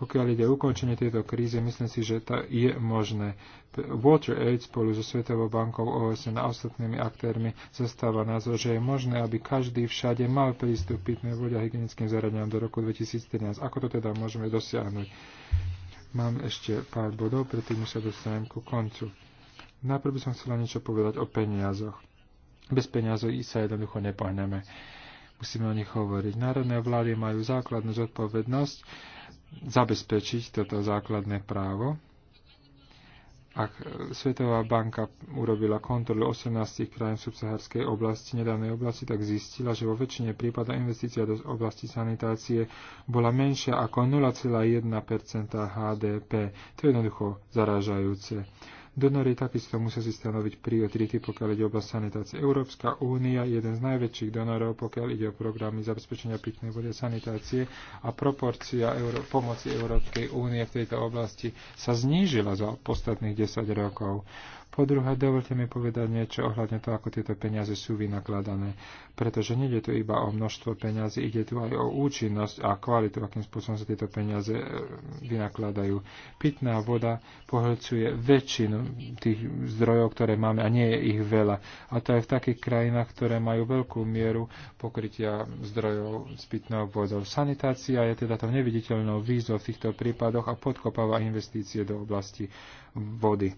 Pokiaľ ide o ukončenie tejto krízy, myslím si, že to je možné. Water Aid spolu so Svetovou bankou OSN a ostatnými aktérmi zastáva názor, že je možné, aby každý všade mal prístup pitnej vode a hygienickým zariadeniam do roku 2013. Ako to teda môžeme dosiahnuť? Mám ešte pár bodov, predtým sa dostanem ku koncu. Najprv by som chcela niečo povedať o peniazoch. Bez peniazov sa jednoducho nepohneme musíme o nich hovoriť. Národné vlády majú základnú zodpovednosť zabezpečiť toto základné právo. Ak Svetová banka urobila kontrolu 18 krajín subsaharskej oblasti, nedávnej oblasti, tak zistila, že vo väčšine prípada investícia do oblasti sanitácie bola menšia ako 0,1 HDP. To je jednoducho zaražajúce. Donory takisto musia si stanoviť priority, pokiaľ ide o oblasť sanitácie. Európska únia je jeden z najväčších donorov, pokiaľ ide o programy zabezpečenia pitnej vody a sanitácie a proporcia Euró- pomoci Európskej únie v tejto oblasti sa znížila za posledných 10 rokov. Po druhé, dovolte mi povedať niečo ohľadne toho, ako tieto peniaze sú vynakladané, pretože nejde tu iba o množstvo peniazy, ide tu aj o účinnosť a kvalitu, akým spôsobom sa tieto peniaze e, vynakladajú. Pitná voda pohľcuje väčšinu tých zdrojov, ktoré máme a nie je ich veľa. A to aj v takých krajinách, ktoré majú veľkú mieru pokrytia zdrojov s pitnou vodou. Sanitácia je teda to neviditeľnou výzvou v týchto prípadoch a podkopáva investície do oblasti vody.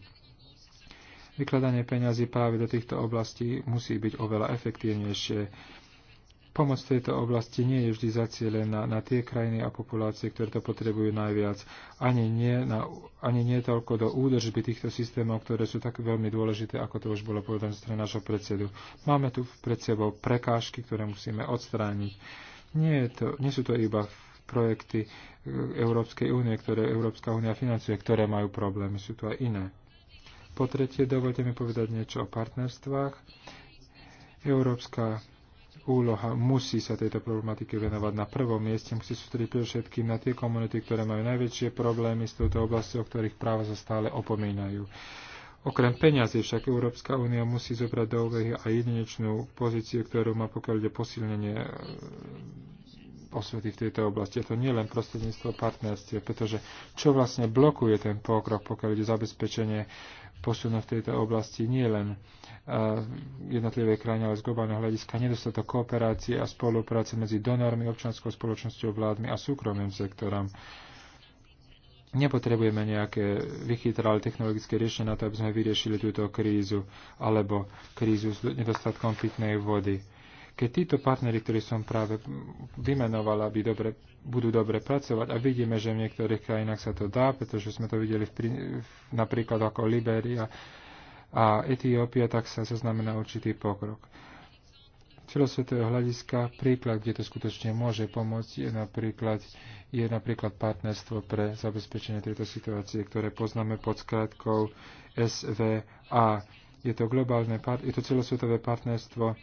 Vykladanie peňazí práve do týchto oblastí musí byť oveľa efektívnejšie. Pomoc tejto oblasti nie je vždy zacielená na tie krajiny a populácie, ktoré to potrebujú najviac, ani nie, na, ani nie toľko do údržby týchto systémov, ktoré sú tak veľmi dôležité, ako to už bolo povedané z nášho predsedu. Máme tu pred sebou prekážky, ktoré musíme odstrániť. Nie, je to, nie sú to iba projekty Európskej únie, ktoré Európska únia financuje, ktoré majú problémy, sú to aj iné. Po tretie, dovolte mi povedať niečo o partnerstvách. Európska úloha musí sa tejto problematike venovať na prvom mieste, musí sústrediť predovšetkým na tie komunity, ktoré majú najväčšie problémy s touto oblasťou, ktorých práva sa stále opomínajú. Okrem peňazí však Európska únia musí zobrať do úvahy aj jedinečnú pozíciu, ktorú má pokiaľ ide posilnenie eh, osvety v tejto oblasti. Je to nie len prostredníctvo partnerstie, pretože čo vlastne blokuje ten pokrok, pokiaľ ide zabezpečenie posunú v tejto oblasti nie len eh, jednotlivé krajiny, ale z globálneho hľadiska nedostatok kooperácie a spolupráce medzi donormi, občanskou spoločnosťou, vládmi a súkromným sektorom. Nepotrebujeme nejaké vychytralé technologické riešenia na to, aby sme vyriešili túto krízu alebo krízu s nedostatkom pitnej vody keď títo partnery, ktorí som práve vymenoval, aby dobre, budú dobre pracovať a vidíme, že v niektorých krajinách sa to dá, pretože sme to videli v, v, napríklad ako Liberia a Etiópia, tak sa zaznamená určitý pokrok celosvetového hľadiska príklad, kde to skutočne môže pomôcť, je napríklad, je napríklad partnerstvo pre zabezpečenie tejto situácie, ktoré poznáme pod skratkou SVA. Je to, globálne, je to celosvetové partnerstvo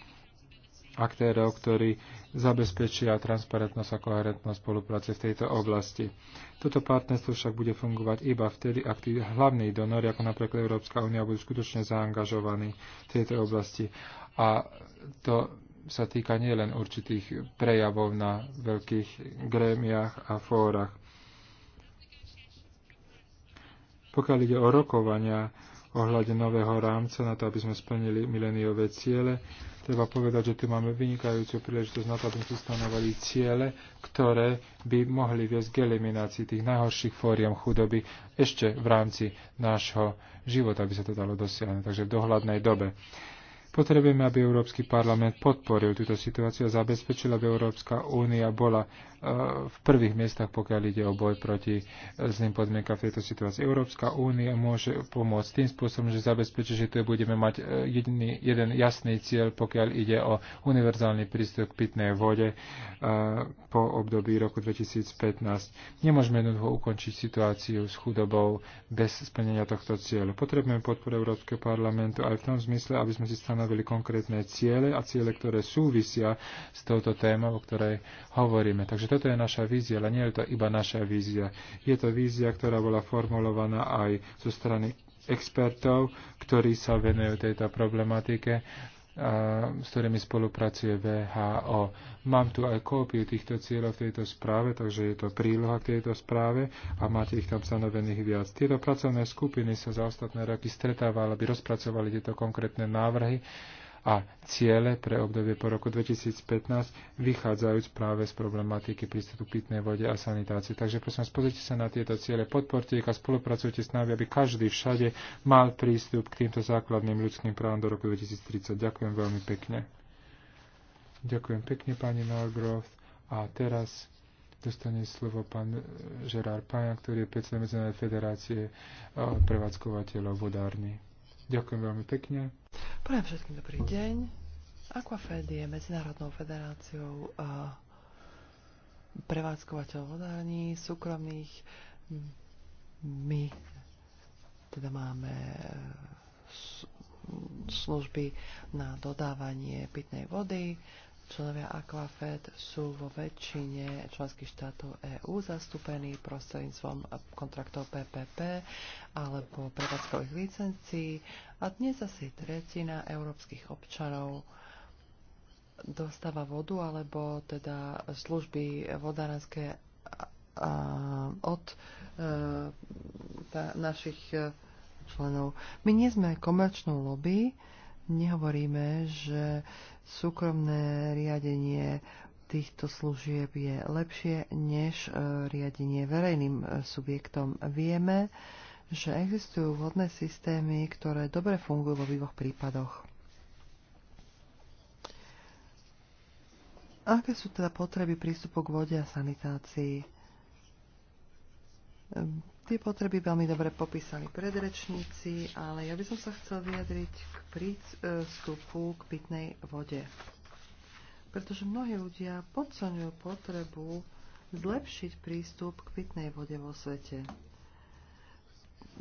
aktérov, ktorí zabezpečia transparentnosť a koherentnosť spolupráce v tejto oblasti. Toto partnerstvo však bude fungovať iba vtedy, ak tí hlavní donory, ako napríklad Európska únia, budú skutočne zaangažovaní v tejto oblasti. A to sa týka nielen určitých prejavov na veľkých grémiach a fórach. Pokiaľ ide o rokovania ohľade nového rámca na to, aby sme splnili mileniové ciele, Treba povedať, že tu máme vynikajúcu príležitosť na to, aby sme stanovali ciele, ktoré by mohli viesť k eliminácii tých najhorších fóriem chudoby ešte v rámci nášho života, aby sa to dalo dosiahnuť. Takže v dohľadnej dobe. Potrebujeme, aby Európsky parlament podporil túto situáciu a zabezpečil, aby Európska únia bola e, v prvých miestach, pokiaľ ide o boj proti e, zlým podmienkam v tejto situácii. Európska únia môže pomôcť tým spôsobom, že zabezpečí, že tu budeme mať e, jediný, jeden jasný cieľ, pokiaľ ide o univerzálny prístup k pitnej vode po období roku 2015. Nemôžeme jednoducho ukončiť situáciu s chudobou bez splnenia tohto cieľu. Potrebujeme podporu Európskeho parlamentu aj v tom zmysle, aby sme si stanovali stanovili konkrétne ciele a ciele, ktoré súvisia s touto témou, o ktorej hovoríme. Takže toto je naša vízia, ale nie je to iba naša vízia. Je to vízia, ktorá bola formulovaná aj zo strany expertov, ktorí sa venujú tejto problematike s ktorými spolupracuje VHO. Mám tu aj kópiu týchto cieľov v tejto správe, takže je to príloha k tejto správe a máte ich tam stanovených viac. Tieto pracovné skupiny sa za ostatné roky stretávali, aby rozpracovali tieto konkrétne návrhy a ciele pre obdobie po roku 2015 vychádzajú práve z problematiky prístupu k pitnej vode a sanitácie. Takže prosím vás, pozrite sa na tieto ciele, podporte ich a spolupracujte s nami, aby každý všade mal prístup k týmto základným ľudským právom do roku 2030. Ďakujem veľmi pekne. Ďakujem pekne, pani Norgrove. A teraz dostane slovo pán Žerár Paja, ktorý je predseda Medzinárodnej federácie eh, prevádzkovateľov vodárny. Ďakujem veľmi pekne. Prajem všetkým dobrý deň. Aquafed je medzinárodnou federáciou prevádzkovateľ eh, prevádzkovateľov vodární, súkromných. My teda máme eh, služby na dodávanie pitnej vody. Členovia Aquafed sú vo väčšine členských štátov EÚ zastúpení prostredníctvom kontraktov PPP alebo prevádzkových licencií a dnes asi tretina európskych občanov dostáva vodu alebo teda služby vodárenské od e, našich e, členov. My nie sme komerčnou lobby, nehovoríme, že súkromné riadenie týchto služieb je lepšie než e, riadenie verejným subjektom. Vieme, že existujú vodné systémy, ktoré dobre fungujú vo vývoch prípadoch. Aké sú teda potreby prístupu k vode a sanitácii? Tie potreby veľmi dobre popísali predrečníci, ale ja by som sa chcel vyjadriť k prístupu k pitnej vode. Pretože mnohí ľudia podceňujú potrebu zlepšiť prístup k pitnej vode vo svete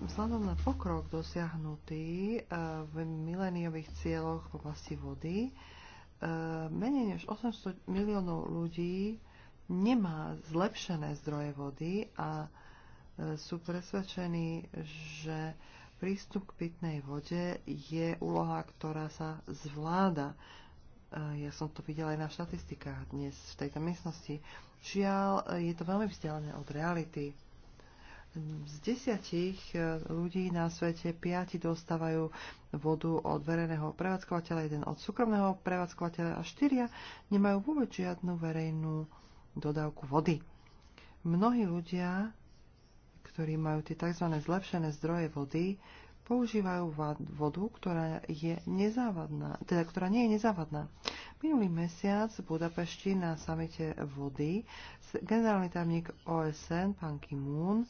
vzhľadom na pokrok dosiahnutý eh, v mileniových cieľoch v oblasti vody, eh, menej než 800 miliónov ľudí nemá zlepšené zdroje vody a eh, sú presvedčení, že prístup k pitnej vode je úloha, ktorá sa zvláda. Ja som to videla aj na štatistikách dnes v tejto miestnosti. Žiaľ, je to veľmi vzdialené od reality. Z desiatich e, ľudí na svete piati dostávajú vodu od verejného prevádzkovateľa, jeden od súkromného prevádzkovateľa a štyria nemajú vôbec žiadnu verejnú dodávku vody. Mnohí ľudia, ktorí majú tie tzv. zlepšené zdroje vody, používajú vodu, ktorá, je nezávadná, teda, ktorá nie je nezávadná. Minulý mesiac v Budapešti na samite vody generálny tajomník OSN, pán Kim Moon,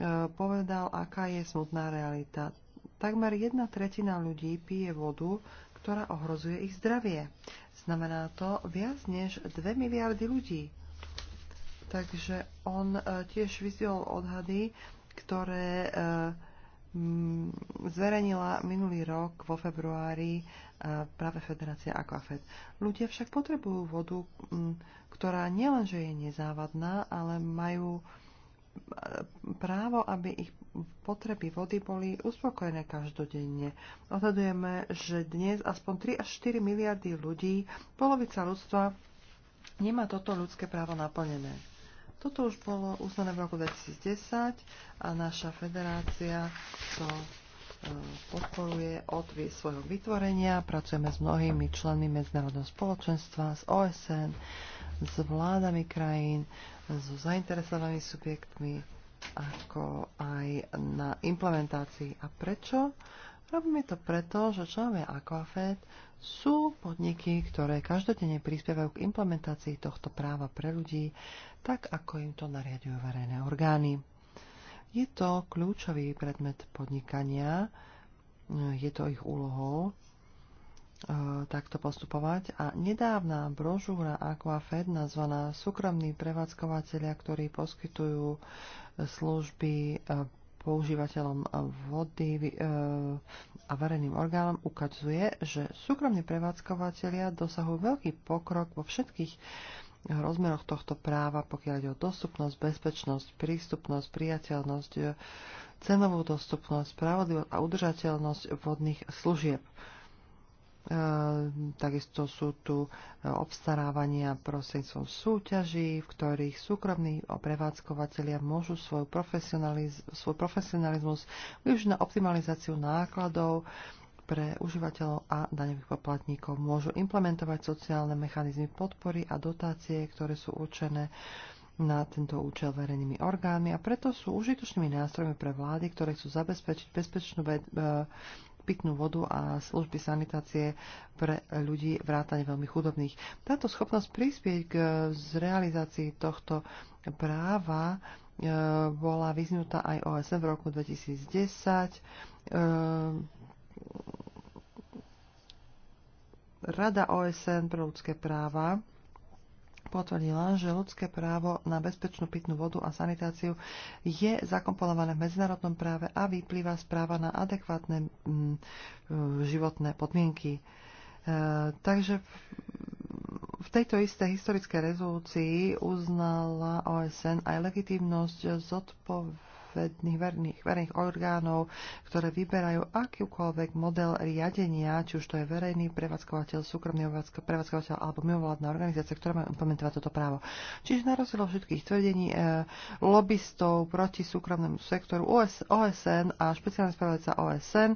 E, povedal, aká je smutná realita. Takmer jedna tretina ľudí pije vodu, ktorá ohrozuje ich zdravie. Znamená to viac než 2 miliardy ľudí. Takže on e, tiež vyzdiel odhady, ktoré e, zverejnila minulý rok vo februári práve Federácia Aquafed. Ľudia však potrebujú vodu, ktorá nielenže je nezávadná, ale majú právo, aby ich potreby vody boli uspokojené každodenne. Odhadujeme, že dnes aspoň 3 až 4 miliardy ľudí, polovica ľudstva, nemá toto ľudské právo naplnené. Toto už bolo uznané v roku 2010 a naša federácia to e, podporuje od svojho vytvorenia. Pracujeme s mnohými členmi medzinárodného spoločenstva, s OSN, s vládami krajín, so zainteresovanými subjektmi, ako aj na implementácii. A prečo? Robíme to preto, že členovia Aquafed sú podniky, ktoré každodenne prispievajú k implementácii tohto práva pre ľudí, tak ako im to nariadujú verejné orgány. Je to kľúčový predmet podnikania, je to ich úlohou E, takto postupovať. A nedávna brožúra Aquafed, nazvaná Súkromní prevádzkovateľia, ktorí poskytujú e, služby e, používateľom vody a verejným orgánom, ukazuje, že súkromní prevádzkovateľia dosahujú veľký pokrok vo všetkých rozmeroch tohto práva, pokiaľ ide o dostupnosť, bezpečnosť, prístupnosť, priateľnosť, cenovú dostupnosť, spravodlivosť a udržateľnosť vodných služieb. Takisto sú tu e, obstarávania prostredníctvom súťaží, v ktorých súkromní prevádzkovateľia môžu svoj, profesionaliz- svoj profesionalizmus využiť na optimalizáciu nákladov pre užívateľov a daňových poplatníkov. Môžu implementovať sociálne mechanizmy podpory a dotácie, ktoré sú určené na tento účel verejnými orgánmi a preto sú užitočnými nástrojmi pre vlády, ktoré chcú zabezpečiť bezpečnú e, pitnú vodu a služby sanitácie pre ľudí vrátane veľmi chudobných. Táto schopnosť prispieť k zrealizácii tohto práva e, bola vyznutá aj OSN v roku 2010. E, Rada OSN pre ľudské práva potvrdila, že ľudské právo na bezpečnú pitnú vodu a sanitáciu je zakomponované v medzinárodnom práve a vyplýva z práva na adekvátne mm, e, životné podmienky. E, takže v tejto istej historickej rezolúcii uznala OSN aj legitimnosť zodpovednosti zodpovedných verných, verných orgánov, ktoré vyberajú akýkoľvek model riadenia, či už to je verejný prevádzkovateľ, súkromný prevádzkovateľ alebo mimovládna organizácia, ktorá má implementovať toto právo. Čiže na rozdiel všetkých tvrdení e, lobbystov proti súkromnému sektoru OS, OSN a špeciálne spravodajca OSN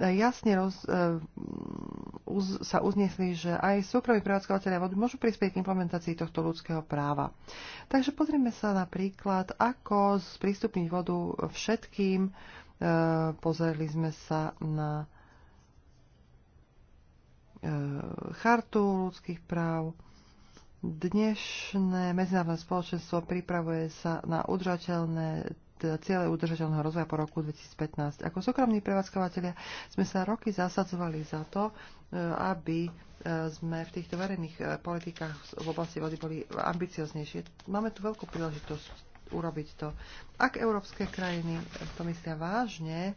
jasne roz, e, uz, sa uznesli, že aj súkromí prevádzkovateľia vody môžu prispieť k implementácii tohto ľudského práva. Takže pozrieme sa napríklad, ako sprístupniť vodu všetkým. E, Pozreli sme sa na e, chartu ľudských práv. Dnešné medzinárodné spoločenstvo pripravuje sa na udržateľné teda cieľe udržateľného rozvoja po roku 2015. Ako súkromní prevádzkovateľia sme sa roky zasadzovali za to, e, aby e, sme v týchto verejných e, politikách v oblasti vody boli ambicioznejšie. Máme tu veľkú príležitosť urobiť to. Ak európske krajiny to myslia vážne,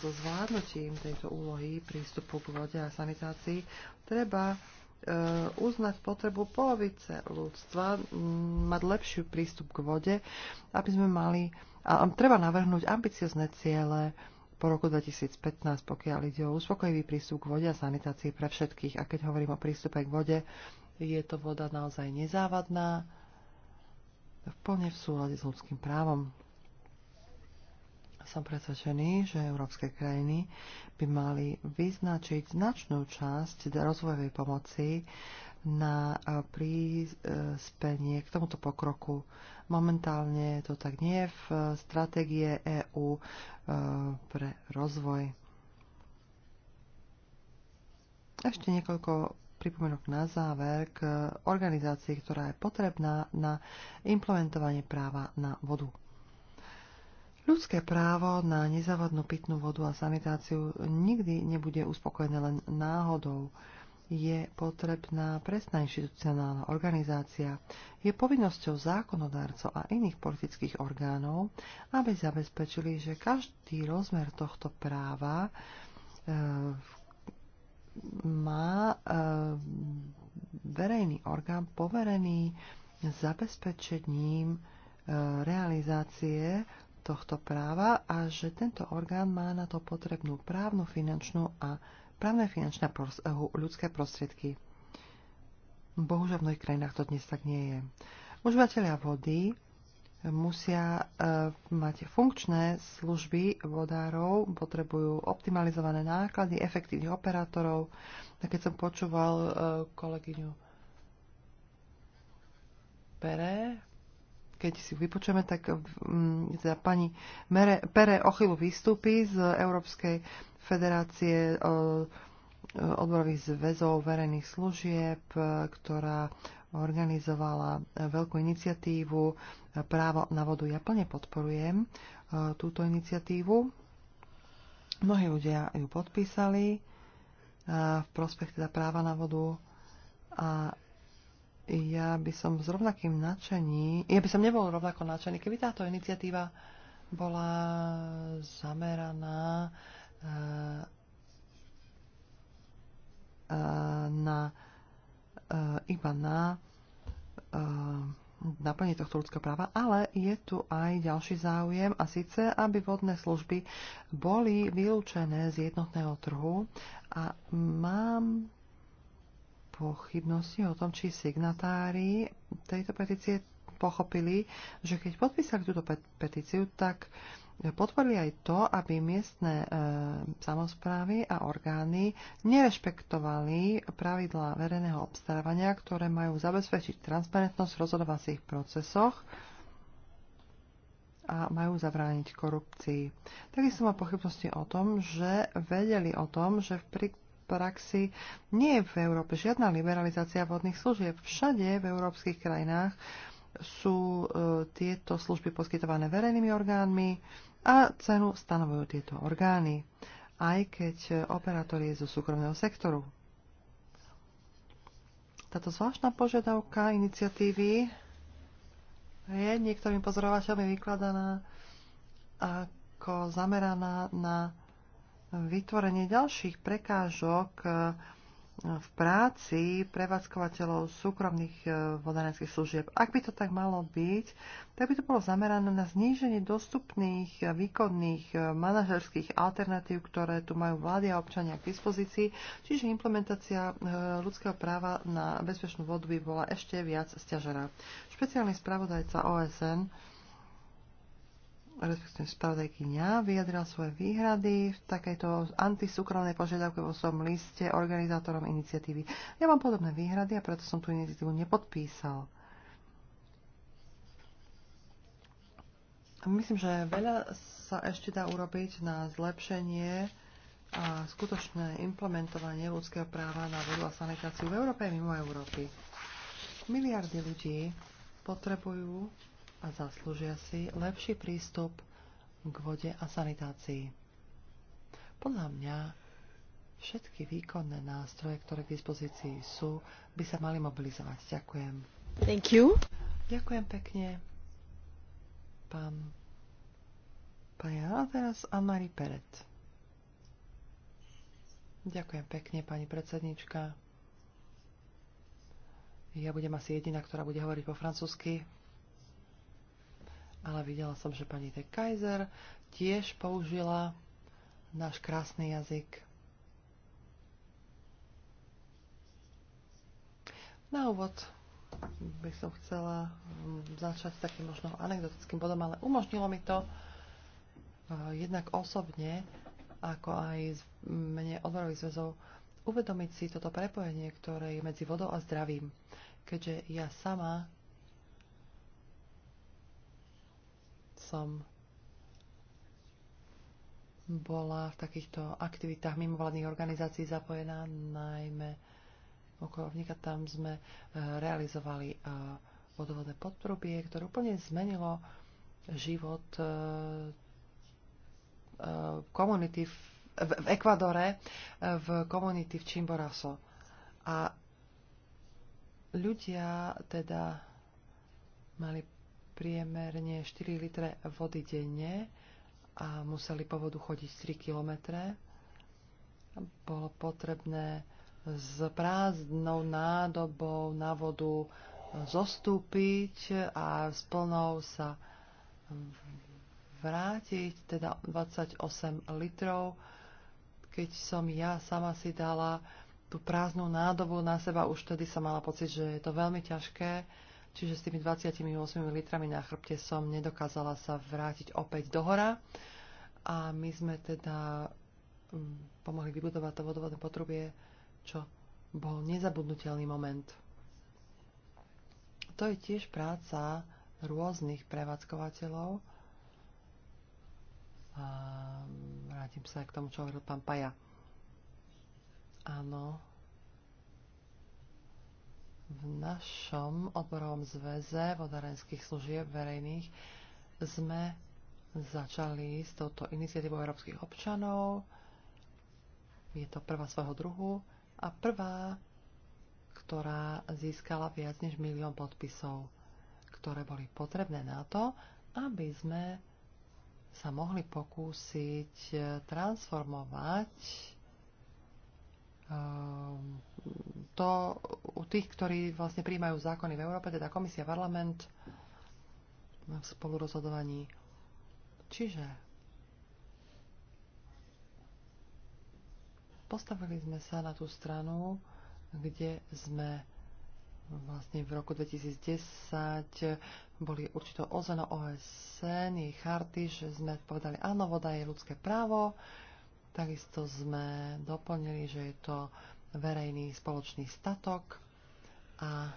so zvládnutím tejto úlohy prístupu k vode a sanitácii treba Eh, uznať potrebu polovice ľudstva, mm, mať lepšiu prístup k vode, aby sme mali, a treba navrhnúť ambiciozne ciele po roku 2015, pokiaľ ide o uspokojivý prístup k vode a sanitácii pre všetkých. A keď hovorím o prístupe k vode, je to voda naozaj nezávadná, plne v súlade s ľudským právom som presvedčený, že európske krajiny by mali vyznačiť značnú časť rozvojovej pomoci na príspenie k tomuto pokroku. Momentálne to tak nie je v stratégie EÚ e, pre rozvoj. Ešte niekoľko pripomenok na záver k organizácii, ktorá je potrebná na implementovanie práva na vodu. Ľudské právo na nezávadnú pitnú vodu a sanitáciu nikdy nebude uspokojené len náhodou. Je potrebná presná inštitucionálna organizácia. Je povinnosťou zákonodárcov a iných politických orgánov, aby zabezpečili, že každý rozmer tohto práva e, má e, verejný orgán poverený zabezpečením e, realizácie tohto práva a že tento orgán má na to potrebnú právnu, finančnú a právne finančné pros- eh, ľudské prostriedky. Bohužiaľ v mnohých krajinách to dnes tak nie je. Užívateľia vody musia e, mať funkčné služby vodárov, potrebujú optimalizované náklady, efektívnych operátorov. A keď som počúval e, kolegyňu Pere, keď si vypočujeme, tak mm, teda pani Mere, Pere chvíľu vystúpi z Európskej federácie e, e, odborových zväzov verejných služieb, e, ktorá organizovala veľkú iniciatívu Právo na vodu. Ja plne podporujem túto iniciatívu. Mnohí ľudia ju podpísali v prospech teda práva na vodu a ja by som s rovnakým nadšením, ja by som nebol rovnako nadšený, keby táto iniciatíva bola zameraná eh, eh, na eh, iba na naplnenie tohto ľudského práva, ale je tu aj ďalší záujem a síce, aby vodné služby boli vylúčené z jednotného trhu a mám pochybnosti o tom, či signatári tejto petície pochopili, že keď podpísali túto petíciu, tak podporili aj to, aby miestne e, samozprávy a orgány nerešpektovali pravidlá verejného obstarávania, ktoré majú zabezpečiť transparentnosť v rozhodovacích procesoch a majú zabrániť korupcii. Takisto má pochybnosti o tom, že vedeli o tom, že v praxi nie je v Európe žiadna liberalizácia vodných služieb. Všade v európskych krajinách sú e, tieto služby poskytované verejnými orgánmi a cenu stanovujú tieto orgány, aj keď operátor je zo súkromného sektoru. Táto zvláštna požiadavka iniciatívy je niektorým pozorovateľmi vykladaná ako zameraná na vytvorenie ďalších prekážok eh, v práci prevádzkovateľov súkromných eh, vodárenských služieb. Ak by to tak malo byť, tak by to bolo zamerané na zníženie dostupných eh, výkonných manažerských alternatív, ktoré tu majú vlády a občania k dispozícii, čiže implementácia ľudského práva na bezpečnú vodu by bola ešte viac stiažená. Špeciálny spravodajca OSN respektíve spravodajkyňa, vyjadrila svoje výhrady v takejto antisúkromnej požiadavke vo svojom liste organizátorom iniciatívy. Ja mám podobné výhrady a preto som tú iniciatívu nepodpísal. Myslím, že veľa sa ešte dá urobiť na zlepšenie a skutočné implementovanie ľudského práva na vodu a sanitáciu v Európe a mimo Európy. Miliardy ľudí potrebujú a zaslúžia si lepší prístup k vode a sanitácii. Podľa mňa všetky výkonné nástroje, ktoré k dispozícii sú, by sa mali mobilizovať. Ďakujem. Thank you. Ďakujem pekne. Pán Paja a teraz Anne-Marie Peret. Ďakujem pekne, pani predsednička. Ja budem asi jediná, ktorá bude hovoriť po francúzsky ale videla som, že pani de Kaiser tiež použila náš krásny jazyk. Na úvod by som chcela mm, začať s takým možno anekdotickým bodom, ale umožnilo mi to e, jednak osobne, ako aj z mene odborových zväzov, uvedomiť si toto prepojenie, ktoré je medzi vodou a zdravím. Keďže ja sama som bola v takýchto aktivitách mimovládnych organizácií zapojená, najmä okolo vnika tam sme eh, realizovali vodovodné eh, podprubie, ktoré úplne zmenilo život eh, komunity v, v, v Ekvadore, v komunity v Chimboraso. A ľudia teda mali priemerne 4 litre vody denne a museli po vodu chodiť 3 kilometre. Bolo potrebné s prázdnou nádobou na vodu zostúpiť a s plnou sa vrátiť, teda 28 litrov. Keď som ja sama si dala tú prázdnu nádobu na seba, už tedy som mala pocit, že je to veľmi ťažké Čiže s tými 28 litrami na chrbte som nedokázala sa vrátiť opäť do hora. A my sme teda mm, pomohli vybudovať to vodovodné potrubie, čo bol nezabudnutelný moment. To je tiež práca rôznych prevádzkovateľov. A mm, vrátim sa k tomu, čo hovoril pán Paja. Áno, v našom odborovom zväze vodárenských služieb verejných sme začali s touto iniciatívou európskych občanov. Je to prvá svojho druhu a prvá, ktorá získala viac než milión podpisov, ktoré boli potrebné na to, aby sme sa mohli pokúsiť transformovať Ehm, to u tých, ktorí vlastne príjmajú zákony v Európe, teda komisia, parlament v spolurozhodovaní. Čiže postavili sme sa na tú stranu, kde sme vlastne v roku 2010 boli určito ozeno OSN, jej charty, že sme povedali, áno, voda je ľudské právo, Takisto sme doplnili, že je to verejný spoločný statok a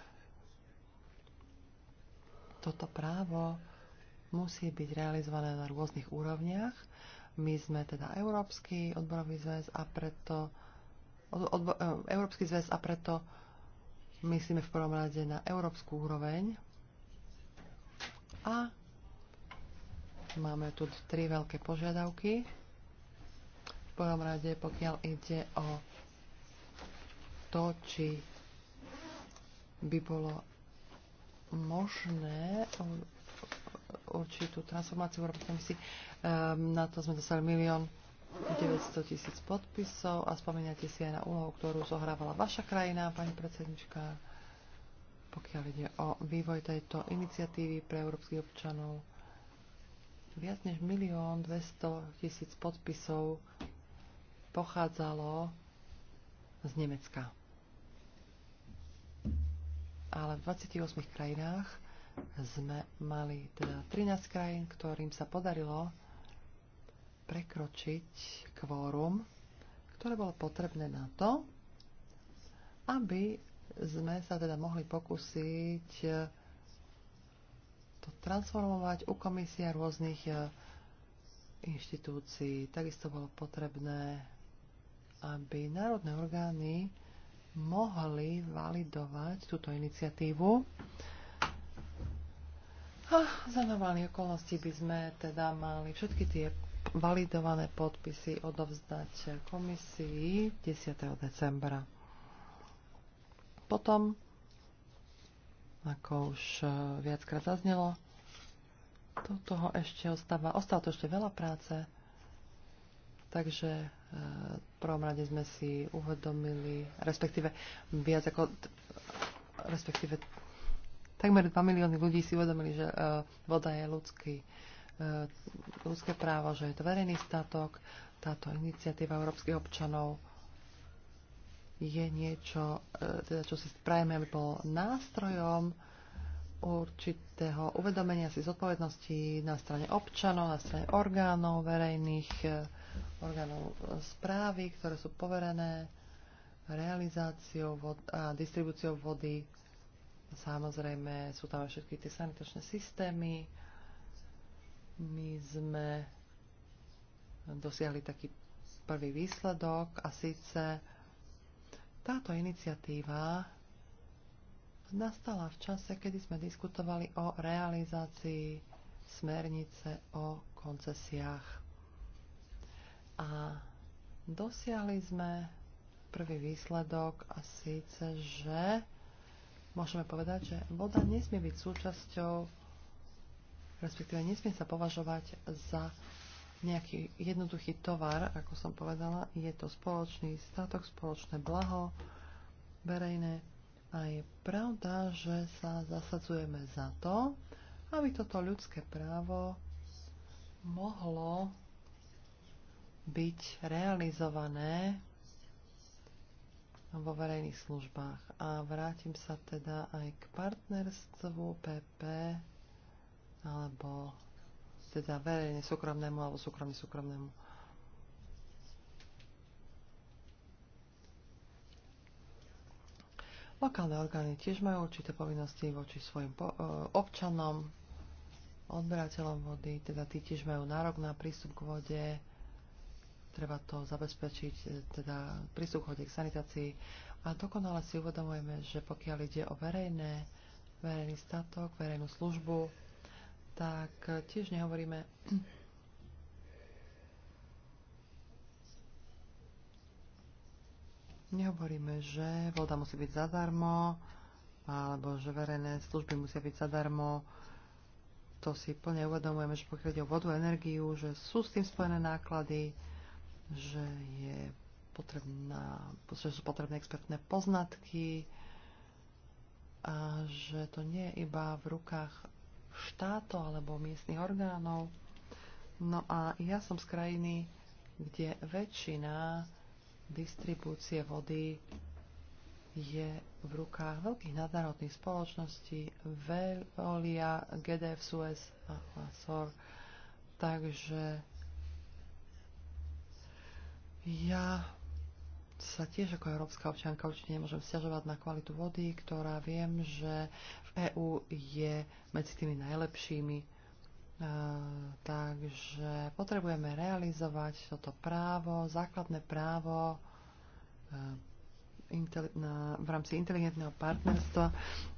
toto právo musí byť realizované na rôznych úrovniach. My sme teda Európsky odborový zväz a preto odbo, e, Európsky zväz a preto myslíme v prvom rade na európsku úroveň a máme tu tri veľké požiadavky prvom rade, pokiaľ ide o to, či by bolo možné určitú transformáciu urobiť komisii. Um, na to sme dostali milión 900 tisíc podpisov a spomínate si aj na úlohu, ktorú zohrávala vaša krajina, pani predsednička, pokiaľ ide o vývoj tejto iniciatívy pre európskych občanov. Viac než milión 200 tisíc podpisov pochádzalo z Nemecka. Ale v 28 krajinách sme mali teda 13 krajín, ktorým sa podarilo prekročiť kvórum, ktoré bolo potrebné na to, aby sme sa teda mohli pokúsiť to transformovať u komisia rôznych eh, inštitúcií. Takisto bolo potrebné aby národné orgány mohli validovať túto iniciatívu. A za normálnych okolností by sme teda mali všetky tie validované podpisy odovzdať komisii 10. decembra. Potom, ako už viackrát zaznelo, do toho ešte ostáva, ostalo to ešte veľa práce, takže v prvom rade sme si uvedomili, respektíve viac ako, respektíve takmer 2 milióny ľudí si uvedomili, že e, voda je ľudský, e, ľudské právo, že je to verejný statok. Táto iniciatíva európskych občanov je niečo, e, teda čo si spravíme, aby bol nástrojom určitého uvedomenia si zodpovednosti na strane občanov, na strane orgánov verejných, orgánov e, správy, ktoré sú poverené realizáciou vod- a distribúciou vody. Samozrejme sú tam všetky tie sanitačné systémy. My sme dosiahli taký prvý výsledok a síce táto iniciatíva nastala v čase, kedy sme diskutovali o realizácii smernice o koncesiách a dosiahli sme prvý výsledok a síce, že môžeme povedať, že voda nesmie byť súčasťou, respektíve nesmie sa považovať za nejaký jednoduchý tovar, ako som povedala, je to spoločný statok, spoločné blaho verejné a je pravda, že sa zasadzujeme za to, aby toto ľudské právo mohlo byť realizované vo verejných službách. A vrátim sa teda aj k partnerstvu PP alebo teda verejne súkromnému alebo súkromne súkromnému. Lokálne orgány tiež majú určité povinnosti voči svojim po, e, občanom, odberateľom vody, teda tí tiež majú nárok na prístup k vode, treba to zabezpečiť, e, teda prístup k sanitácii. A dokonale si uvedomujeme, že pokiaľ ide o verejné, verejný statok, verejnú službu, tak e, tiež nehovoríme nehovoríme, že voda musí byť zadarmo, alebo že verejné služby musia byť zadarmo. To si plne uvedomujeme, že pokiaľ ide o vodu, energiu, že sú s tým spojené náklady, že, je potrebná, že sú potrebné expertné poznatky a že to nie je iba v rukách štátov alebo miestnych orgánov. No a ja som z krajiny, kde väčšina distribúcie vody je v rukách veľkých nadnárodných spoločností Veolia, GDF Suez a SOR. Takže ja sa tiež ako európska občianka určite nemôžem stiažovať na kvalitu vody, ktorá viem, že v EÚ je medzi tými najlepšími. E, takže potrebujeme realizovať toto právo, základné právo e, na, v rámci inteligentného partnerstva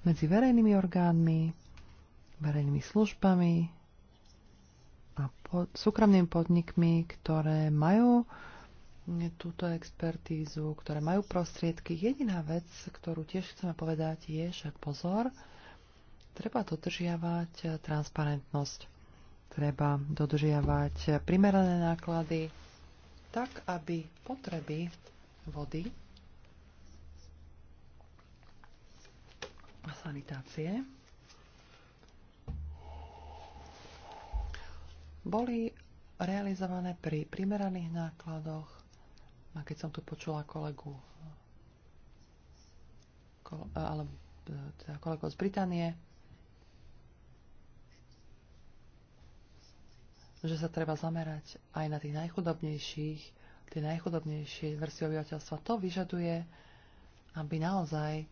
medzi verejnými orgánmi, verejnými službami a pod, súkromnými podnikmi, ktoré majú túto expertízu, ktoré majú prostriedky. Jediná vec, ktorú tiež chceme povedať, je, že pozor, treba dodržiavať transparentnosť. Treba dodržiavať primerané náklady, tak aby potreby vody a sanitácie boli realizované pri primeraných nákladoch a keď som tu počula kolegu e, ale, e, teda kolegov z Británie, že sa treba zamerať aj na tých najchudobnejších, tie najchudobnejšie vrstvy obyvateľstva. To vyžaduje, aby naozaj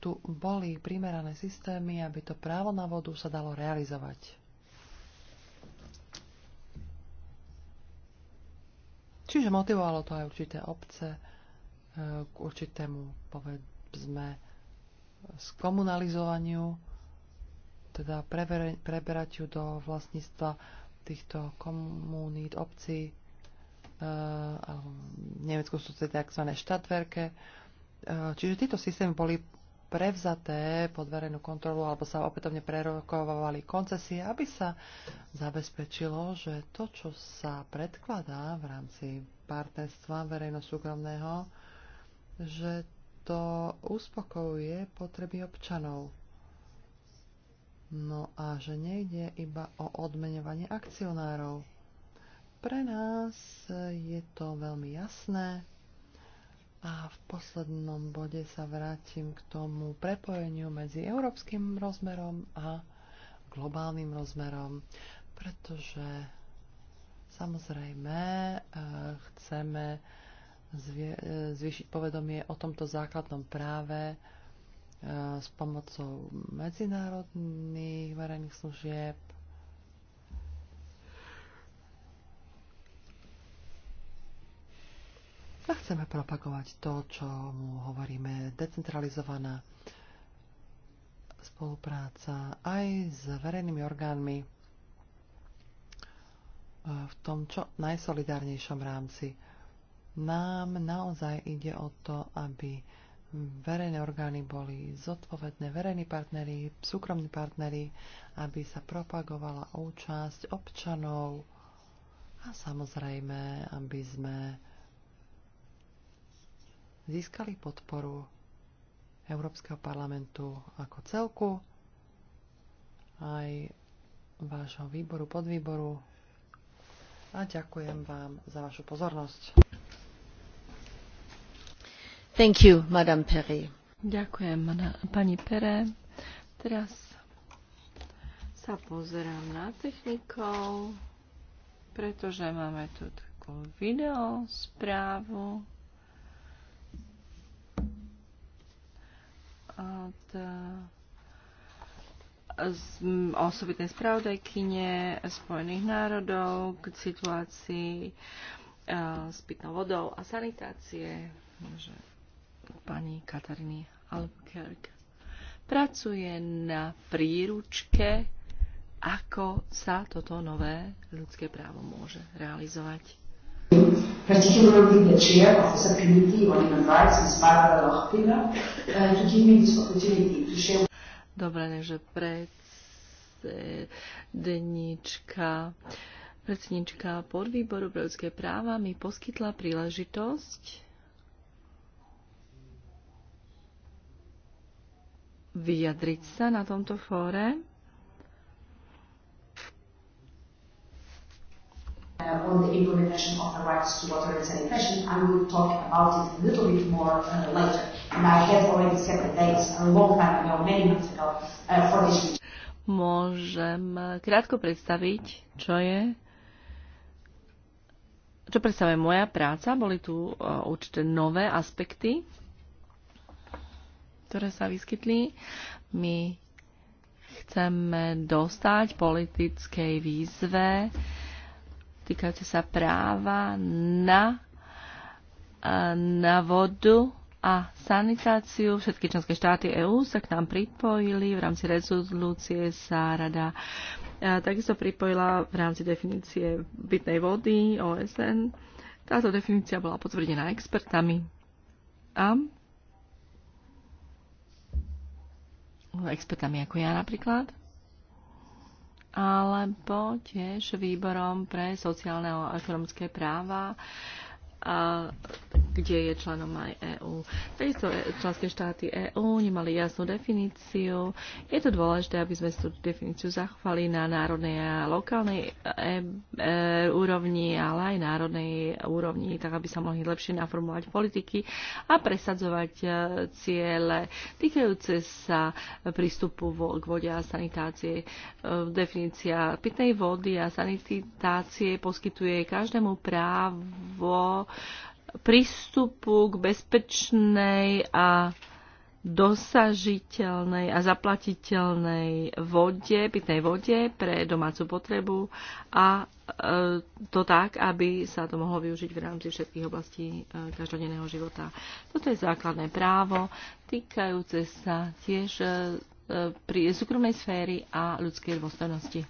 tu boli primerané systémy, aby to právo na vodu sa dalo realizovať. Čiže motivovalo to aj určité obce e, k určitému, povedzme, skomunalizovaniu, teda preberaťu do vlastníctva týchto komunít, obcí, e, v Nemecku sú to teda tzv. štatverke. E, čiže títo systémy boli prevzaté pod verejnú kontrolu alebo sa opätovne prerokovali koncesie, aby sa zabezpečilo, že to, čo sa predkladá v rámci partnerstva verejno-súkromného, že to uspokojuje potreby občanov. No a že nejde iba o odmenovanie akcionárov. Pre nás je to veľmi jasné a v poslednom bode sa vrátim k tomu prepojeniu medzi európskym rozmerom a globálnym rozmerom, pretože samozrejme e, chceme e, zvýšiť povedomie o tomto základnom práve e, s pomocou medzinárodných verejných služieb a chceme propagovať to, čo mu hovoríme, decentralizovaná spolupráca aj s verejnými orgánmi v tom čo najsolidárnejšom rámci. Nám naozaj ide o to, aby verejné orgány boli zodpovedné, verejní partneri, súkromní partneri, aby sa propagovala účasť občanov a samozrejme, aby sme získali podporu Európskeho parlamentu ako celku, aj vášho výboru, podvýboru a ďakujem vám za vašu pozornosť. Thank you, Madame Perry. Ďakujem, pani Pere. Teraz sa pozerám na technikov, pretože máme tu takú videosprávu. od eh, osobitnej spravodajkyne Spojených národov k situácii eh, s pitnou vodou a sanitácie, že pani Katariny Albuquerque pracuje na príručke, ako sa toto nové ľudské právo môže realizovať particularly the chair of the subcommittee on human rights, Ms. Barbara Lochbiller, uh, to give me this opportunity to share. Dobre, takže predsednička, predsednička podvýboru pre ľudské práva mi poskytla príležitosť vyjadriť sa na tomto fóre. uh, on the implementation of the rights to water and sanitation. I will talk about it a little bit more uh, later. And I had already set the dates a long time ago, many months ago, uh, for this meeting. Môžem uh, krátko predstaviť, čo je čo predstavuje moja práca. Boli tu uh, určite nové aspekty, ktoré sa vyskytli. My chceme dostať politickej výzve uh, týkajúce sa práva na, na vodu a sanitáciu. Všetky členské štáty EÚ sa k nám pripojili. V rámci rezolúcie sa rada takisto pripojila v rámci definície bytnej vody OSN. Táto definícia bola potvrdená expertami a expertami ako ja napríklad alebo tiež výborom pre sociálne a ekonomické práva a kde je členom aj EÚ. Takisto e členské štáty EÚ nemali jasnú definíciu. Je to dôležité, aby sme tú definíciu zachovali na národnej a lokálnej e, e, úrovni, ale aj národnej úrovni, tak aby sa mohli lepšie naformovať politiky a presadzovať e, ciele týkajúce sa prístupu k vode a sanitácie. E, definícia pitnej vody a sanitácie poskytuje každému právo prístupu k bezpečnej a dosažiteľnej a zaplatiteľnej vode, pitnej vode pre domácu potrebu a e, to tak, aby sa to mohlo využiť v rámci všetkých oblastí e, každodenného života. Toto je základné právo týkajúce sa tiež e, pri súkromnej sféry a ľudskej dôstojnosti.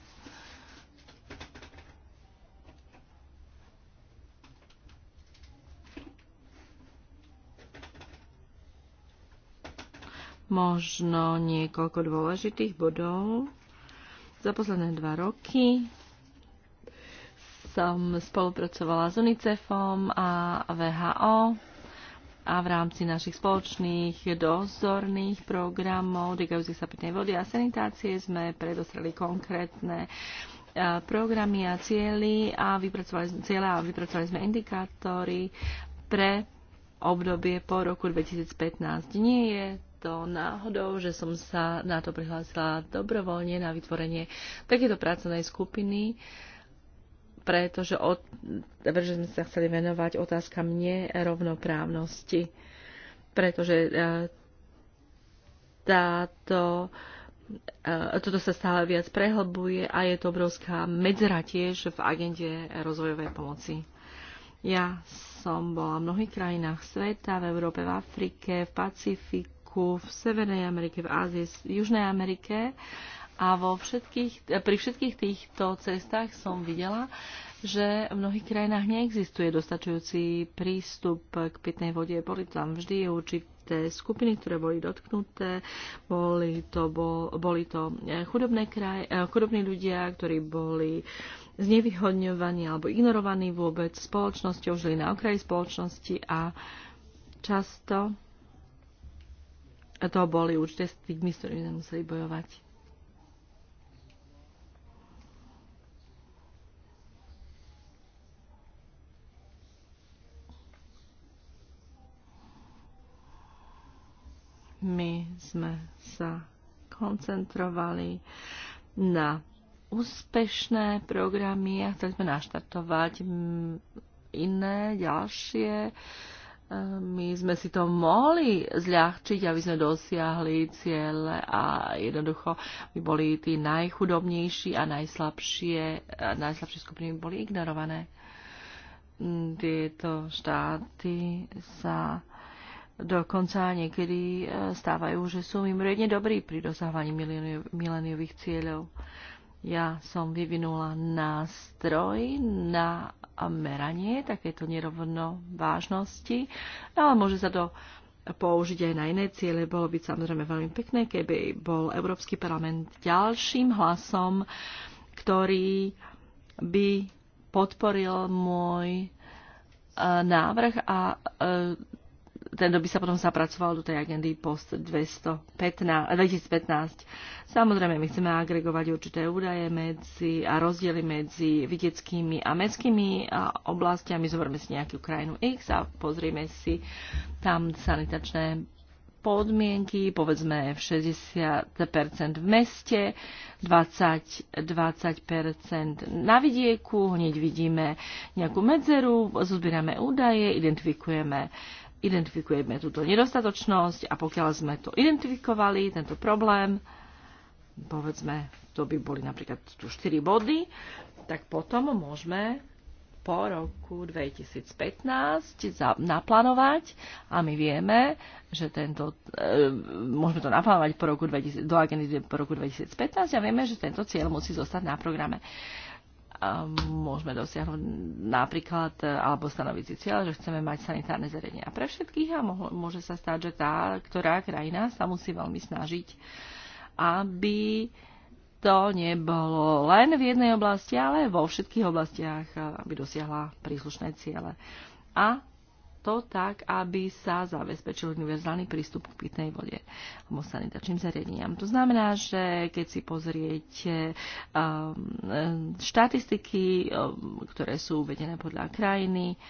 možno niekoľko dôležitých bodov. Za posledné dva roky som spolupracovala s UNICEFom a VHO a v rámci našich spoločných dozorných programov týkajúcich sa pitnej vody a sanitácie sme predostreli konkrétne e, programy a cieľy a vypracovali, cieľa a vypracovali sme indikátory pre obdobie po roku 2015. Nie je to náhodou, že som sa na to prihlásila dobrovoľne na vytvorenie takéto pracovnej skupiny, pretože, od, že sme sa chceli venovať otázkam nerovnoprávnosti. Pretože e, táto e, toto sa stále viac prehlbuje a je to obrovská medzera tiež v agende rozvojovej pomoci. Ja som bola v mnohých krajinách sveta, v Európe, v Afrike, v Pacifiku, Afriku, v Severnej Amerike, v Ázii, v Južnej Amerike a vo všetkých, pri všetkých týchto cestách som videla, že v mnohých krajinách neexistuje dostačujúci prístup k pitnej vode. Boli tam vždy určité skupiny, ktoré boli dotknuté. Boli to, bol, boli to eh, chudobné kraj, eh, chudobní ľudia, ktorí boli znevýhodňovaní alebo ignorovaní vôbec spoločnosťou, žili na okraji spoločnosti a často to boli určite stigmy, s ktorými sme museli bojovať. My sme sa koncentrovali na úspešné programy a chceli sme naštartovať mm, iné, ďalšie uh, my sme si to mohli zľahčiť, aby sme dosiahli ciele a jednoducho by boli tí najchudobnejší a najslabšie, a najslabšie skupiny by boli ignorované. Mm, tieto štáty sa dokonca niekedy e, stávajú, že sú mimoriadne dobrí pri dosahovaní mileniových cieľov. Ja som vyvinula nástroj na meranie takéto nerovnovážnosti, ale môže sa to použiť aj na iné ciele. Bolo by samozrejme veľmi pekné, keby bol Európsky parlament ďalším hlasom, ktorý by podporil môj eh, návrh a eh, ten by sa potom zapracoval do tej agendy post 215, 2015. Eh, Samozrejme, my chceme agregovať určité údaje medzi a rozdiely medzi vidieckými a mestskými eh, oblastiami. Zoberme si nejakú krajinu X a pozrieme si tam sanitačné podmienky, povedzme 60% v meste, 20, 20% na vidieku, hneď vidíme nejakú medzeru, zozbierame údaje, identifikujeme uh, identifikujeme túto nedostatočnosť a pokiaľ sme to identifikovali, tento problém, povedzme, to by boli napríklad tu 4 body, tak potom môžeme po roku 2015 za, naplánovať a my vieme, že tento, e, môžeme to naplánovať po roku 2000, do agendy po roku 2015 a vieme, že tento cieľ musí zostať na programe. E, môžeme dosiahnuť napríklad e, alebo stanoviť si cieľ, že chceme mať sanitárne zariadenia pre všetkých a môže sa stať, že tá, ktorá krajina sa musí veľmi snažiť, aby to nebolo len v jednej oblasti, ale vo všetkých oblastiach, e, aby dosiahla príslušné ciele. A to tak, aby sa zabezpečil univerzálny prístup k pitnej vode alebo sanitačným zariadeniam. To znamená, že keď si pozriete um, štatistiky, um, ktoré sú uvedené podľa krajiny,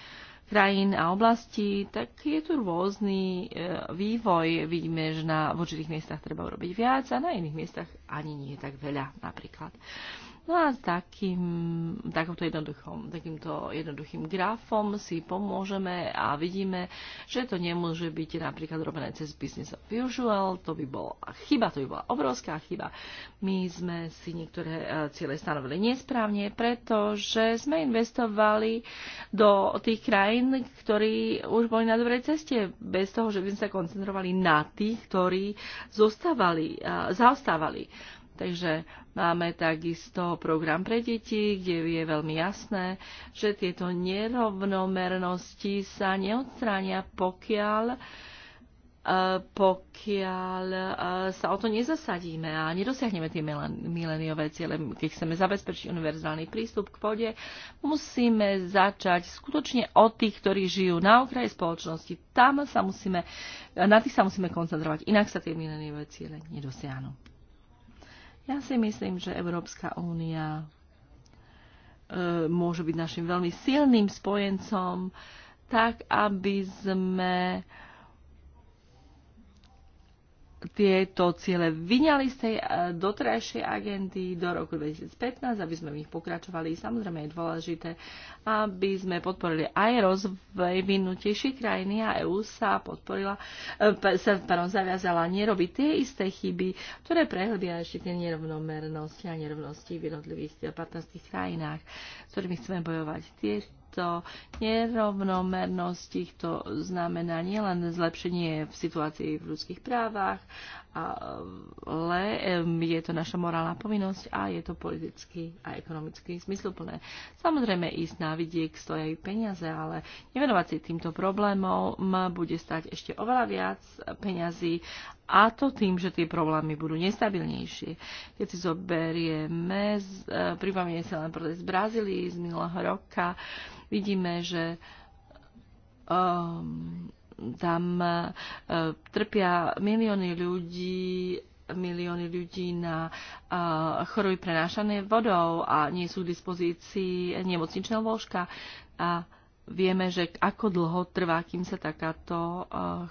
krajín a oblasti, tak je tu rôzny e, vývoj. Vidíme, že na, v určitých miestach treba urobiť viac a na iných miestach ani nie tak veľa napríklad. No a takým, takýmto, jednoduchým, takýmto jednoduchým grafom si pomôžeme a vidíme, že to nemôže byť napríklad robené cez business of usual, to by bola chyba, to by bola obrovská chyba. My sme si niektoré e, ciele stanovili nesprávne, pretože sme investovali do tých krajín, ktorí už boli na dobrej ceste, bez toho, že by sme sa koncentrovali na tých, ktorí zostávali, e, zaostávali. Takže máme takisto program pre deti, kde je veľmi jasné, že tieto nerovnomernosti sa neodstránia, pokiaľ e, pokiaľ e, sa o to nezasadíme a nedosiahneme tie mileniové ciele, keď chceme zabezpečiť univerzálny prístup k vode, musíme začať skutočne od tých, ktorí žijú na okraji spoločnosti. Tam sa musíme, na tých sa musíme koncentrovať, inak sa tie mileniové ciele nedosiahnu. Ja si myslím, že Európska únia e, môže byť našim veľmi silným spojencom, tak aby sme tieto ciele vyňali z tej eh, doterajšej agendy do roku 2015, aby sme v nich pokračovali. Samozrejme je dôležité, aby sme podporili aj rozvoj vynutejšej krajiny a EÚ sa podporila, eh, sa pardon, zaviazala nerobiť tie isté chyby, ktoré prehlbia ešte tie nerovnomernosti a nerovnosti v jednotlivých eh, partnerských krajinách, s ktorými chceme bojovať. Tie táto nerovnomernosť týchto znamená nielen zlepšenie v situácii v ľudských právach, ale je to naša morálna povinnosť a je to politicky a ekonomicky zmysluplné. Samozrejme, ísť na vidiek stojí peniaze, ale nevenovať si týmto problémom bude stať ešte oveľa viac peňazí a to tým, že tie problémy budú nestabilnejšie. Keď si zoberieme, e, pripomenie sa len protest z Brazílii z minulého roka, vidíme, že um, tam e, trpia milióny ľudí milióny ľudí na e, choroby prenášané vodou a nie sú k dispozícii nemocničného lôžka. A vieme, že ako dlho trvá, kým sa takáto e,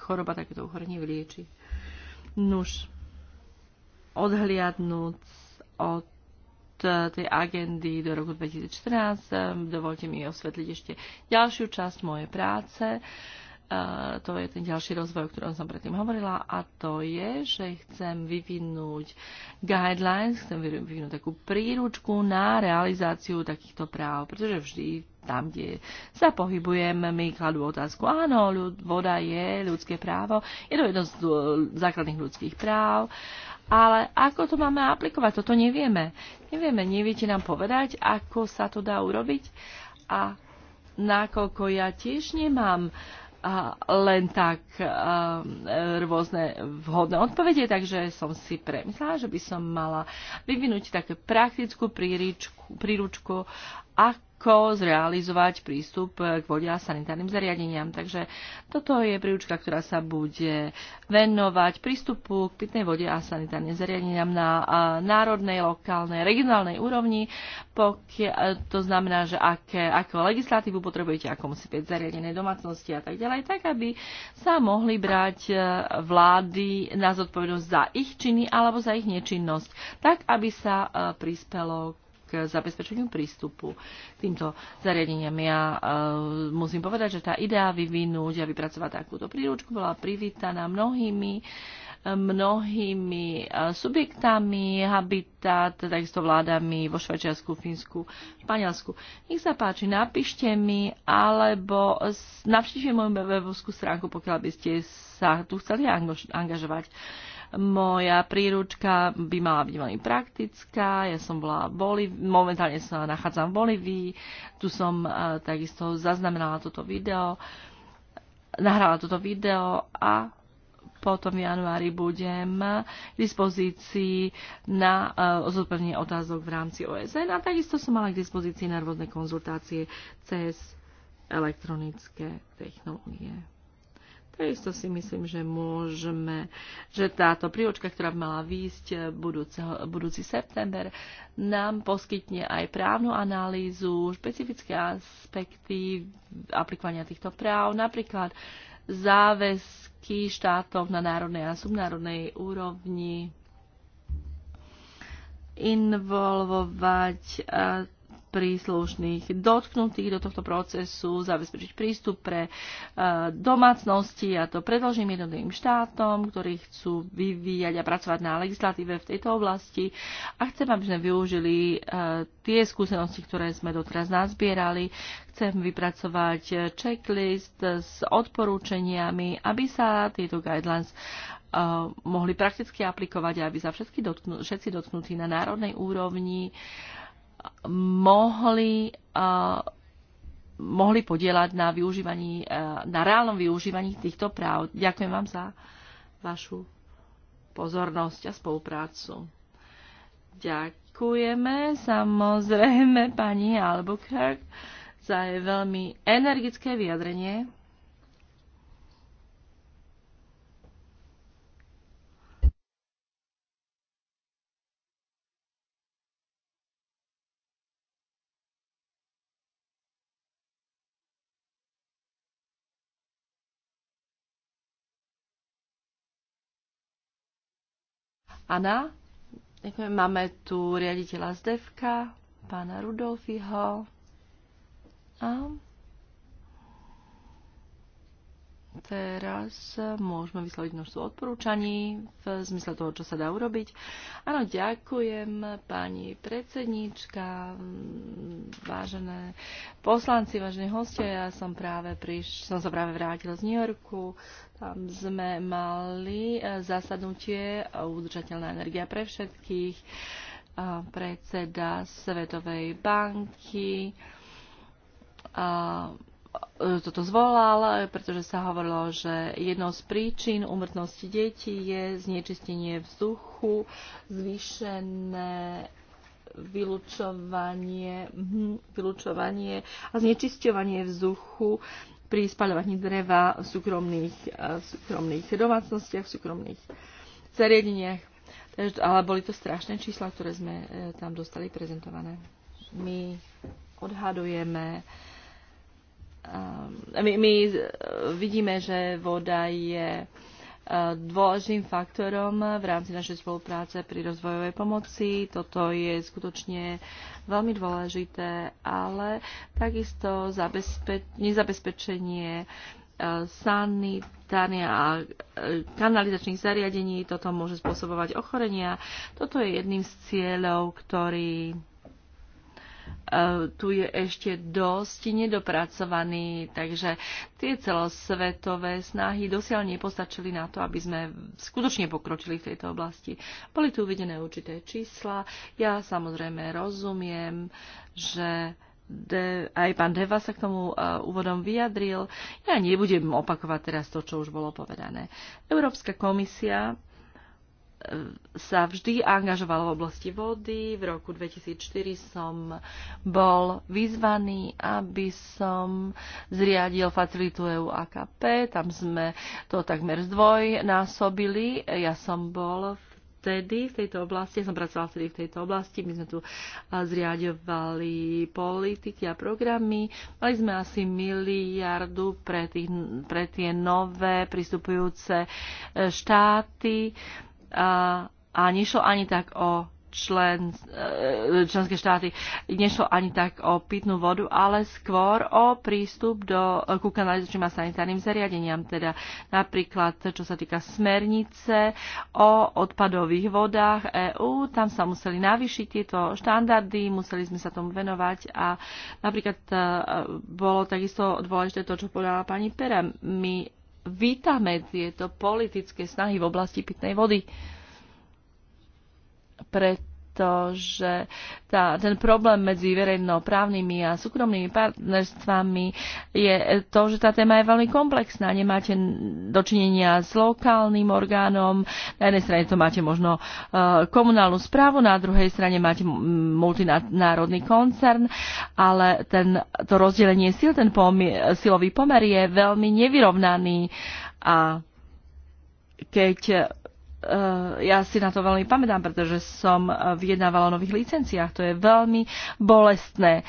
choroba, takéto uchorenie vylieči. Nuž, odhliadnúc od tej agendy do roku 2014, dovolte mi osvetliť ešte ďalšiu časť mojej práce. Uh, to je ten ďalší rozvoj, o ktorom som predtým hovorila a to je, že chcem vyvinúť guidelines, chcem vyvinúť takú príručku na realizáciu takýchto práv, pretože vždy tam, kde sa pohybujem, mi kladú otázku, áno, ľud, voda je ľudské právo, je to jedno z e, základných ľudských práv, ale ako to máme aplikovať, toto nevieme. Nevieme, neviete nám povedať, ako sa to dá urobiť a nakoľko ja tiež nemám uh, a len tak a, e, rôzne vhodné odpovede, takže som si premyslela, že by som mala vyvinúť takú praktickú príručku, príručku ako ako zrealizovať prístup k vode a sanitárnym zariadeniam. Takže toto je príručka, ktorá sa bude venovať prístupu k pitnej vode a sanitárnym zariadeniam na národnej, lokálnej, regionálnej úrovni. Pokia- to znamená, že aké, ako legislatívu potrebujete, ako musí byť zariadené domácnosti a tak ďalej, tak aby sa mohli brať e, vlády na zodpovednosť za ich činy alebo za ich nečinnosť, tak aby sa e, prispelo k zabezpečeniu prístupu k týmto zariadeniam. Ja eh, musím povedať, že tá idea vyvinúť a vypracovať takúto príručku bola privítaná mnohými mnohými eh, subjektami, Habitat, takisto vládami vo Švajčiarsku, Fínsku, Španielsku. Nech sa páči, napíšte mi alebo navštívte moju webovskú stránku, pokiaľ by ste sa tu chceli angažovať. Moja príručka by mala byť veľmi praktická. Ja som bola v Boliv- momentálne sa nachádzam v Bolívii. Tu som uh, takisto zaznamenala toto video, nahrala toto video a potom v januári budem k dispozícii na uh, zodpovedanie otázok v rámci OSN a takisto som mala k dispozícii na rôzne konzultácie cez elektronické technológie. Takisto si myslím, že môžeme, že táto príručka, ktorá by mala výjsť eh, budúceho, budúci september, nám poskytne aj právnu analýzu, špecifické aspekty aplikovania týchto práv, napríklad záväzky štátov na národnej a subnárodnej úrovni, involvovať eh, príslušných dotknutých do tohto procesu, zabezpečiť prístup pre e, domácnosti a to predložím jednotlivým štátom, ktorí chcú vyvíjať a pracovať na legislatíve v tejto oblasti a chcem, aby sme využili e, tie skúsenosti, ktoré sme doteraz nazbierali. Chcem vypracovať checklist s odporúčaniami, aby sa tieto guidelines e, mohli prakticky aplikovať, aby sa všetky všetci dotknutí na národnej úrovni uh, mohli, mohli podielať na, využívaní, na reálnom využívaní týchto práv. Ďakujem vám za vašu pozornosť a spoluprácu. Ďakujeme samozrejme pani Albuquerque za jej veľmi energické vyjadrenie. Ana, máme tu riaditeľa Zdevka, pána Rudolfiho. A teraz môžeme vysloviť množstvo odporúčaní v zmysle toho, čo sa dá urobiť. Áno, ďakujem pani predsedníčka, vážené poslanci, vážení hostia. Ja som, práve priš- som sa práve vrátila z New Yorku. Tam sme mali e, zasadnutie e, udržateľná energia pre všetkých, e, predseda Svetovej banky, a E, toto zvolal, pretože sa hovorilo, že jednou z príčin úmrtnosti detí je znečistenie vzduchu, zvýšené vylučovanie, hm, vylúčovanie a znečisťovanie vzduchu pri spaľovaní dreva v súkromných, e, v súkromných domácnostiach, v súkromných zariadeniach. Ale boli to strašné čísla, ktoré sme e, tam dostali prezentované. My odhadujeme Ehm, my, my eh, vidíme, že voda je eh, dôležitým faktorom v rámci našej spolupráce pri rozvojovej pomoci. Toto je skutočne veľmi dôležité, ale takisto nezabezpečenie eh, sanitárne a kanalizačných zariadení. Toto môže spôsobovať ochorenia. Toto je jedným z cieľov, ktorý E, tu je ešte dosť nedopracovaný, takže tie celosvetové snahy dosiaľ nepostačili na to, aby sme skutočne pokročili v tejto oblasti. Boli tu uvedené určité čísla. Ja samozrejme rozumiem, že De, aj pán Deva sa k tomu uh, úvodom vyjadril. Ja nebudem opakovať teraz to, čo už bolo povedané. Európska komisia sa vždy angažovala v oblasti vody. V roku 2004 som bol vyzvaný, aby som zriadil facilitu EU AKP. Tam sme to takmer zdvojnásobili. Ja som bol v vtedy v tejto oblasti, ja som pracovala vtedy v tejto oblasti, my sme tu zriadovali politiky a programy. Mali sme asi miliardu pre, tých, pre tie nové pristupujúce e, štáty a, a nešlo ani tak o člen, e, členské štáty. Nešlo ani tak o pitnú vodu, ale skôr o prístup do, ku kanalizačným a sanitárnym zariadeniam, teda napríklad čo sa týka smernice o odpadových vodách EÚ, tam sa museli navýšiť tieto štandardy, museli sme sa tomu venovať a napríklad e, bolo takisto dôležité to, čo povedala pani Pera. My vítame tieto politické snahy v oblasti pitnej vody, preto to, že tá, ten problém medzi verejnoprávnymi a súkromnými partnerstvami je to, že tá téma je veľmi komplexná. Nemáte dočinenia s lokálnym orgánom, na jednej strane to máte možno e, komunálnu správu, na druhej strane máte multinárodný koncern, ale ten, to rozdelenie síl, ten pomie, silový pomer je veľmi nevyrovnaný a keď Eh, ja si na to veľmi pamätám, pretože som eh, vyjednávala o nových licenciách. To je veľmi bolestné.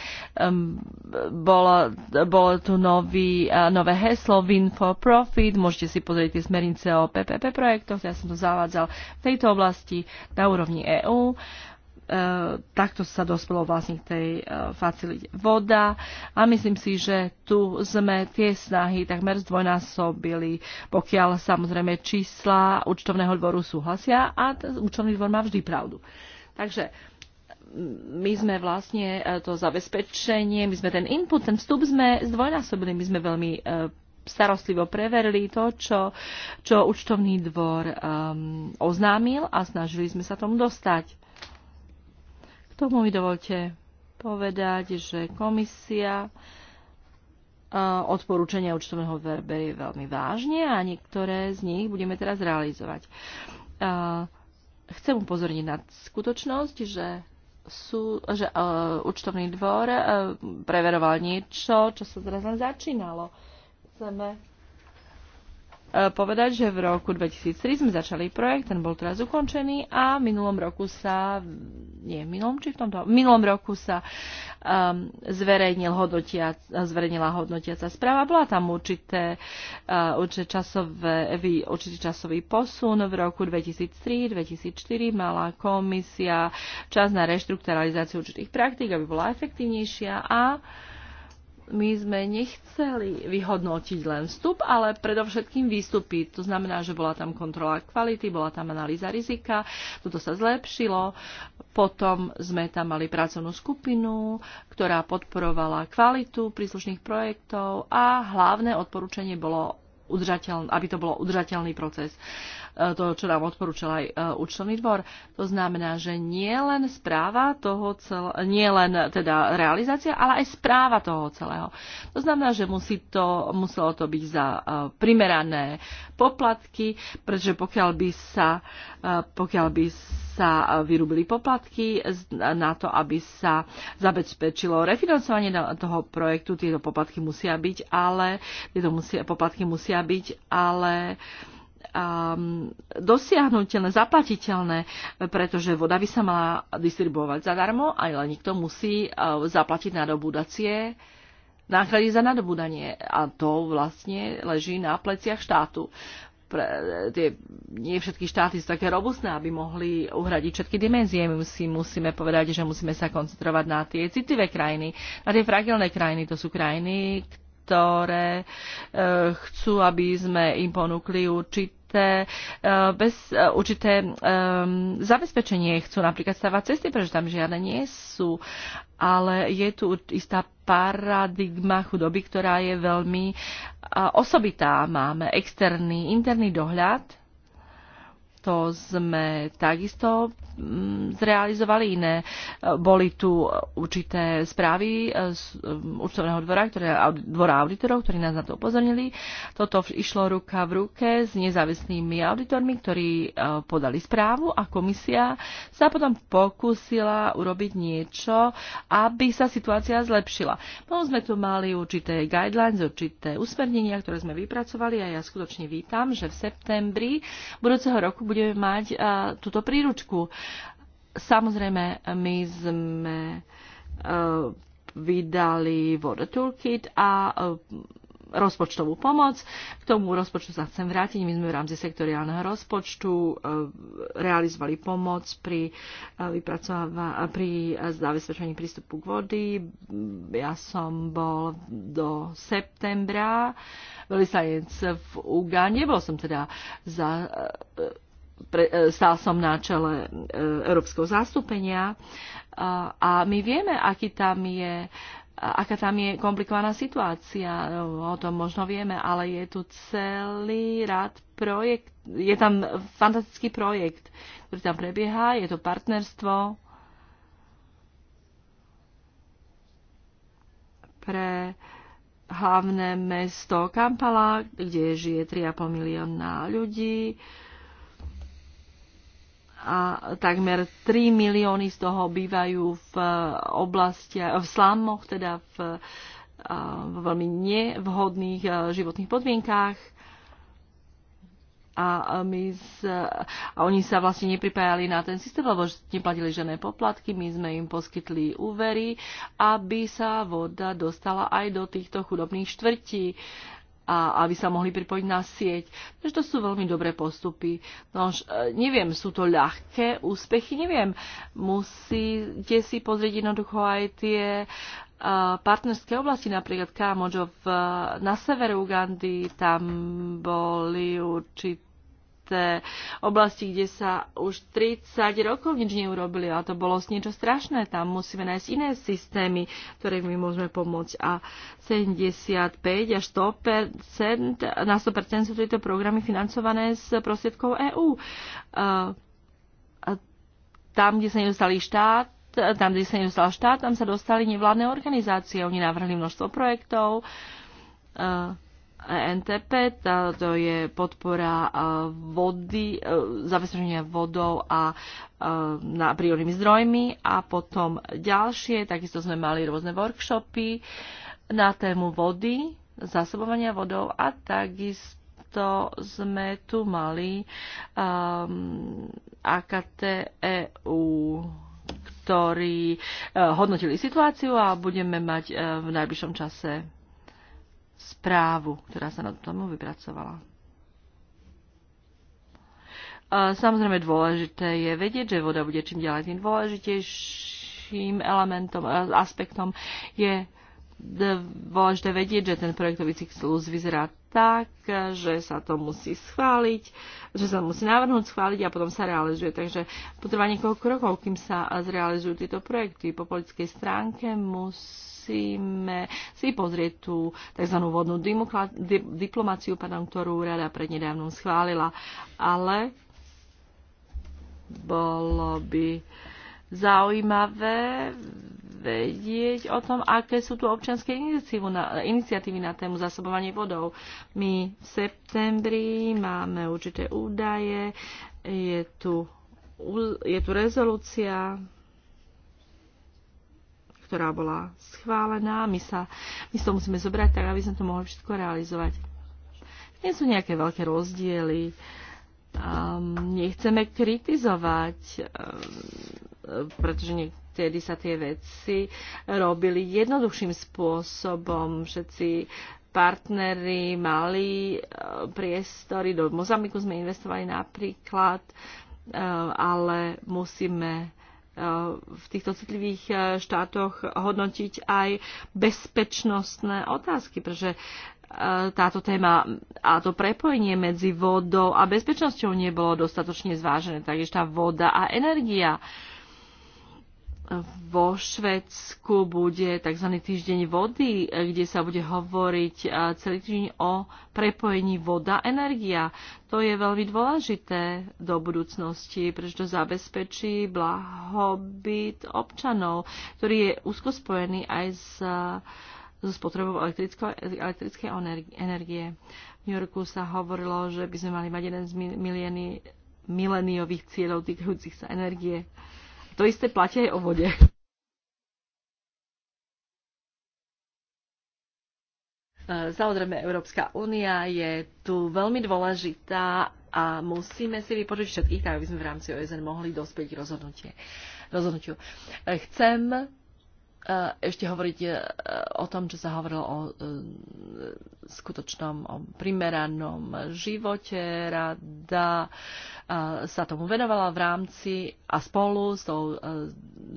Bolo, bolo tu nový, eh, nové heslo Win for Profit. Môžete si pozrieť tie smernice o PPP projektoch. Ja som to zavádzal v tejto oblasti na úrovni EÚ. EU E, takto sa dospelo vlastne k tej e, facilite voda a myslím si, že tu sme tie snahy takmer zdvojnásobili, pokiaľ samozrejme čísla účtovného dvoru súhlasia a účtovný dvor má vždy pravdu. Takže my sme vlastne e, to zabezpečenie, my sme ten input, ten vstup sme zdvojnásobili, my sme veľmi starostlivo preverili to, čo, čo účtovný dvor um, oznámil a snažili sme sa tomu dostať tomu mi dovolte povedať, že komisia odporúčania účtovného berie veľmi vážne a niektoré z nich budeme teraz realizovať. Chcem upozorniť na skutočnosť, že sú, že uh, účtovný dvor uh, preveroval niečo, čo sa teraz len začínalo. Chceme Eh, povedať, že v roku 2003 sme začali projekt, ten bol teraz ukončený a v minulom roku sa, nie v minulom či v tomto, v minulom roku sa um, zverejnil hodnotia, zverejnila hodnotiaca správa. Bola tam určité, uh, určité časové, určitý časový posun. V roku 2003-2004 mala komisia čas na reštrukturalizáciu určitých praktík, aby bola efektívnejšia a uh, my sme nechceli vyhodnotiť len vstup, ale predovšetkým výstupy. To znamená, že bola tam kontrola kvality, bola tam analýza rizika, toto sa zlepšilo. Potom sme tam mali pracovnú skupinu, ktorá podporovala kvalitu príslušných projektov a hlavné odporúčanie bolo, aby to bolo udržateľný proces. Uh, E, toho, čo nám odporúčal aj e, účtovný dvor. To znamená, že nie len správa toho celého, nie len teda realizácia, ale aj správa toho celého. To znamená, že musí to, muselo to byť za e, primerané poplatky, pretože pokiaľ by sa, pokiaľ by sa vyrubili poplatky na to, aby sa zabezpečilo refinancovanie toho projektu. Tieto poplatky musia byť, ale tieto musia, poplatky musia byť, ale uh, um, dosiahnutelné, zaplatiteľné, pretože voda by sa mala distribuovať zadarmo, ale nikto musí uh, zaplatiť nadobudacie náklady za nadobudanie. A to vlastne leží na pleciach štátu. Pre, tie, nie všetky štáty sú také robustné, aby mohli uhradiť všetky dimenzie. My si musíme povedať, že musíme sa koncentrovať na tie citlivé krajiny, na tie fragilné krajiny. To sú krajiny, ktoré e, chcú, aby sme im ponúkli určitú určité, e, bez, e, určité um, zabezpečenie. Chcú napríklad stavať cesty, pretože tam žiadne nie sú. Ale je tu istá paradigma chudoby, ktorá je veľmi uh, osobitá. Máme externý, interný dohľad to sme takisto mm, zrealizovali iné. E, boli tu určité správy e, z e, účtovného dvora, ktoré, dvora auditorov, ktorí nás na to upozornili. Toto išlo ruka v ruke s nezávislými auditormi, ktorí podali správu a komisia sa potom pokúsila urobiť niečo, aby sa situácia zlepšila. Potom sme tu mali určité guidelines, určité usmernenia, ktoré sme vypracovali a ja skutočne vítam, že v septembri budúceho roku budeme mať túto príručku. Samozrejme, my sme e, vydali Water Toolkit a e, rozpočtovú pomoc. K tomu rozpočtu sa chcem vrátiť. My sme v rámci sektoriálneho rozpočtu e, realizovali pomoc pri, pri zabezpečení prístupu k vody. Ja som bol do septembra veľvyslanec v Ugande. Bol som teda za pre, e, stál som na čele e, európskeho zastúpenia e, a my vieme, aký tam je aká tam je komplikovaná situácia, no, o tom možno vieme, ale je tu celý rad projekt, je tam fantastický projekt, ktorý tam prebieha, je to partnerstvo pre hlavné mesto Kampala, kde žije 3,5 milióna ľudí. Uh, a takmer 3 milióny z toho bývajú v eh, oblasti, eh, v slamoch, teda v, eh, v veľmi nevhodných životných podmienkách. A, my z, a oni sa vlastne nepripájali na ten systém, lebo neplatili žené poplatky, my sme im poskytli úvery, aby sa voda dostala aj do týchto chudobných štvrtí. Uh, a aby sa mohli pripojiť na sieť. Takže to sú veľmi dobré postupy. Nož, e, neviem, sú to ľahké úspechy, neviem. Musíte si pozrieť jednoducho aj tie e, partnerské oblasti, napríklad Kámočo e, na severe Ugandy, tam boli určité isté oblasti, kde sa už 30 rokov nič neurobili a to bolo niečo strašné. Tam musíme nájsť iné systémy, ktoré my môžeme pomôcť. A 75 až 100%, na 100% sú tieto programy financované z prostriedkov EÚ. Tam, kde sa nedostali štát, tam, kde sa nedostal štát, tam sa dostali nevládne organizácie. Oni navrhli množstvo projektov, E NTP, to je podpora e, vody, e, zabezpečenia vodou a na prírodnými zdrojmi a potom ďalšie, takisto sme mali rôzne workshopy na tému vody, zásobovania vodou a takisto sme tu mali um, ehm, AKT EU ktorí hodnotili situáciu a budeme mať v najbližšom čase správu, ktorá sa na tomu vypracovala. Samozrejme dôležité je vedieť, že voda bude čím ďalej tým dôležitejším elementom, eh, aspektom je dôležité vedieť, že ten projektový cyklus vyzerá tak, že sa to musí schváliť, že sa musí navrhnúť, schváliť a potom sa realizuje. Takže potrvá niekoľko krokov, kým sa zrealizujú tieto projekty. Po politickej stránke musí musíme si pozrieť tú tzv. vodnú diplomáciu, pardon, ktorú rada prednedávnom schválila. Ale bolo by zaujímavé vedieť o tom, aké sú tu občanské iniciatívy na tému zasobovanie vodou. My v septembri máme určité údaje, je tu, je tu rezolúcia ktorá bola schválená. My, sa, my sa to musíme zobrať tak, aby sme to mohli všetko realizovať. Nie sú nejaké veľké rozdiely. Um, nechceme kritizovať, um, pretože niekedy sa tie veci robili jednoduchším spôsobom. Všetci partnery mali ehm, priestory, do Mozambiku sme investovali napríklad, ale musíme Eh, v týchto citlivých eh, štátoch hodnotiť aj bezpečnostné otázky, pretože eh, táto téma a to prepojenie medzi vodou a bezpečnosťou nebolo dostatočne zvážené. Takže tá voda a energia uh, vo Švedsku bude tzv. týždeň vody, kde sa bude hovoriť celý týždeň o prepojení voda-energia. To je veľmi dôležité do budúcnosti, pretože to zabezpečí blahobyt občanov, ktorý je úzko spojený aj s so spotrebou elektrickej energie. V New Yorku sa hovorilo, že by sme mali mať jeden z mileniových cieľov týkajúcich sa energie. To isté platí aj o vode. E, Samozrejme, Európska únia je tu veľmi dôležitá a musíme si vypočuť všetkých, tak aby sme v rámci OSN mohli dospieť k rozhodnutiu. E, Chcem E, ešte hovoriť e, o tom, čo sa hovorilo o e, skutočnom, o primeranom živote. Rada sa tomu venovala v rámci a spolu s tou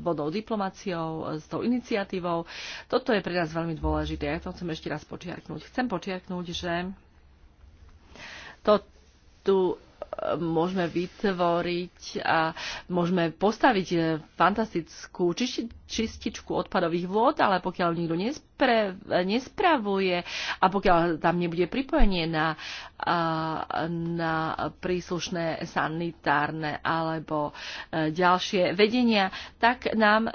vodou diplomáciou, s tou iniciatívou. Toto je pre nás veľmi dôležité. Ja to chcem ešte raz počiarknúť. Chcem počiarknúť, že to tu môžeme vytvoriť a môžeme postaviť eh, fantastickú čističku odpadových vôd, ale pokiaľ nikto nespre, nespravuje a pokiaľ tam nebude pripojenie na, na príslušné sanitárne alebo eh, ďalšie vedenia, tak nám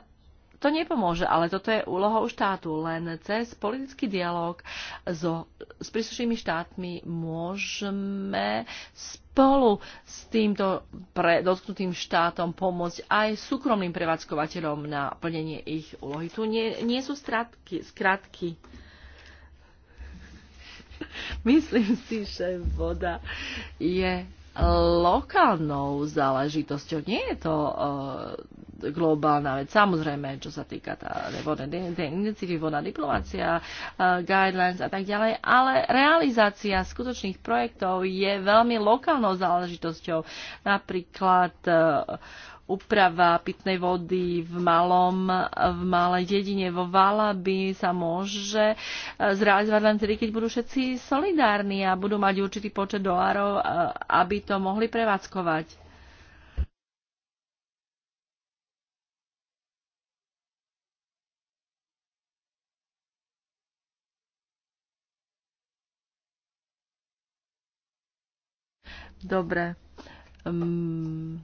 to nepomôže, ale toto je úlohou štátu. Len cez politický dialog so, s príslušnými štátmi môžeme spolu s týmto pre, dotknutým štátom pomôcť aj súkromným prevádzkovateľom na plnenie ich úlohy. Tu nie, nie sú stratky, skratky. Myslím si, že voda je lokálnou záležitosťou. Nie je to uh, globálna vec. Samozrejme, čo sa týka tá, tej, vodná diplomácia, uh, guidelines a tak ďalej, ale realizácia skutočných projektov je veľmi lokálnou záležitosťou. Napríklad uh, úprava pitnej vody v malom, v malej dedine vo Valaby sa môže e, zrealizovať len vtedy, keď budú všetci solidárni a budú mať určitý počet dolárov, e, aby to mohli prevádzkovať. Dobre. Um,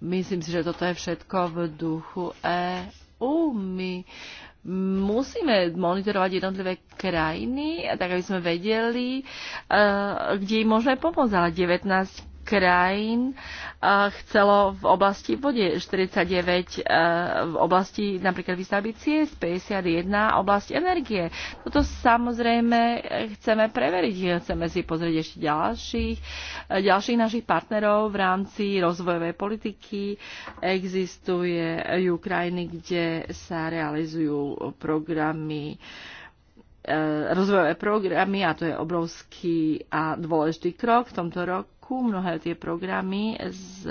myslím si, že toto je všetko v duchu EU. My musíme monitorovať jednotlivé krajiny, tak aby sme vedeli, uh, kde im môžeme pomôcť. Ale 19 krajín eh, chcelo v oblasti vode 49, eh, v oblasti napríklad výstavby ciest 51, oblasti energie. Toto samozrejme chceme preveriť. Chceme si pozrieť ešte ďalších, eh, ďalších našich partnerov v rámci rozvojovej politiky. Existuje ukrajiny, kde sa realizujú programy rozvojové programy a to je obrovský a dôležitý krok v tomto roku roku. Mnohé tie programy z,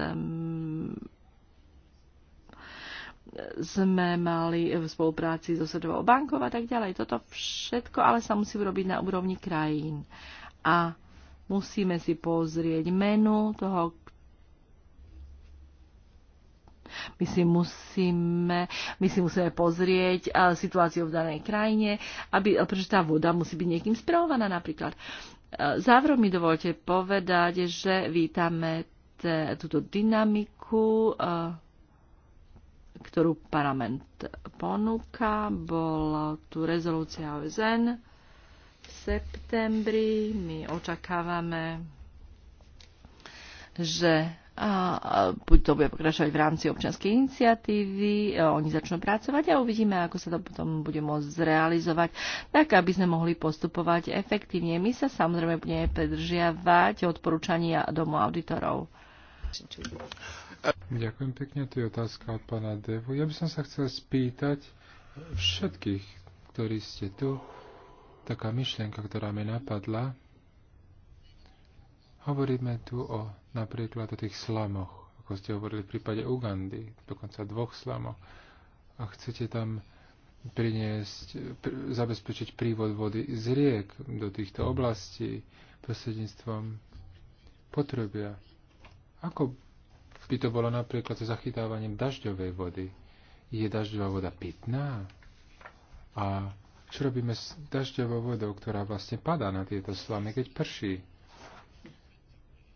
sme mali v spolupráci so Svetovou bankou a tak ďalej. Toto všetko ale sa musí urobiť na úrovni krajín. A musíme si pozrieť menu toho, my si musíme, my si musíme pozrieť situáciu v danej krajine, aby, pretože tá voda musí byť niekým spravovaná napríklad. Závrom mi dovolte povedať, že vítame túto dynamiku, e, ktorú parlament ponúka. Bola tu rezolúcia OSN v septembri. My očakávame, že a buď to bude pokračovať v rámci občianskej iniciatívy, e, oni začnú pracovať a uvidíme, ako sa to potom bude môcť zrealizovať, tak aby sme mohli postupovať efektívne. My sa samozrejme budeme predržiavať odporúčania domu auditorov. Ďakujem pekne, to je otázka od pána Devu. Ja by som sa chcel spýtať všetkých, ktorí ste tu, taká myšlienka, ktorá mi napadla, Hovoríme tu o, napríklad o tých slamoch, ako ste hovorili v prípade Ugandy, dokonca dvoch slamoch. A chcete tam priniesť, pr- zabezpečiť prívod vody z riek do týchto oblastí prostredníctvom potrebia. Ako by to bolo napríklad so zachytávaním dažďovej vody? Je dažďová voda pitná? A čo robíme s dažďovou vodou, ktorá vlastne padá na tieto slamy, keď prší?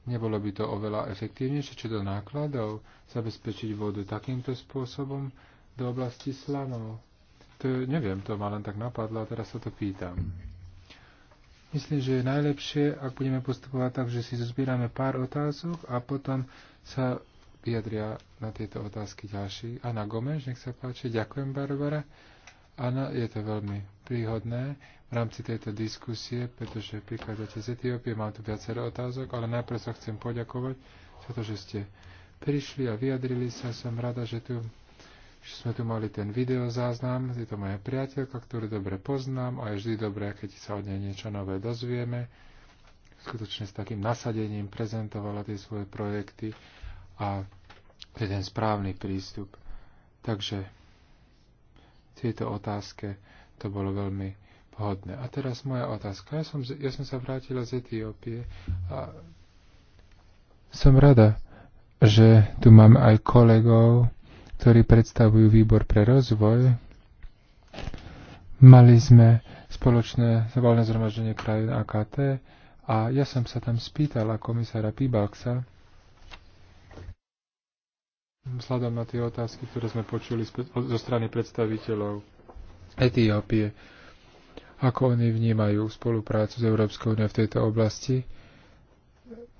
Nebolo by to oveľa efektívnejšie, čo do nákladov, zabezpečiť vodu takýmto spôsobom do oblasti slanov. To je, neviem, to ma len tak napadlo a teraz sa to pýtam. Myslím, že je najlepšie, ak budeme postupovať tak, že si zozbierame pár otázok a potom sa vyjadria na tieto otázky ďalší. Ana Gomeš, nech sa páči. Ďakujem, Barbara. Áno, je to veľmi príhodné v rámci tejto diskusie, pretože prichádzate z Etiópie, mám tu viacero otázok, ale najprv sa chcem poďakovať za to, že ste prišli a vyjadrili sa. Som rada, že, tu, že sme tu mali ten videozáznam. Je to moja priateľka, ktorú dobre poznám a je vždy dobré, keď sa od nej niečo nové dozvieme. Skutočne s takým nasadením prezentovala tie svoje projekty a to je ten správny prístup. Takže tieto tejto otázke to bolo veľmi hodné. A teraz moja otázka. Ja som, ja som sa vrátila z Etiópie a som rada, že tu mám aj kolegov, ktorí predstavujú výbor pre rozvoj. Mali sme spoločné voľné zhromaždenie krajín AKT a ja som sa tam spýtala komisára Pibaxa, vzhľadom na tie otázky, ktoré sme počuli zo strany predstaviteľov Etiópie ako oni vnímajú spoluprácu s Európskou úniou v tejto oblasti.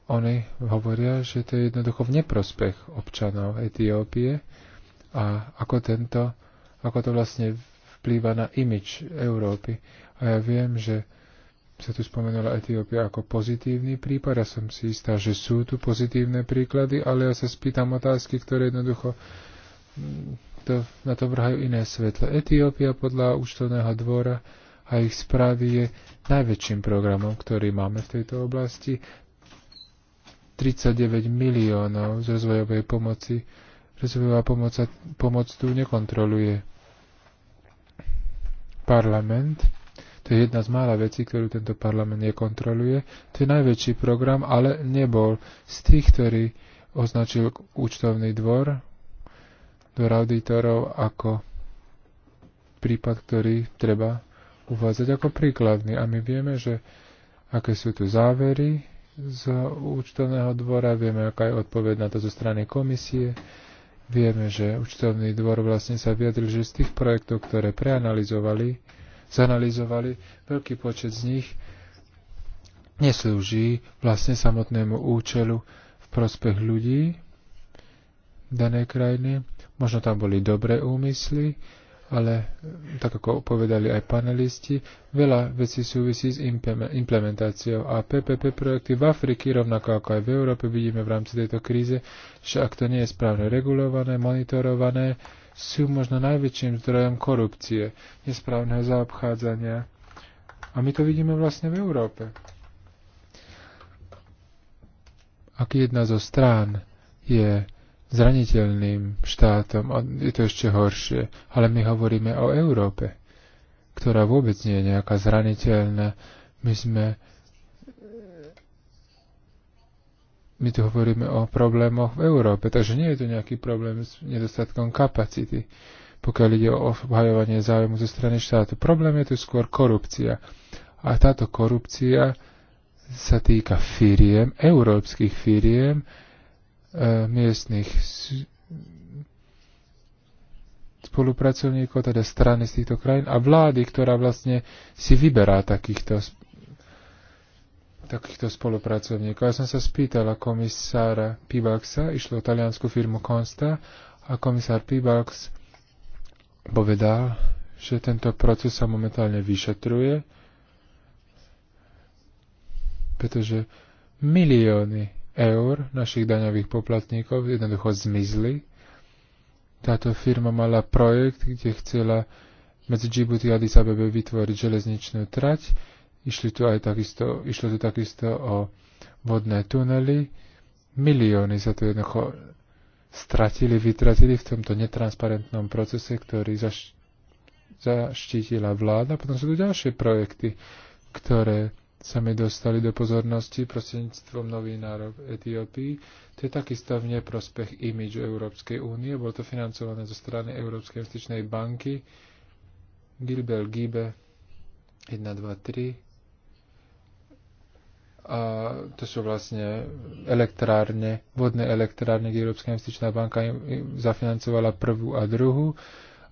Oni hovoria, že to je jednoducho v neprospech občanov Etiópie a ako, tento, ako to vlastne vplýva na imič Európy. A ja viem, že sa tu spomenula Etiópia ako pozitívny prípad ja som si istá, že sú tu pozitívne príklady, ale ja sa spýtam otázky, ktoré jednoducho mm, to, na to vrhajú iné svetle. Etiópia podľa účtovného dvora a ich správy je najväčším programom, ktorý máme v tejto oblasti. 39 miliónov z rozvojovej pomoci. Rozvojová pomoc, pomoc tu nekontroluje parlament. To je jedna z mála vecí, ktorú tento parlament nekontroluje. To je najväčší program, ale nebol z tých, ktorý označil účtovný dvor, dvor auditorov ako prípad, ktorý treba uvádzať ako príkladný. A my vieme, že aké sú tu závery z účtovného dvora, vieme, aká je odpoveď na to zo strany komisie. Vieme, že účtovný dvor vlastne sa vyjadril, že z tých projektov, ktoré preanalizovali, zanalizovali, veľký počet z nich neslúži vlastne samotnému účelu v prospech ľudí danej krajiny. Možno tam boli dobré úmysly, ale tak ako povedali aj panelisti, veľa vecí súvisí s implementáciou a PPP projekty v Afriky, rovnako ako aj v Európe, vidíme v rámci tejto kríze, že ak to nie je správne regulované, monitorované, sú možno najväčším zdrojom korupcie, nesprávneho zaobchádzania. A my to vidíme vlastne v Európe. Ak jedna zo strán je zraniteľným štátom a je to ešte horšie. Ale my hovoríme o Európe, ktorá vôbec nie je nejaká zraniteľná. My sme my tu hovoríme o problémoch v Európe, takže nie je to nejaký problém s nedostatkom kapacity, pokiaľ ide o obhajovanie záujmu zo strany štátu. Problém je tu skôr korupcia. A táto korupcia sa týka firiem, európskych firiem, Eh, miestných spolupracovníkov, teda strany z týchto krajín a vlády, ktorá vlastne si vyberá takýchto, takýchto spolupracovníkov. Ja som sa spýtala komisára Pibaxa, išlo o taliansku firmu Consta a komisár Pibax povedal, že tento proces sa momentálne vyšetruje, pretože milióny eur našich daňových poplatníkov jednoducho zmizli. Táto firma mala projekt, kde chcela medzi Djibouti a Addis Abebe vytvoriť železničnú trať. Išli tu aj takisto, išlo tu takisto o vodné tunely. Milióny sa tu jednoducho stratili, vytratili v tomto netransparentnom procese, ktorý zaš- zaštítila vláda. Potom sú tu ďalšie projekty, ktoré sami dostali do pozornosti prostredníctvom novinárov v Etiópii. To je takisto v neprospech imidžu Európskej únie. Bolo to financované zo strany Európskej investičnej banky. Gilbel Gibe 1, 2, 3 a to sú vlastne elektrárne, vodné elektrárne, kde Európska investičná banka im zafinancovala prvú a druhú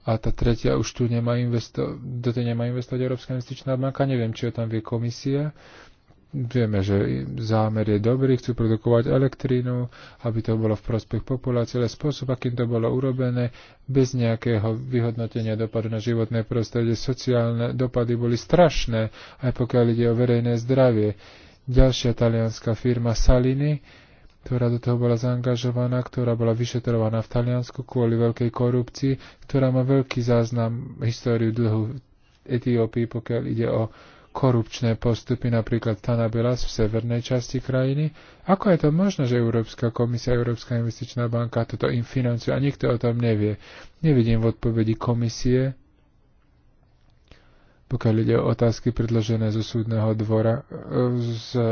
a tá tretia už tu nemá investo- do tej nemá investovať Európska investičná banka. Neviem, či ho tam vie komisia. Vieme, že zámer je dobrý, chcú produkovať elektrínu, aby to bolo v prospech populácie, ale spôsob, akým to bolo urobené, bez nejakého vyhodnotenia dopadu na životné prostredie, sociálne dopady boli strašné, aj pokiaľ ide o verejné zdravie. Ďalšia talianská firma Salini, ktorá do toho bola zaangažovaná, ktorá bola vyšetrovaná v Taliansku kvôli veľkej korupcii, ktorá má veľký záznam históriu dlhu v Etiópii, pokiaľ ide o korupčné postupy napríklad Tanabelas v severnej časti krajiny? Ako je to možné, že Európska komisia, Európska investičná banka toto im financuje a nikto o tom nevie? Nevidím v odpovedi komisie pokiaľ ide o otázky predložené zo súdneho dvora, e, z e,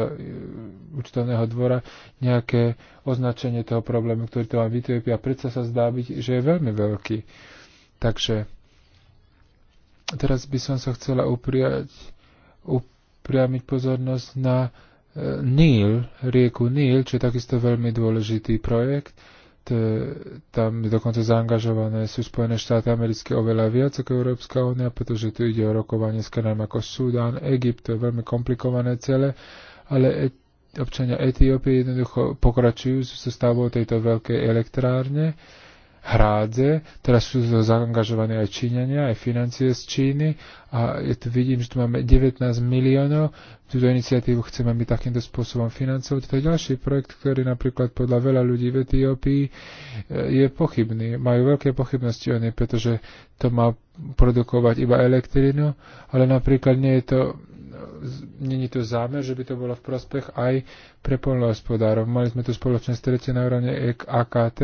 účtovného dvora, nejaké označenie toho problému, ktorý to vám vytvorí a predsa sa zdá byť, že je veľmi veľký. Takže teraz by som sa chcela upriať, upriamiť pozornosť na e, Níl, rieku Níl, čo je takisto veľmi dôležitý projekt, tam dokonca zaangažované sú Spojené štáty americké oveľa viac ako Európska únia, pretože tu ide o rokovanie s krajinami ako Sudán, Egypt, to je veľmi komplikované celé, ale et, občania Etiópie jednoducho pokračujú so stavbou tejto veľkej elektrárne hrádze. Teraz sú zaangažované aj Číňania, aj financie z Číny a je tu vidím, že tu máme 19 miliónov. Túto iniciatívu chceme my takýmto spôsobom financovať. To je ďalší projekt, ktorý napríklad podľa veľa ľudí v Etiópii e, je pochybný. Majú veľké pochybnosti o nej, pretože to má produkovať iba elektrinu, ale napríklad nie je to není to zámer, že by to bolo v prospech aj pre polnohospodárov. Mali sme tu spoločné stretie na úrovni AKT,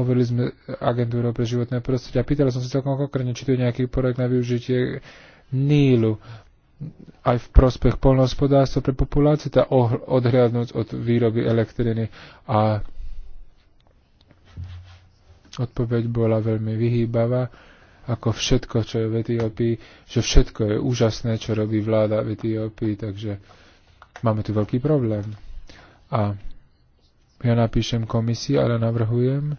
hovorili sme agentúrou pre životné prostredie a pýtal som sa celkom konkrétne, či to je nejaký projekt na využitie Nílu aj v prospech polnohospodárstva pre populácie, tá odhľadnúť od výroby elektriny. A odpoveď bola veľmi vyhýbavá ako všetko, čo je v Etiópii, že všetko je úžasné, čo robí vláda v Etiópii, takže máme tu veľký problém. A ja napíšem komisii, ale navrhujem,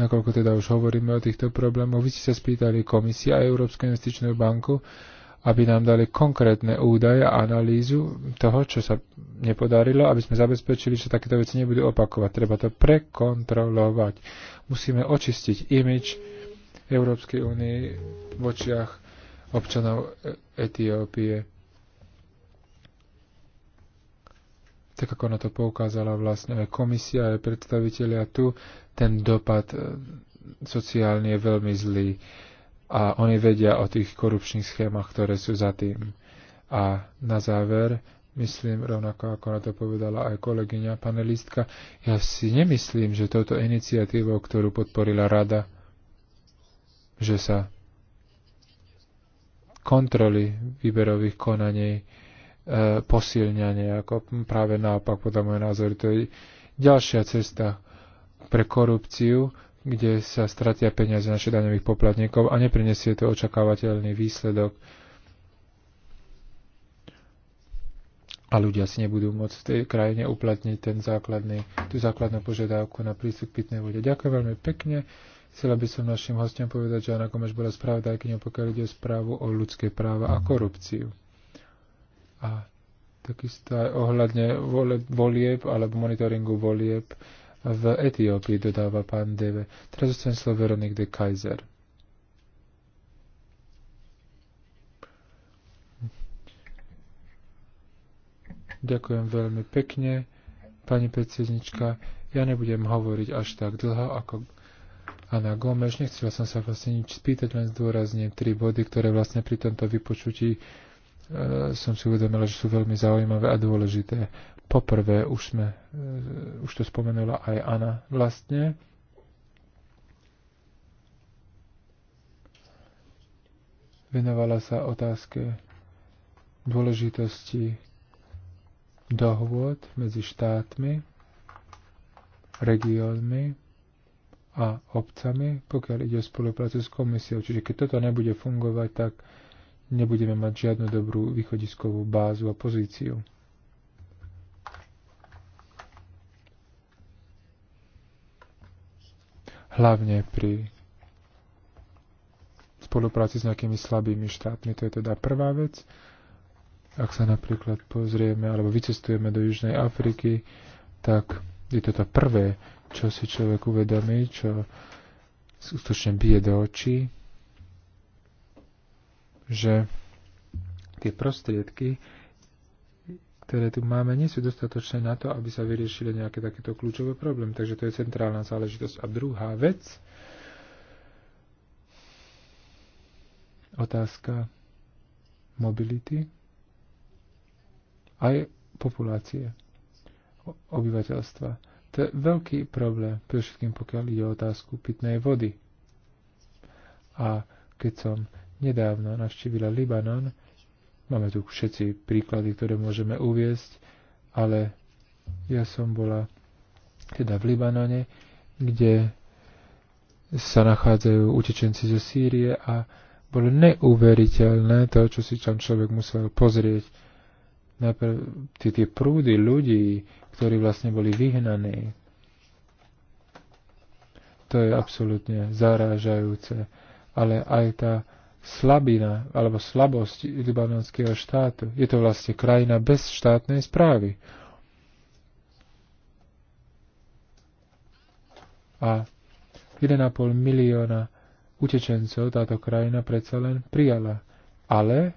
nakoľko teda už hovoríme o týchto problémoch, vy ste sa spýtali komisii a Európsku investičnú banku, aby nám dali konkrétne údaje a analýzu toho, čo sa nepodarilo, aby sme zabezpečili, že takéto veci nebudú opakovať. Treba to prekontrolovať. Musíme očistiť imič Európskej únii v očiach občanov Etiópie. Tak ako na to poukázala vlastne aj komisia, aj predstavitelia tu, ten dopad e, sociálne je veľmi zlý a oni vedia o tých korupčných schémach, ktoré sú za tým. A na záver, myslím rovnako ako na to povedala aj kolegyňa panelistka, ja si nemyslím, že touto iniciatívou, ktorú podporila rada, že sa kontroly výberových konaní e, posilňa nejako. Práve naopak, podľa môjho názoru, to je ďalšia cesta pre korupciu, kde sa stratia peniaze našich daňových poplatníkov a neprinesie to očakávateľný výsledok. A ľudia si nebudú môcť v tej krajine uplatniť ten základný, tú základnú požiadavku na prístup k pitnej vode. Ďakujem veľmi pekne. Chcela by som našim hostiam povedať, že Anna Komeš bola spravodajkyňou, pokiaľ ide o správu o ľudské práva a korupciu. A takisto aj ohľadne volieb alebo monitoringu volieb v Etiópii, dodáva pán Deve. Teraz zostane slovo Veronik de Kaiser. Ďakujem veľmi pekne, pani predsednička. Ja nebudem hovoriť až tak dlho, ako na Gomeš. Nechcel som sa vlastne nič spýtať, len zdôrazním tri body, ktoré vlastne pri tomto vypočutí e, som si uvedomila, že sú veľmi zaujímavé a dôležité. Poprvé, už, sme, e, už to spomenula aj Ana vlastne, venovala sa otázke dôležitosti dohôd medzi štátmi, regiónmi a obcami, pokiaľ ide o spoluprácu s komisiou. Čiže keď toto nebude fungovať, tak nebudeme mať žiadnu dobrú východiskovú bázu a pozíciu. Hlavne pri spolupráci s nejakými slabými štátmi. To je teda prvá vec. Ak sa napríklad pozrieme alebo vycestujeme do Južnej Afriky, tak je to tá prvé čo si človek uvedomí, čo skutočne bije do očí, že tie prostriedky, ktoré tu máme, nie sú dostatočné na to, aby sa vyriešili nejaké takéto kľúčové problémy. Takže to je centrálna záležitosť. A druhá vec, otázka mobility aj populácie obyvateľstva to je veľký problém, predovšetkým pokiaľ ide o otázku pitnej vody. A keď som nedávno navštívila Libanon, máme tu všetci príklady, ktoré môžeme uviesť, ale ja som bola teda v Libanone, kde sa nachádzajú utečenci zo Sýrie a bolo neuveriteľné to, čo si tam človek musel pozrieť najprv tie, tie prúdy ľudí, ktorí vlastne boli vyhnaní. To je absolútne zarážajúce. Ale aj tá slabina alebo slabosť libanonského štátu. Je to vlastne krajina bez štátnej správy. A 1,5 milióna utečencov táto krajina predsa len prijala. Ale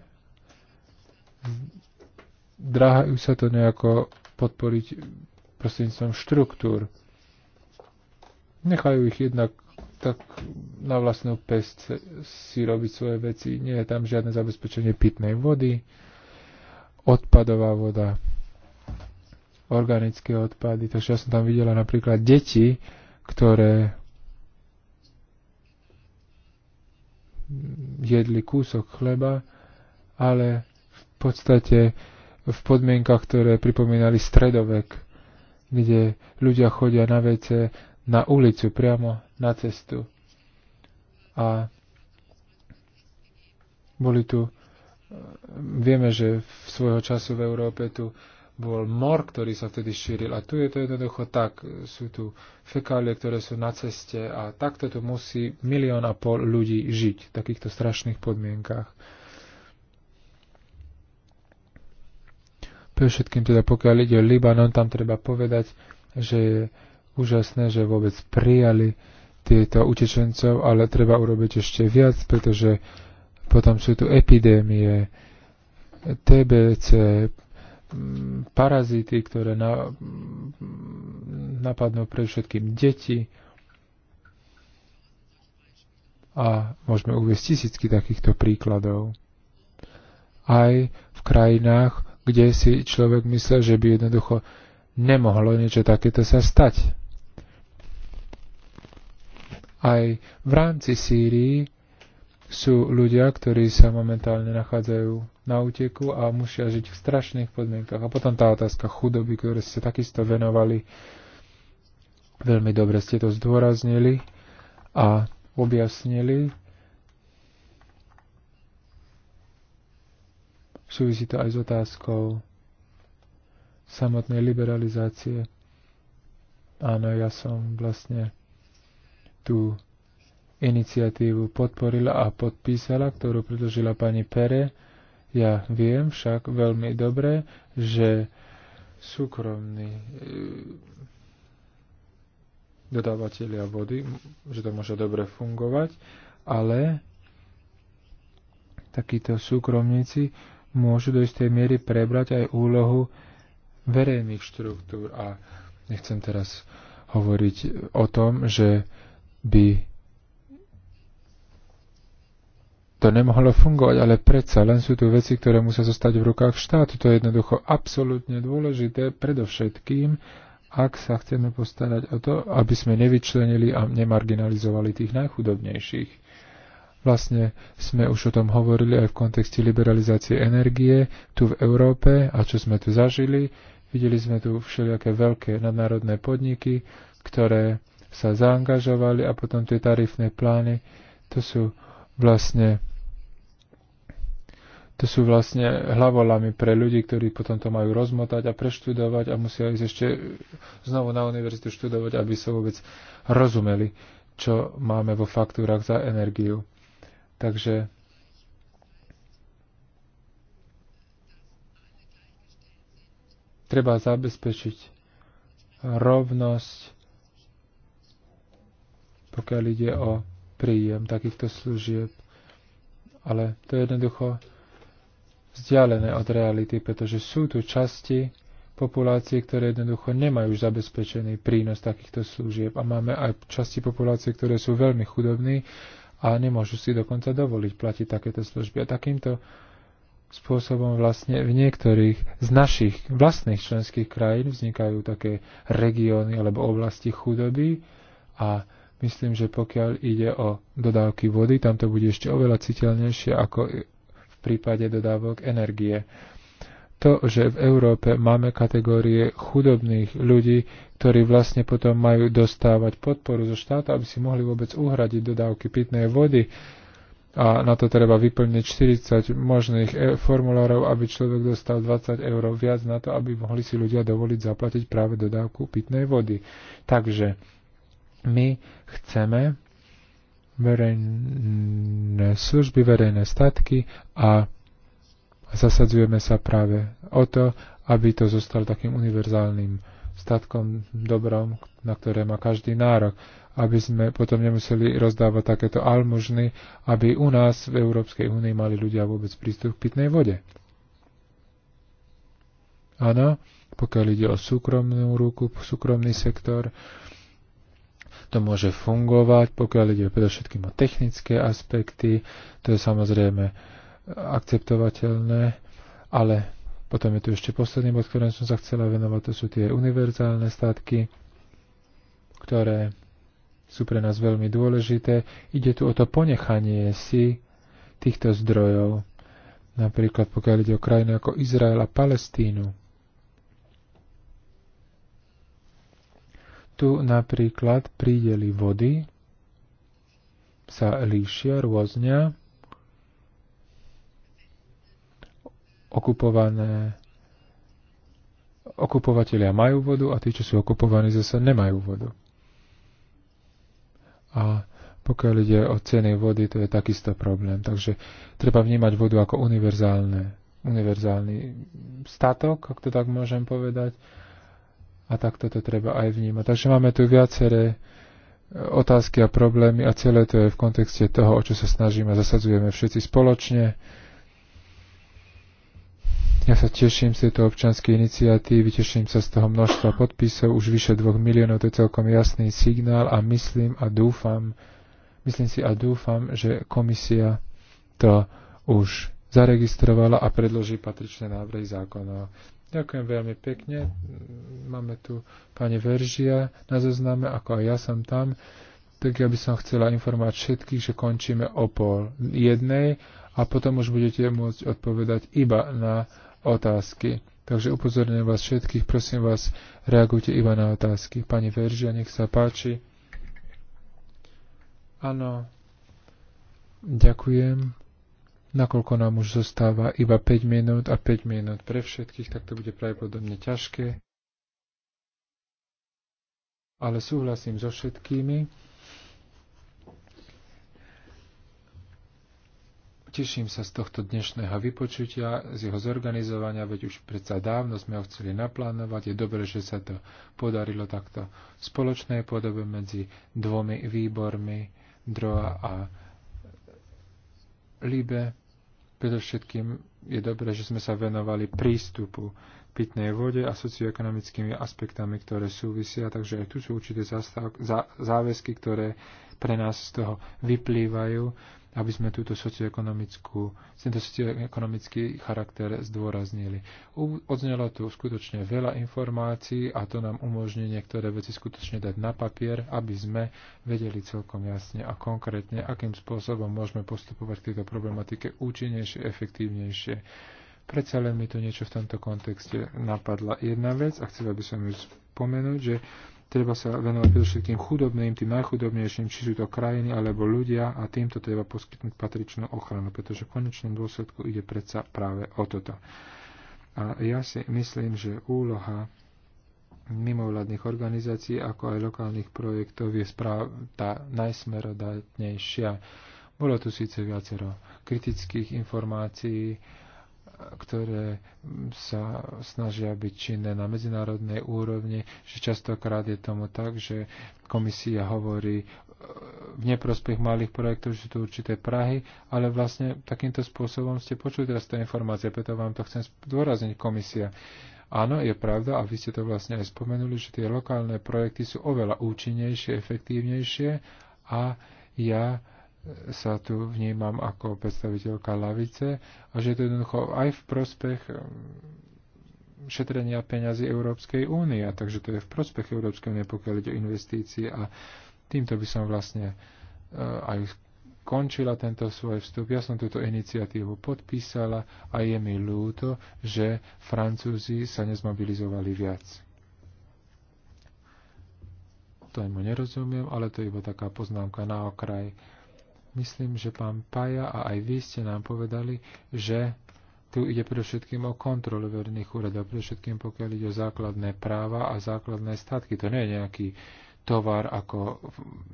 dráhajú sa to nejako podporiť prostredníctvom štruktúr. Nechajú ich jednak tak na vlastnú pest si robiť svoje veci. Nie je tam žiadne zabezpečenie pitnej vody, odpadová voda, organické odpady. Takže ja som tam videla napríklad deti, ktoré jedli kúsok chleba, ale v podstate v podmienkach, ktoré pripomínali stredovek, kde ľudia chodia na vece na ulicu, priamo na cestu. A boli tu, e, vieme, že v svojho času v Európe tu bol mor, ktorý sa vtedy šíril. A tu je to jednoducho tak. Sú tu fekálie, ktoré sú na ceste a takto tu musí milión a pol ľudí žiť v takýchto strašných podmienkách. Pre všetkým teda pokiaľ ide o Libanon, tam treba povedať, že je úžasné, že vôbec prijali tieto utečencov, ale treba urobiť ešte viac, pretože potom sú tu epidémie, TBC, mm, parazity, ktoré na, mm, napadnú pre všetkým deti. A môžeme uvieť tisícky takýchto príkladov. Aj v krajinách, kde si človek myslel, že by jednoducho nemohlo niečo takéto sa stať. Aj v rámci Sýrii sú ľudia, ktorí sa momentálne nachádzajú na úteku a musia žiť v strašných podmienkach. A potom tá otázka chudoby, ktoré ste takisto venovali, veľmi dobre ste to zdôraznili a objasnili Súvisí to aj s otázkou samotnej liberalizácie. Áno, ja som vlastne tú iniciatívu podporila a podpísala, ktorú predložila pani Pere. Ja viem však veľmi dobre, že súkromní e, dodávateľia vody, že to môže dobre fungovať, ale takíto súkromníci môžu do istej miery prebrať aj úlohu verejných štruktúr. A nechcem teraz hovoriť o tom, že by to nemohlo fungovať, ale predsa len sú tu veci, ktoré musia zostať v rukách štátu. To je jednoducho absolútne dôležité, predovšetkým, ak sa chceme postarať o to, aby sme nevyčlenili a nemarginalizovali tých najchudobnejších. Vlastne sme už o tom hovorili aj v kontexte liberalizácie energie tu v Európe a čo sme tu zažili. Videli sme tu všelijaké veľké nadnárodné podniky, ktoré sa zaangažovali a potom tie tarifné plány, to sú vlastne to sú vlastne hlavolami pre ľudí, ktorí potom to majú rozmotať a preštudovať a musia ísť ešte znovu na univerzitu študovať, aby sa vôbec rozumeli, čo máme vo faktúrach za energiu. Takže treba zabezpečiť rovnosť, pokiaľ ide o príjem takýchto služieb. Ale to je jednoducho vzdialené od reality, pretože sú tu časti populácie, ktoré jednoducho nemajú zabezpečený prínos takýchto služieb a máme aj časti populácie, ktoré sú veľmi chudobní a nemôžu si dokonca dovoliť platiť takéto služby. A takýmto spôsobom vlastne v niektorých z našich vlastných členských krajín vznikajú také regióny alebo oblasti chudoby a myslím, že pokiaľ ide o dodávky vody, tam to bude ešte oveľa citeľnejšie ako v prípade dodávok energie to, že v Európe máme kategórie chudobných ľudí, ktorí vlastne potom majú dostávať podporu zo štátu, aby si mohli vôbec uhradiť dodávky pitnej vody. A na to treba vyplniť 40 možných e formulárov, aby človek dostal 20 eur viac na to, aby mohli si ľudia dovoliť zaplatiť práve dodávku pitnej vody. Takže my chceme verejné služby, verejné statky a a Zasadzujeme sa práve o to, aby to zostalo takým univerzálnym statkom, dobrom, na ktoré má každý nárok, aby sme potom nemuseli rozdávať takéto almužny, aby u nás v Európskej únii mali ľudia vôbec prístup k pitnej vode. Áno, pokiaľ ide o súkromnú ruku, súkromný sektor, to môže fungovať, pokiaľ ide predovšetkým o technické aspekty, to je samozrejme akceptovateľné, ale potom je tu ešte posledný bod, ktorým som sa chcela venovať, to sú tie univerzálne statky, ktoré sú pre nás veľmi dôležité. Ide tu o to ponechanie si týchto zdrojov, napríklad pokiaľ ide o krajiny ako Izrael a Palestínu. Tu napríklad prídeli vody sa líšia rôzne okupované okupovatelia majú vodu a tí, čo sú okupovaní, zase nemajú vodu. A pokiaľ ide o ceny vody, to je takisto problém. Takže treba vnímať vodu ako univerzálne, univerzálny statok, ak to tak môžem povedať. A takto to treba aj vnímať. Takže máme tu viaceré e, otázky a problémy a celé to je v kontexte toho, o čo sa snažíme, zasadzujeme všetci spoločne ja sa teším z tejto občanskej iniciatívy, teším sa z toho množstva podpisov, už vyše dvoch miliónov, to je celkom jasný signál a myslím a dúfam, myslím si a dúfam, že komisia to už zaregistrovala a predloží patričné návrhy zákonov. Ďakujem veľmi pekne. Máme tu pani Veržia na zozname, ako aj ja som tam. Tak ja by som chcela informovať všetkých, že končíme o pol jednej a potom už budete môcť odpovedať iba na otázky. Takže upozorňujem vás všetkých, prosím vás, reagujte iba na otázky. Pani Veržia, nech sa páči. Áno, ďakujem. Nakoľko nám už zostáva iba 5 minút a 5 minút pre všetkých, tak to bude pravdepodobne ťažké. Ale súhlasím so všetkými Teším sa z tohto dnešného vypočutia, z jeho zorganizovania, veď už predsa dávno sme ho chceli naplánovať. Je dobré, že sa to podarilo takto v spoločnej podobe medzi dvomi výbormi, DROA a LIBE. Predovšetkým je dobré, že sme sa venovali prístupu pitnej vode a socioekonomickými aspektami, ktoré súvisia, takže aj tu sú určité záväzky, ktoré pre nás z toho vyplývajú aby sme túto socioekonomickú, tento socioekonomický charakter zdôraznili. Odznelo tu skutočne veľa informácií a to nám umožní niektoré veci skutočne dať na papier, aby sme vedeli celkom jasne a konkrétne, akým spôsobom môžeme postupovať k tejto problematike účinnejšie, efektívnejšie. Predsa len mi to niečo v tomto kontexte napadla jedna vec a chcela by som ju spomenúť, že Treba sa venovať predovšetkým chudobným, tým najchudobnejším, či sú to krajiny alebo ľudia a týmto treba poskytnúť patričnú ochranu, pretože v konečnom dôsledku ide predsa práve o toto. A ja si myslím, že úloha mimovládnych organizácií, ako aj lokálnych projektov je správ tá najsmerodatnejšia. Bolo tu síce viacero kritických informácií, ktoré sa snažia byť činné na medzinárodnej úrovni, že častokrát je tomu tak, že komisia hovorí e, v neprospech malých projektov, že sú tu určité Prahy, ale vlastne takýmto spôsobom ste počuli teraz tie informácie, preto vám to chcem zdôrazniť komisia. Áno, je pravda, a vy ste to vlastne aj spomenuli, že tie lokálne projekty sú oveľa účinnejšie, efektívnejšie a ja sa tu vnímam ako predstaviteľka lavice a že je to jednoducho aj v prospech mm, šetrenia peňazí Európskej únie, takže to je v prospech Európskej únie, pokiaľ ide o investície a týmto by som vlastne e, aj končila tento svoj vstup. Ja som túto iniciatívu podpísala a je mi ľúto, že Francúzi sa nezmobilizovali viac. To mu nerozumiem, ale to je iba taká poznámka na okraj. Myslím, že pán Paja a aj vy ste nám povedali, že tu ide predovšetkým o kontrolu verejných úradov, predovšetkým pokiaľ ide o základné práva a základné statky. To nie je nejaký tovar ako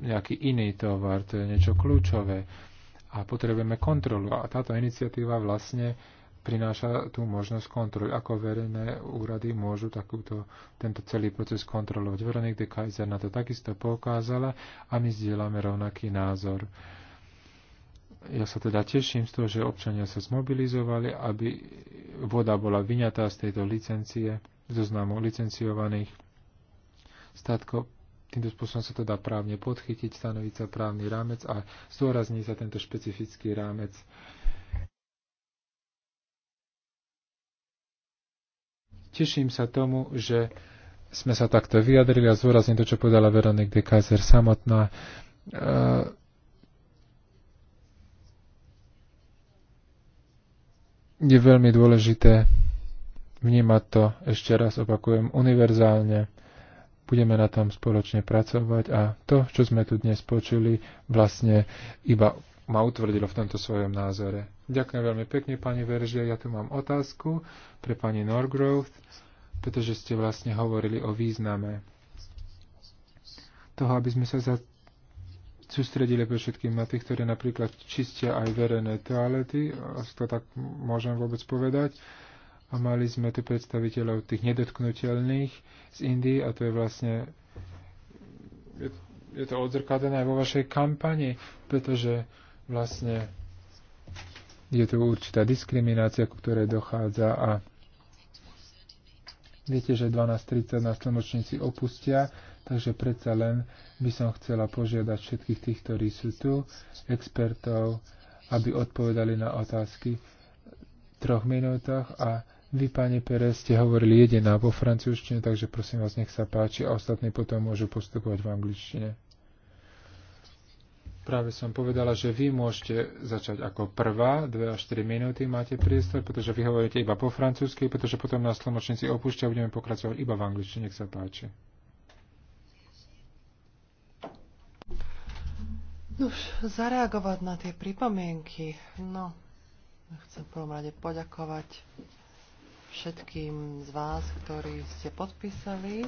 nejaký iný tovar, to je niečo kľúčové a potrebujeme kontrolu. A táto iniciatíva vlastne prináša tú možnosť kontroly, ako verejné úrady môžu takúto, tento celý proces kontrolovať. Veronika de Kaiser na to takisto poukázala a my zdieľame rovnaký názor ja sa teda teším z toho, že občania sa zmobilizovali, aby voda bola vyňatá z tejto licencie, zoznamu licenciovaných statkov. Týmto spôsobom sa to dá právne podchytiť, stanoviť sa právny rámec a zdôrazní sa tento špecifický rámec. Teším sa tomu, že sme sa takto vyjadrili a zdôrazním to, čo povedala Veronik de Kaiser samotná. E je veľmi dôležité vnímať to, ešte raz opakujem, univerzálne. Budeme na tom spoločne pracovať a to, čo sme tu dnes počuli, vlastne iba ma utvrdilo v tomto svojom názore. Ďakujem veľmi pekne, pani Veržia. Ja tu mám otázku pre pani Norgrowth, pretože ste vlastne hovorili o význame toho, aby sme sa za sústredili pre všetkým na tých, ktorí napríklad čistia aj verejné toalety, asi to tak môžem vôbec povedať. A mali sme tu predstaviteľov tých nedotknutelných z Indii a to je vlastne je, je to odzrkadené aj vo vašej kampani, pretože vlastne je tu určitá diskriminácia, ku ktorej dochádza a viete, že 12.30 nás tlmočníci opustia Takže predsa len by som chcela požiadať všetkých tých, ktorí sú tu, expertov, aby odpovedali na otázky v troch minútach a vy, pani Pérez, ste hovorili jediná po francúzštine, takže prosím vás, nech sa páči a ostatní potom môžu postupovať v angličtine. Práve som povedala, že vy môžete začať ako prvá, 2 až 4 minúty máte priestor, pretože vy hovoríte iba po francúzsky, pretože potom nás tlmočníci opúšťa a budeme pokračovať iba v angličtine, nech sa páči. Už zareagovať na tie pripomienky. No, chcem v prvom rade poďakovať všetkým z vás, ktorí ste podpísali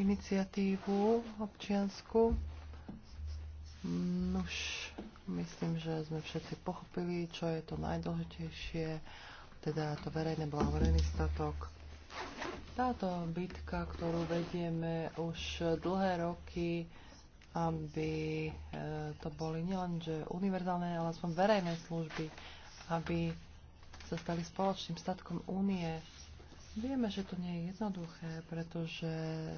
iniciatívu občiansku. Už myslím, že sme všetci pochopili, čo je to najdôležitejšie, teda to verejné bola verejný statok. Táto bitka, ktorú vedieme už dlhé roky, aby e, to boli nielen že univerzálne, ale aspoň verejné služby, aby sa stali spoločným statkom únie. Vieme, že to nie je jednoduché, pretože e,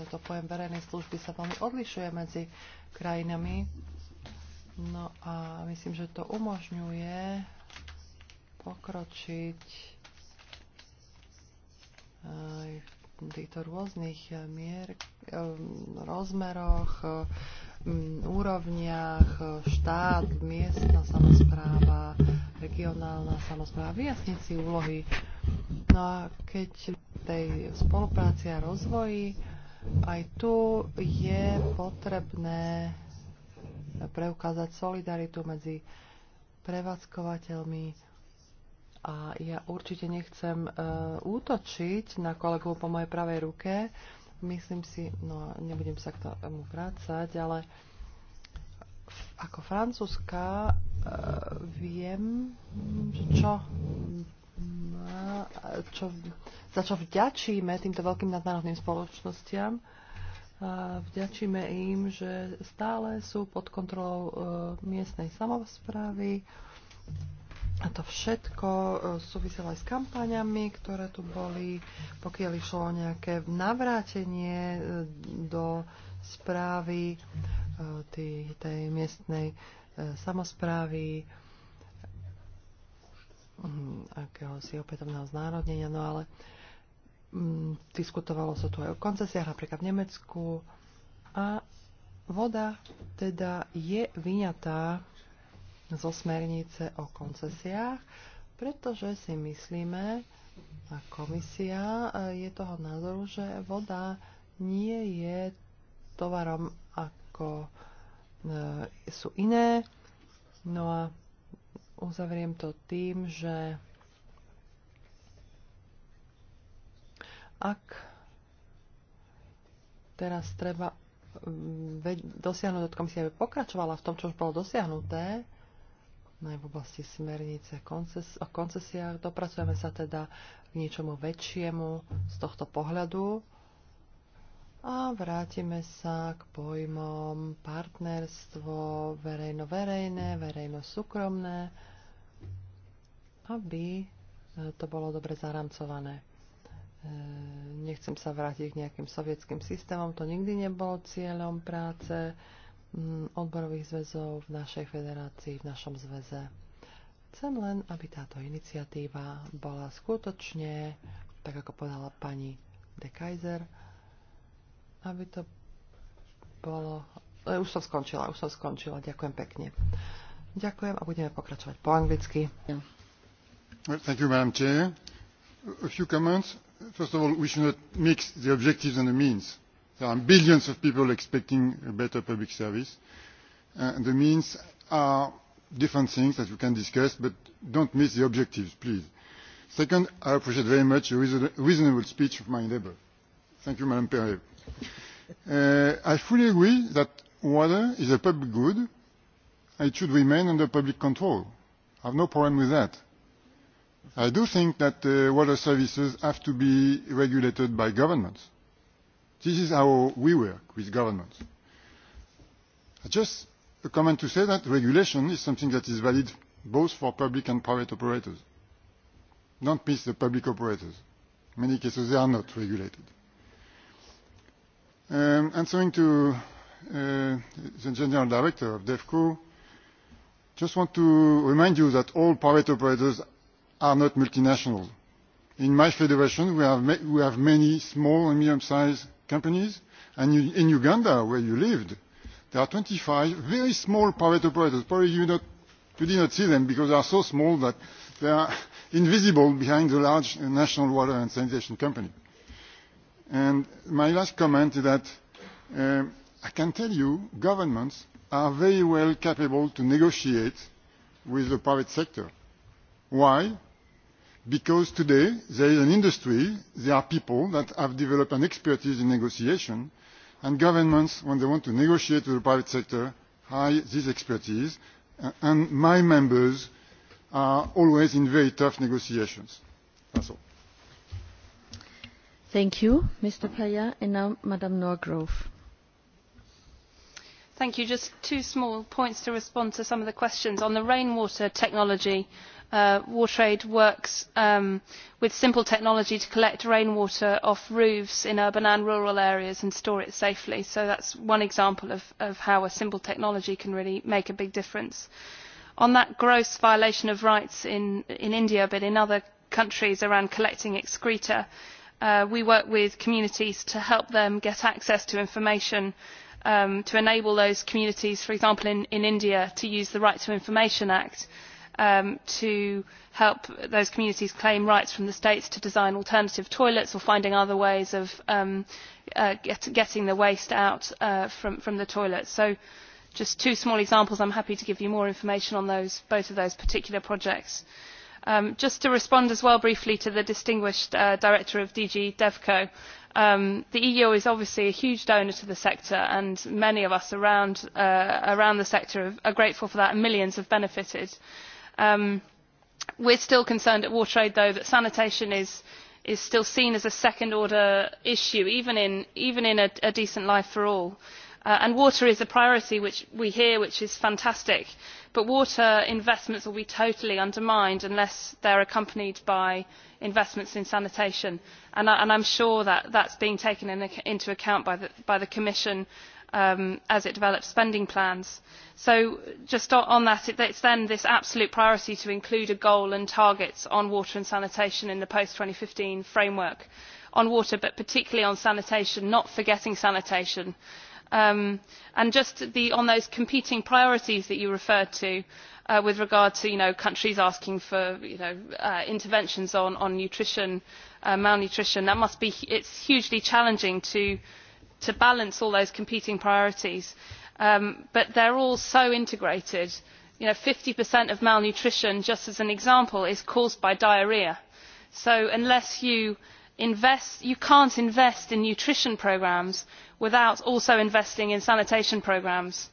toto pojem verejnej služby sa veľmi odlišuje medzi krajinami. No a myslím, že to umožňuje pokročiť v e, týchto rôznych eh, mier, eh, rozmeroch, eh, mm, úrovniach, štát, miestna samozpráva, regionálna samozpráva, vyjasniť si úlohy. No a keď tej spolupráci a rozvoji, aj tu je potrebné preukázať solidaritu medzi prevádzkovateľmi, a ja určite nechcem e, útočiť na kolegu po mojej pravej ruke. Myslím si, no nebudem sa k tomu vrácať, ale ako francúzska e, viem, čo čo, za čo vďačíme týmto veľkým nadnárodným spoločnostiam. A e, vďačíme im, že stále sú pod kontrolou e, miestnej samozprávy a to všetko e, súviselo aj s kampaňami, ktoré tu boli, pokiaľ išlo o nejaké navrátenie e, do správy e, tej, tej miestnej samozprávy, mm, si opätovného znárodnenia, no ale mm, diskutovalo sa tu aj o koncesiách, napríklad v Nemecku. A voda teda je vyňatá zo smernice o koncesiách, pretože si myslíme, a komisia e, je toho názoru, že voda nie je tovarom ako e, sú iné. No a uzavriem to tým, že ak teraz treba mm, dosiahnuť od komisie, aby pokračovala v tom, čo už bolo dosiahnuté, No aj v oblasti smernice konces- o koncesiách. Dopracujeme sa teda k niečomu väčšiemu z tohto pohľadu a vrátime sa k pojmom partnerstvo verejno-verejné, verejno-súkromné, aby e, to bolo dobre zaramcované. E, nechcem sa vrátiť k nejakým sovietským systémom, to nikdy nebolo cieľom práce Mm, odborových zväzov v našej federácii, v našom zväze. Chcem len, aby táto iniciatíva bola skutočne, tak ako povedala pani de Kaiser, aby to bolo... E, už som skončila, už som skončila. Ďakujem pekne. Ďakujem a budeme pokračovať po anglicky. Thank you, Madam Chair. A few comments. First of all, we should not mix the objectives and the means there are billions of people expecting a better public service. Uh, the means are different things that we can discuss, but don't miss the objectives, please. Second, I appreciate very much the reasonable speech of my neighbour. Thank you, Madam Perret. Uh, I fully agree that water is a public good. and It should remain under public control. I have no problem with that. I do think that uh, water services have to be regulated by governments This is how we work with governments. Just a comment to say that regulation is something that is valid both for public and private operators. Don't miss the public operators. In many cases, they are not regulated. Um, answering to uh, the General Director of DEFCO, just want to remind you that all private operators are not multinational. In my federation, we have, ma we have many small and medium-sized companies. And you, in Uganda, where you lived, there are 25 very small private operators. Probably you, not, you did not see them because they are so small that they are invisible behind the large national water and sanitation company. And my last comment is that um, I can tell you governments are very well capable to negotiate with the private sector. Why? because today there is an industry there are people that have developed an expertise in negotiation and governments when they want to negotiate with the private sector hire this expertise and my members are always in very tough negotiations. That's all. Thank you, Mr. And now, Norgrove. Thank you. Just two small points to respond to some of the questions. On the rainwater technology, uh, works um, with simple technology to collect rainwater off roofs in urban and rural areas and store it safely. So that's one example of, how a simple technology can really make a big difference. On that gross violation of rights in, in India, but in other countries around collecting excreta, uh, we work with communities to help them get access to information um, to enable those communities, for example in, in India, to use the Right to Information Act um, to help those communities claim rights from the states to design alternative toilets or finding other ways of um, uh, get, getting the waste out uh, from, from the toilets. So just two small examples. I'm happy to give you more information on those, both of those particular projects. Um, just to respond as well briefly to the distinguished uh, director of DG DevCo, Um, the eu is obviously a huge donor to the sector and many of us around, uh, the sector are grateful for that and millions have benefited. Um, we are still concerned at watertrade though that sanitation is, still seen as a second order issue even in, a, decent life for all uh, and water is a priority which we hear which is fantastic but water investments will be totally undermined unless they are accompanied by investments in sanitation and i am sure that is being taken into account by the, commission um, as it develops spending plans. so just on that it is then this absolute priority to include a goal and targets on water and sanitation in the post two thousand and fifteen framework on water but particularly on sanitation not forgetting sanitation. Um, and just on those competing priorities that you referred to uh, with regard to countries asking for uh, interventions on, nutrition, uh, malnutrition, that must be, it's hugely challenging to, balance all those competing priorities. but um, but they're all so integrated. Fifty of malnutrition, just as an example, is caused by diarrhoea. So unless you invest, you cannot invest in nutrition programmes without also investing in sanitation programmes.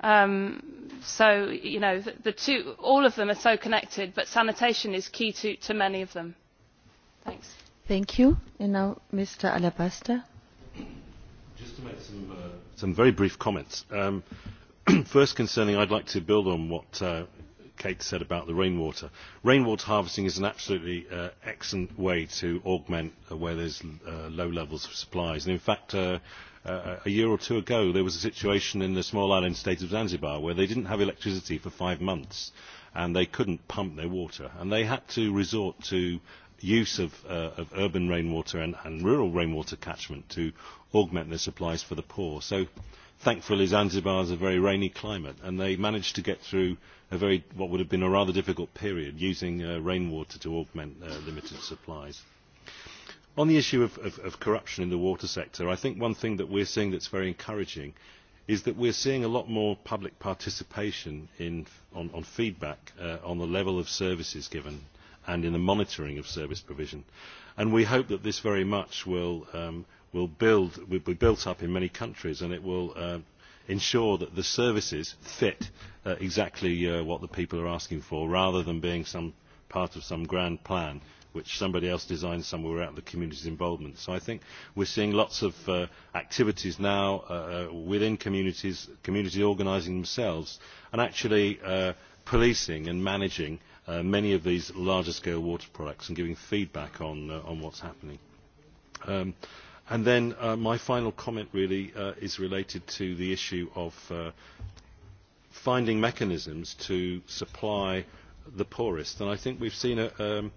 Um, so you know the, the two, all of them are so connected, but sanitation is key to, many of them. Mr. Just to make some, uh, very brief comments. Um, first, concerning, would like to build on what uh, Kate said about the rainwater. Rainwater harvesting is an absolutely uh, excellent way to augment uh, where there's uh, low levels of supplies. And in fact, uh, uh, a year or two ago, there was a situation in the small island state of Zanzibar where they didn't have electricity for five months and they couldn't pump their water. And they had to resort to use of, uh, of urban rainwater and, and rural rainwater catchment to augment their supplies for the poor. So Thankfully, Zanzibar is a very rainy climate, and they managed to get through a very, what would have been a rather difficult period using uh, rainwater to augment uh, limited supplies. On the issue of, of, of corruption in the water sector, I think one thing that we're seeing that's very encouraging is that we're seeing a lot more public participation in, on, on feedback uh, on the level of services given and in the monitoring of service provision. And we hope that this very much will um, will, build, will be built up in many countries and it will uh, ensure that the services fit uh, exactly uh, what the people are asking for rather than being some part of some grand plan which somebody else designed somewhere without the community's involvement. So I think we're seeing lots of uh, activities now uh, uh within communities, communities organising themselves and actually uh, policing and managing uh, many of these larger scale water products and giving feedback on, uh, on what's happening. Um, And then uh, my final comment really uh, is related to the issue of uh, finding mechanisms to supply the poorest. And I think we've seen a, um,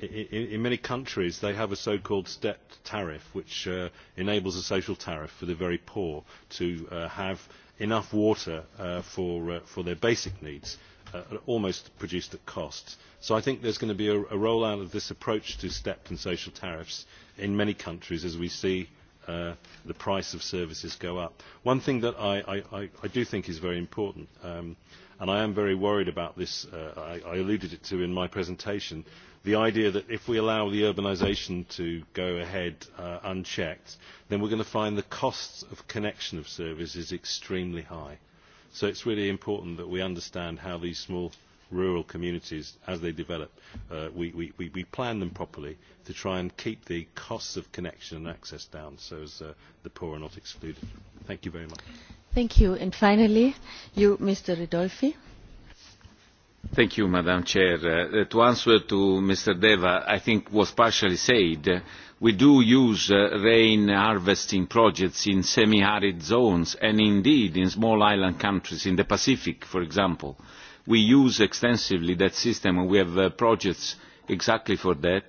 in, in many countries they have a so-called stepped tariff which uh, enables a social tariff for the very poor to uh, have enough water uh, for, uh, for their basic needs Uh, almost produced at cost. So I think there is going to be a, roll out of this approach to stepped and social tariffs in many countries as we see uh, the price of services go up. One thing that I, I, do think is very important, um, and I am very worried about this, uh, I, I alluded it to in my presentation, the idea that if we allow the urbanisation to go ahead unchecked, then we are going to find the costs of connection of services extremely high so it is really important that we understand how these small rural communities as they develop uh, we, we, we plan them properly to try and keep the costs of connection and access down so as uh, the poor are not excluded. Thank you very much. Thank you. And finally, you, Mr. Ridolfi. Thank you, Madam Chair. Uh, to answer to Mr. Deva, I think was partially said we do use uh, rain harvesting projects in semi-arid zones and indeed in small island countries in the Pacific, for example. We use extensively that system and we have uh, projects exactly for that.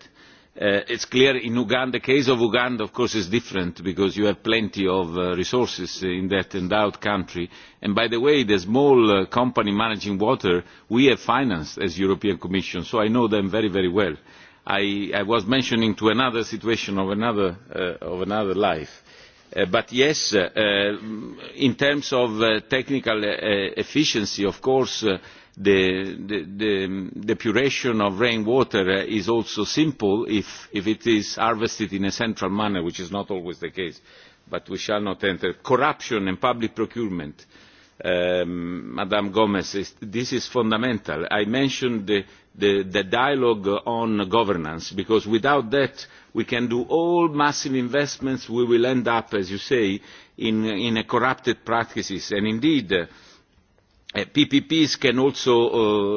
Uh, it's clear in Uganda, the case of Uganda of course is different because you have plenty of uh, resources in that endowed country. And by the way, the small uh, company managing water, we have financed as European Commission, so I know them very, very well i, was mentioning to another situation of another, uh, of another life uh, but yes uh, uh in terms of uh, technical uh, efficiency of course the, the, the depuration of rainwater is also simple if, if it is harvested in a central manner which is not always the case but we shall not enter. corruption and public procurement um, ms gomes this is fundamental. i mentioned the the, the dialogue on governance, because without that we can do all massive investments, we will end up, as you say, in, in a corrupted practices. And indeed, uh, uh PPPs can also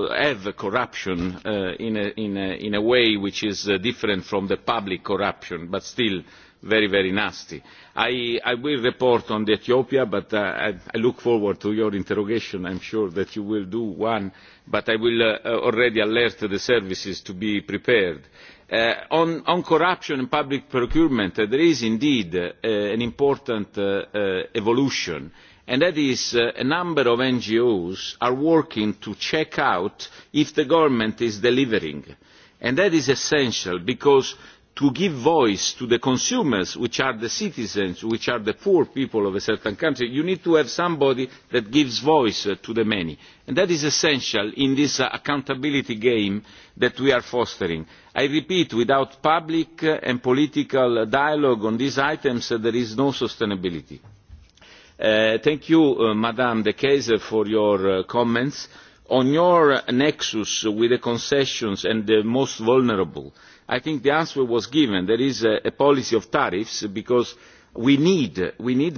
uh, have corruption uh, in, a, in, a, in a way which is uh, different from the public corruption, but still uh, very, very nasty. I, I will report on Ethiopia, but uh, I, I look forward to your interrogation. I'm sure that you will do one, but I will uh, uh, already alert the services to be prepared. Uh, on, on corruption and public procurement, uh, there is indeed uh, an important uh, uh, evolution, and that is uh, a number of NGOs are working to check out if the government is delivering. And that is essential because to give voice to the consumers which are the citizens which are the poor people of a certain country you need to have somebody that gives voice uh, to the many and that is essential in this uh, accountability game that we are fostering. i repeat without public uh, and political dialogue on these items there is no sustainability. Uh, thank you uh, madam de keyser for your uh, comments. on your nexus with the concessions and the most vulnerable i think the answer was given there is a, policy of tariffs because we need,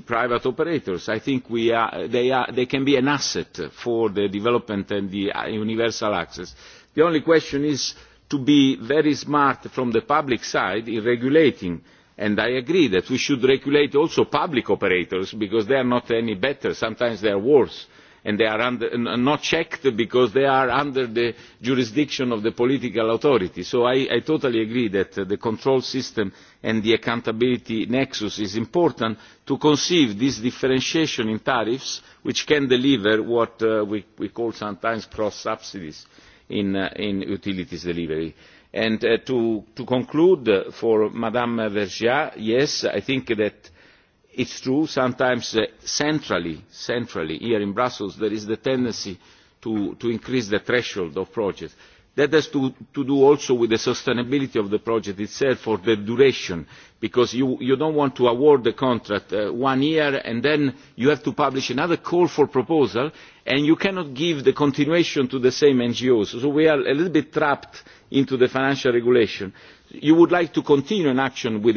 private operators. i think they, they can be an asset for the development and the uh, universal access. the only question is to be very smart from the public side in regulating and i agree that we should regulate also public operators because they are not any better sometimes they are worse and they are not checked because they are under the jurisdiction of the political authority. so i, totally agree that uh, the control system and the accountability nexus is important to conceive this differentiation in tariffs which can deliver what uh, we, call sometimes cross subsidies in, uh, utilities delivery. to, conclude for Ms Vergiat, yes, I think that it is true sometimes uh, centrally, centrally here in brussels there is the tendency to, to increase the threshold of projects. that has to, to do also with the sustainability of the project itself for the duration because you, you do not want to award the contract uh, one year and then you have to publish another call for proposal and you cannot give the continuation to the same ngos. so we are a little bit trapped into the financial regulation you would like to continue an action with,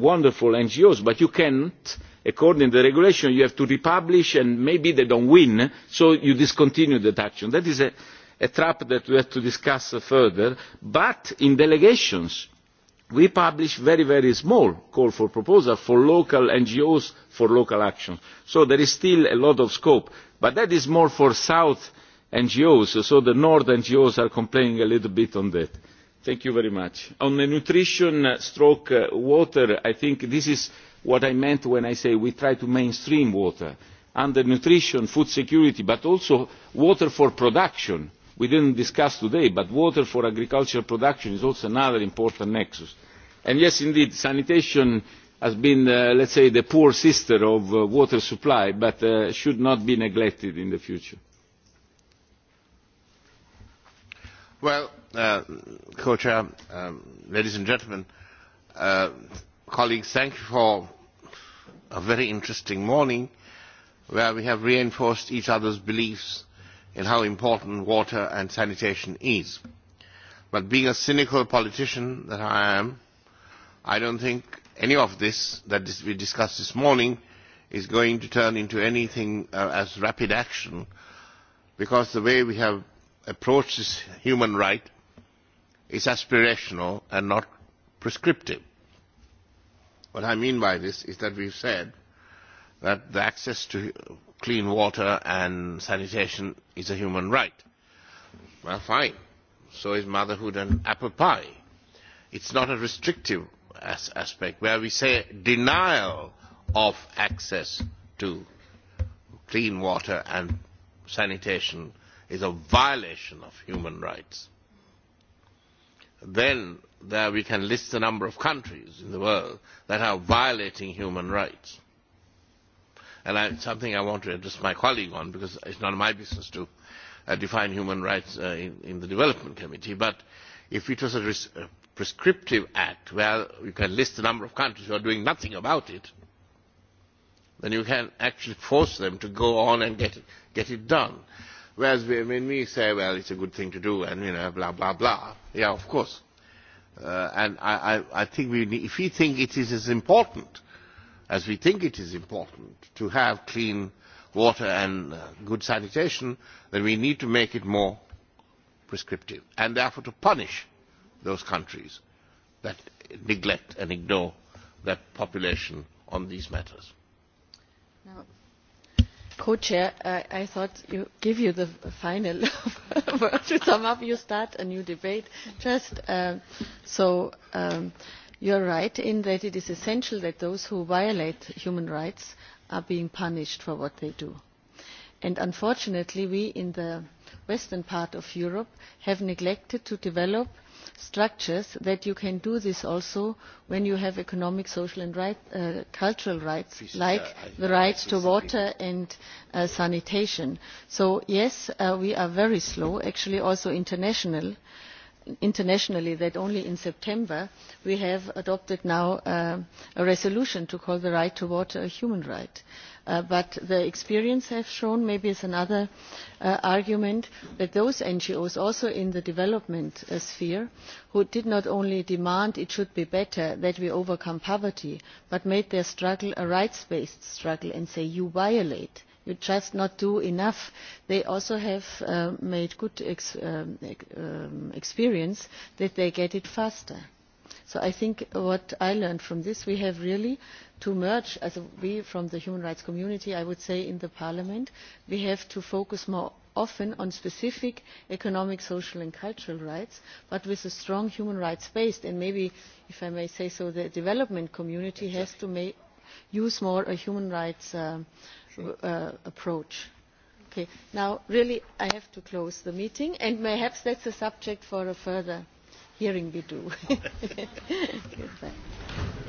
wonderful ngos but you cannot according to the regulation you have to republish and maybe they do not win so you discontinue that action. that is a, a trap that we have to discuss further but in delegations we publish very very small call for proposals for local ngos for local action so there is still a lot of scope but that is more for south ngos so the north ngos are complaining a little bit on that thank you very much. on the nutrition uh, stroke uh, water i think this is what i meant when i say we try to mainstream water under nutrition food security but also water for production we did not discuss today but water for agricultural production is also another important nexus. and yes indeed sanitation has been uh, let us say the poor sister of uh, water supply but uh, should not be neglected in the future. well uh, co-chair, uh, um, ladies and gentlemen, uh, colleagues, thank you for a very interesting morning where we have reinforced each other's beliefs in how important water and sanitation is. But being a cynical politician that I am, I don't think any of this that this, we discussed this morning is going to turn into anything uh, as rapid action because the way we have approached this human right is aspirational and not prescriptive. What I mean by this is that we've said that the access to clean water and sanitation is a human right. Well, fine. So is motherhood and apple pie. It's not a restrictive as aspect where we say denial of access to clean water and sanitation is a violation of human rights then there we can list the number of countries in the world that are violating human rights. And I, something I want to address my colleague on, because it's not my business to uh, define human rights uh, in, in the Development Committee. But if it was a, res- a prescriptive act where you can list the number of countries who are doing nothing about it, then you can actually force them to go on and get it, get it done. Whereas we, when we say, well, it's a good thing to do, and you know, blah blah blah. Yeah, of course. Uh, and I, I, I think we, need if we think it is as important as we think it is important to have clean water and uh, good sanitation, then we need to make it more prescriptive, and therefore to punish those countries that neglect and ignore that population on these matters. Now, co-chair, I, I thought you give you the final word to sum up. You start a new debate. Just um, so um, you're right in that it is essential that those who violate human rights are being punished for what they do. And unfortunately, we in the western part of Europe have neglected to develop structures that you can do this also when you have economic, social and right, uh, cultural rights like uh, the right to water and uh, sanitation. So yes, uh, we are very slow, actually also international internationally that only in september we have adopted now uh, a resolution to call the right to water a human right uh, but the experience has shown maybe is another uh, argument that those ngos also in the development sphere who did not only demand it should be better that we overcome poverty but made their struggle a rights based struggle and say you violate you just not do enough. They also have uh, made good ex um, um, experience that they get it faster. So I think what I learned from this, we have really to merge, as we from the human rights community, I would say in the parliament, we have to focus more often on specific economic, social and cultural rights, but with a strong human rights base. And maybe, if I may say so, the development community has to make, use more a human rights uh, Uh, approach. Okay. Now, really, I have to close the meeting, and perhaps that's a subject for a further hearing we do.